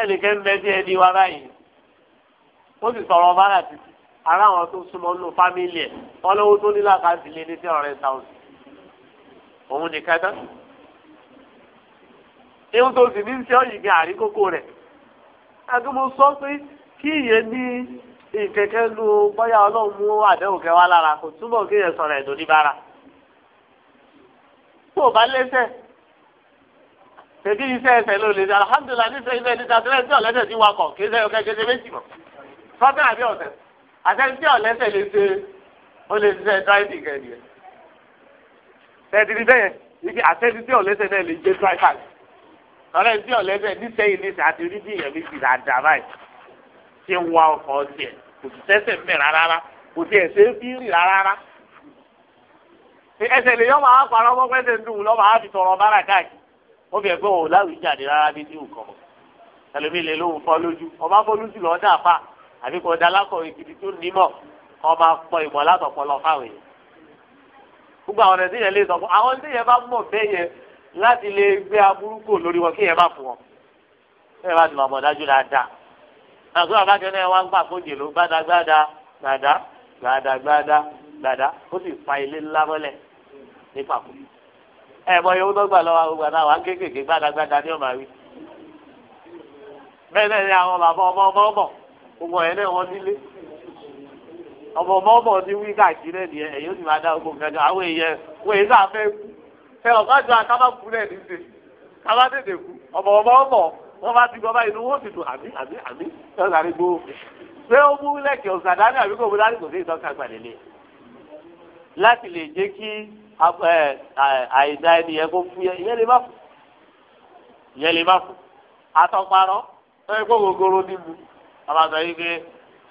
ẹnìkan ń bẹ sí ẹni wa báyìí wọ́n sì sọ̀rọ̀ bára títí ara àwọn tó súnmọ́ nínú fámìlì ẹ̀ wọ́n lówó tó ní làkàtì lé ní three hundred thousand òun nìkan tán ihun tó sì ní ń ṣe ọ̀yìn gan àríkókò rẹ̀ agbẹ́mọ sọ pé kí ìyẹn ní ìkẹ̀kẹ́ lu bọ́yá ọlọ́run mú àdéhùn kẹwàá lára kò túbọ̀ kí ìyẹn sọ̀rọ̀ ẹ̀dùn níbára. tó o bá lẹ́sẹ̀ ṣèbí iṣẹ́ ẹsẹ̀ ló lè ṣe alihamudulilayi níṣẹ́ iṣẹ́ ní sàtẹ́lẹ̀ tí ọ̀lẹ́sẹ̀ ti wakọ̀ kì í ṣe ọ̀kẹ́ kéde méjì mọ̀ sọ́tẹ́ àbí ọ̀sẹ̀ àtẹ́ni tí ọ̀lẹ́sẹ̀ lè ṣe ó lè ṣiṣẹ́ dráìdì kẹ́ni ẹ̀. tẹ́tìrì bẹ́ẹ̀ ibi àtẹ́ni tí ọ̀lẹ́sẹ̀ náà lè jẹ́ dráìfàlì ọ̀lẹ́ni ẹsẹ̀ lè yọ máa pàrọ̀ mọ́ pẹ́sẹ̀ ń dùn lọ́ máa fi tọrọ bára káàkiri ó fi ẹgbẹ́ òun láwùjọ jáde rárá bí tí nǹkan mọ̀ ẹlòmíì lè lóhùn fọ́ lójú ọba fọ́ lójú lọ́ọ́ dà fà àbí kò da alákọ̀wé gidi tó nímọ̀ kọ́ máa pọ ìmọ̀ látọ̀pọ̀lọ fáwọn èèyàn gbogbo àwọn ẹ̀sìn yẹn lè sọ fún àwọn ẹ̀sìn yẹn bá mọ̀ bẹ́ẹ̀ yẹn láti lè gbé aburúkú lórí wọn kí yẹn má fún wọn bẹ́ẹ̀ bá ti mọ̀ mọ̀ dájú dáadáa àgbẹ̀ bàbá kẹ́ni ẹ̀ wá ń gbà fún jèlò gbádagbáda gbàdá gbàdá gbàdá gbàdá ó sì fa ilé ńlá mọ́lẹ̀ nípa kùnú ẹ mọ yòówù tó gbà lọ́wọ́ àwọn gbàdá wa kéékèèké gbàdàgbàdà ni ọmọ àwí. bẹ́ẹ̀ náà ni àwọn bàbá ọmọ ọmọ ọmọ gbogbo ẹ̀ náà wọ́n nílé. ọmọ ọmọ ọmọ ti wí káàkiri ẹ̀ nìyẹn èyí ó sì máa dá ogun kankan àwọn èèyàn wọ́n èyí sáà fẹ́ kú. ẹ ọ̀gá ju akábá kú rẹ̀ níṣe kábá tètè kú ọmọ ọmọ ọmọ wọ́n bá ti gbọ́ báyìí ni wọ́n ti dùn àmì àmì àmì ọ̀sàrí gbó. pé ó mú lẹ́kẹ̀ẹ́ ọ̀sàdánù àbíkò Eh, eh, àìdá ẹni yẹn kó fúyẹ́ ìyẹn lè má fún ìyẹn lè má fún atọ́parọ́ ẹ kó gogoro ní mu ọba sọ yìí pé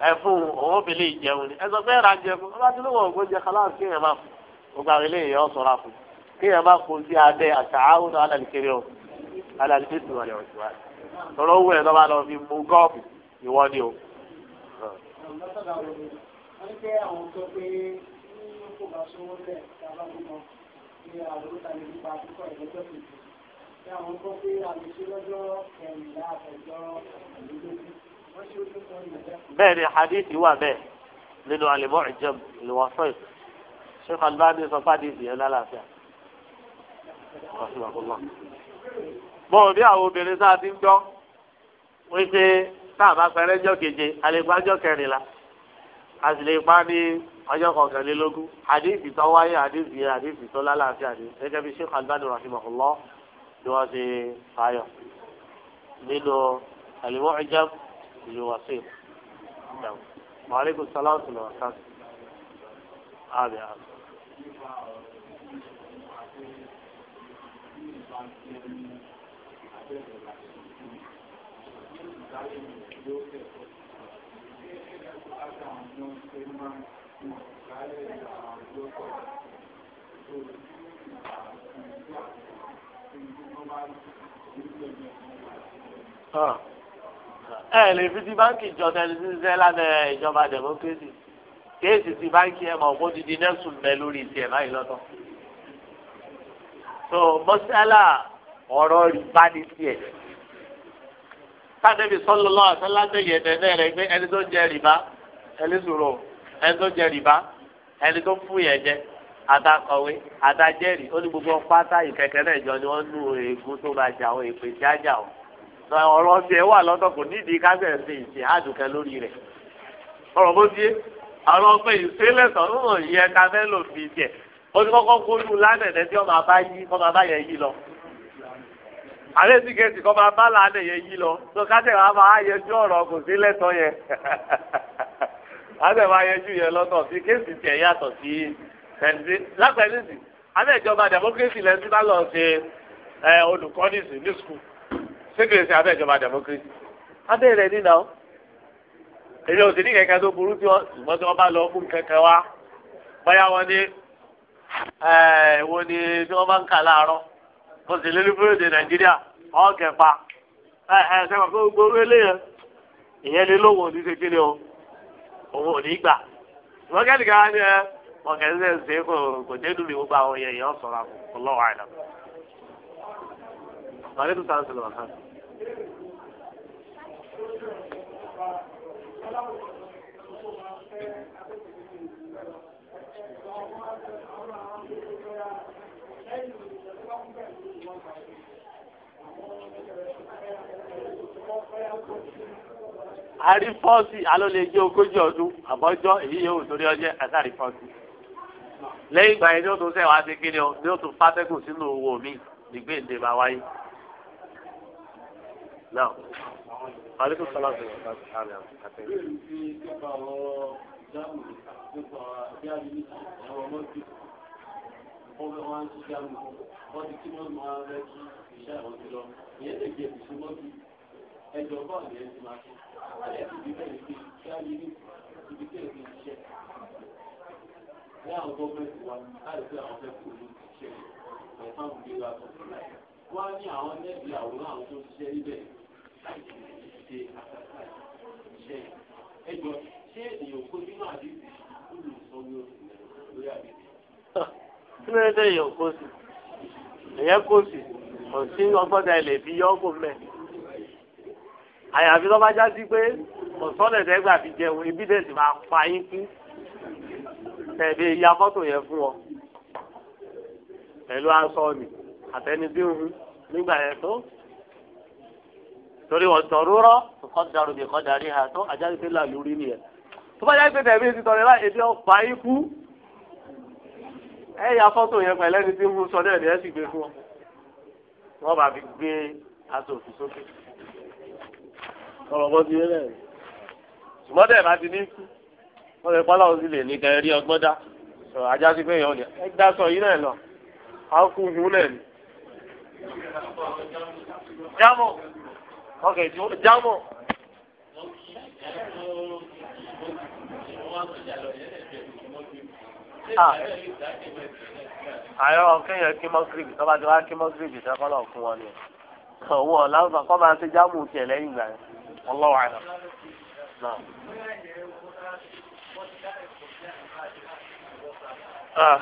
ẹ fún òun obìnrin ìjẹun ni ẹ sọ pé ẹ̀rà jẹ fún ọba tí ló wọ̀ ọ̀gbọ́n jẹ kaláàsì kéèyàn má fún gbogbo àwọn eléyìí ọ̀ sọ̀rọ̀ àfún kéèyàn má fún sí adé àtàwọn alàlìkéré ọ̀ alàlìkéré ọ̀ tọ́lọ́ wù ẹ̀ lọ́ba lọ fi mú gọ́ọ̀bù ìwọ ni o kò bá sówó lẹ̀ tàbá gbogbo ní àwọn olùtàlẹ̀ nípa àkókò ìlọ́jọ́ kejì ní àwọn gbọ́ pé àlùsí lọ́jọ́ kẹrìnlá àtẹ̀jọ́ ìlúgbòjú wọ́n ṣe ojú kan ìlẹ̀. bẹ́ẹ̀ ni hadith wà bẹ́ẹ̀ nínú àlèmọ́ ìjọm ìwọ̀sán ṣé kalbani sọ fádìsì yẹn lálàáfíà mo bí àwọn obìnrin sáà ti ń gbọ́ wípé táà bá fẹ́rẹ́ jọ́ keje àlè àtìlẹ́yìnpá ní ọjọ́ kọkànlélógún àdéhìí tó wáyé àdéhìí àdéhìí tó lálàáfíà ni gẹ́gẹ́ bí Sheikh Albani rahimahullah ni wọ́n ti fààyàn nínú al-Mu'jam ìlú wasim. maaleykum salaam wa rahmatulah. àbí àbí. Thank you. Ah. ẹ lè fi ti báńkì jọ tẹni tí ń sẹ́ lábẹ́ ìjọba democracy kéèsì ti báńkì ẹ̀ mọ̀ fún dídí nẹ́sùn bẹ lórí tiẹ̀ báyìí lọ́tọ̀. so mọ́sálà ọ̀rọ̀ rìbá ní tiẹ̀. sáà débi sọ́lọ́lọ́ àtàlágbẹ̀yẹ̀ tẹ̀ náà rẹ̀ pé ẹni tó jẹ rìbá ẹni sùúrù ẹni tó jẹ rìbá ẹni tó fún yẹn jẹ atakọ̀wé atajẹ́rì ó ní gbogbo pátá ìkẹ̀kẹ́ náà jọ ni wọ́n nu eegun tó máa jà ó èpè tí á jà ó ọ̀rọ̀ tiẹ̀ wà lọ́tọ̀ kò nídìí kábẹ̀rẹ̀ sí ìsìn àdùkẹ́ lórí rẹ̀ ọ̀rọ̀ bó ti àwọn ọgbẹ́ ìsẹ́lẹ̀sọ̀ ń hàn yẹ kábẹ́ lò fi tiẹ̀ ó ti kọ́kọ́ kójú lánàá tí ọmọ abá yí kọ́ máa bá yẹn yí lọ àlẹ́ sì kẹ́sì kọ́ máa bá lánàá yẹn yí lọ tó kájẹ̀ wá máa yẹ ju kò sí lẹ́tọ̀ yẹn abẹ́wò ayẹjú yẹn lọ́tọ̀ sí kéèsì tiẹ̀ yàtọ̀ sí tẹ̀sí lápẹ̀lẹ́sì abẹ́jọba democracy lẹ́sí bá lọ ṣe ẹ olùkọ́ni sí ní skul sékèèsì abẹ́jọba democracy abẹ́rẹ́ nínà ó èmi ò sì ní kẹ̀kẹ́ tó burú tí wọ́n ṣùgbọ́n tí wọ́n bá lọ fún kẹ̀kẹ́ wa bóyá wọ́n ní wo ni tí wọ́n bá ń kà láàárọ̀ mo sì lé lóbúròdì nàìjíríà ọ̀ọ́kẹ́ pa ẹ̀ ẹ̀ sẹ́wọ̀n kó gbogbo eléyẹn ìyẹn ni lówó ní ṣe kí ni o owó ò ní gbà ṣùgbọ́n kẹ́ni ká ní ẹ wọn kẹ́ni ṣe ṣe kò kò dé dùn mí gbogbo àwọn yẹn yẹn sọ̀rọ̀ àkọlọ́wọ́ àìlọ́. Màlẹ́kùn sáà ń sọ̀rọ̀ wà sáà. àrí fọ́ọ̀sì alólejò ogójì ọdún àbọ́jọ́ èyí yóò torí ọjẹ́ àtàrí fọ́ọ̀sì. lẹ́yìn ìgbà yẹn ni ó tún sẹ́wà á ti kíni o ni ó tún fátẹ́kùn sínú owó mi nígbè ń dèbà wáyé. náà alekun sọlá sọlá sọlá ẹ̀jọ̀ bọ́ọ̀lù yẹn ti máa ṣe alẹ́ ìdí bẹ́ẹ̀ ṣe ṣáájú ní ibi tí èmi ń ṣe ní àwọn gọ́ọ̀mẹ̀ntì wa láti fi àwọn fẹ́ kúrò ní ìṣe ẹ̀fọn òbí wa tó fún wá ní àwọn nẹ́ẹ̀bì àwòrán àwọn tó ń ṣiṣẹ́ níbẹ̀ láì ṣe ìṣe ẹ̀jọ̀ ṣé èèyàn kó nínú àdìsí olùsọ̀wé òsì lórí àdìsí. kí ló dé èèyàn kó sí èèyàn kó sí kò sí ọgbọ́dọ̀ ẹ̀ lè fi yọ́ kó mẹ́ẹ̀ àyàfi tó bá já sí pé ọ̀sọ́lẹ̀ tẹ́gbà fi jẹun ibi dẹ̀ sì máa pa yín kú tẹ̀lé ya fọ́tò yẹn fún ọ pẹ̀lú aṣọ mi àtẹnudí òun nígbà yẹn tó torí wọn tọrọ rọ kọ́ darú mi kọ́ darí ha tó ajá sí là lórí nìyẹn tó bá já sí pé tẹ̀lé ti tọrọ láì ebi ọ̀pá yín kú ẹ ya fọ́tò yẹn pẹ̀lú tí ń sọ náà ni ẹ sì gbé fún ọ wọ́n bá fi gbé aṣọ òfin sókè ọ̀rọ̀ bọ́ sí ilé rẹ̀ ṣùgbọ́n tẹ̀ bá ti ní kú wọ́n lè pálá òsì lè ní kẹ́ rí ọgbọ́n dá sọ ajá sí pé èèyàn ni ẹ dá sọ yìí náà lọ á kú yún náà ni. jámọ̀ ọkẹ̀ jámọ̀. àyọ̀ kéèyàn kí mọ́kìrìbì tó bá ti wá kí mọ́kìrìbì tó kọ́ lọ fún wọn ni ọ̀wọ́ ọ̀làǹfà kọ́ máa ṣe jámù tiẹ̀ lẹ́yìn ìgbà yẹn. والله أعلم نعم ah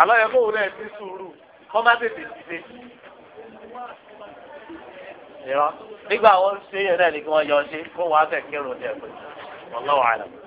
àlọ́ yẹ kóun náà ti sùúrù kọ́ má tètè dìde. nígbà wọn ṣe yẹn náà ni kí wọ́n yọ ọ ṣe kó wọ́n á fẹ́ kírun ní ẹ̀kọ́ ọlọ́wọ́ àlọ́.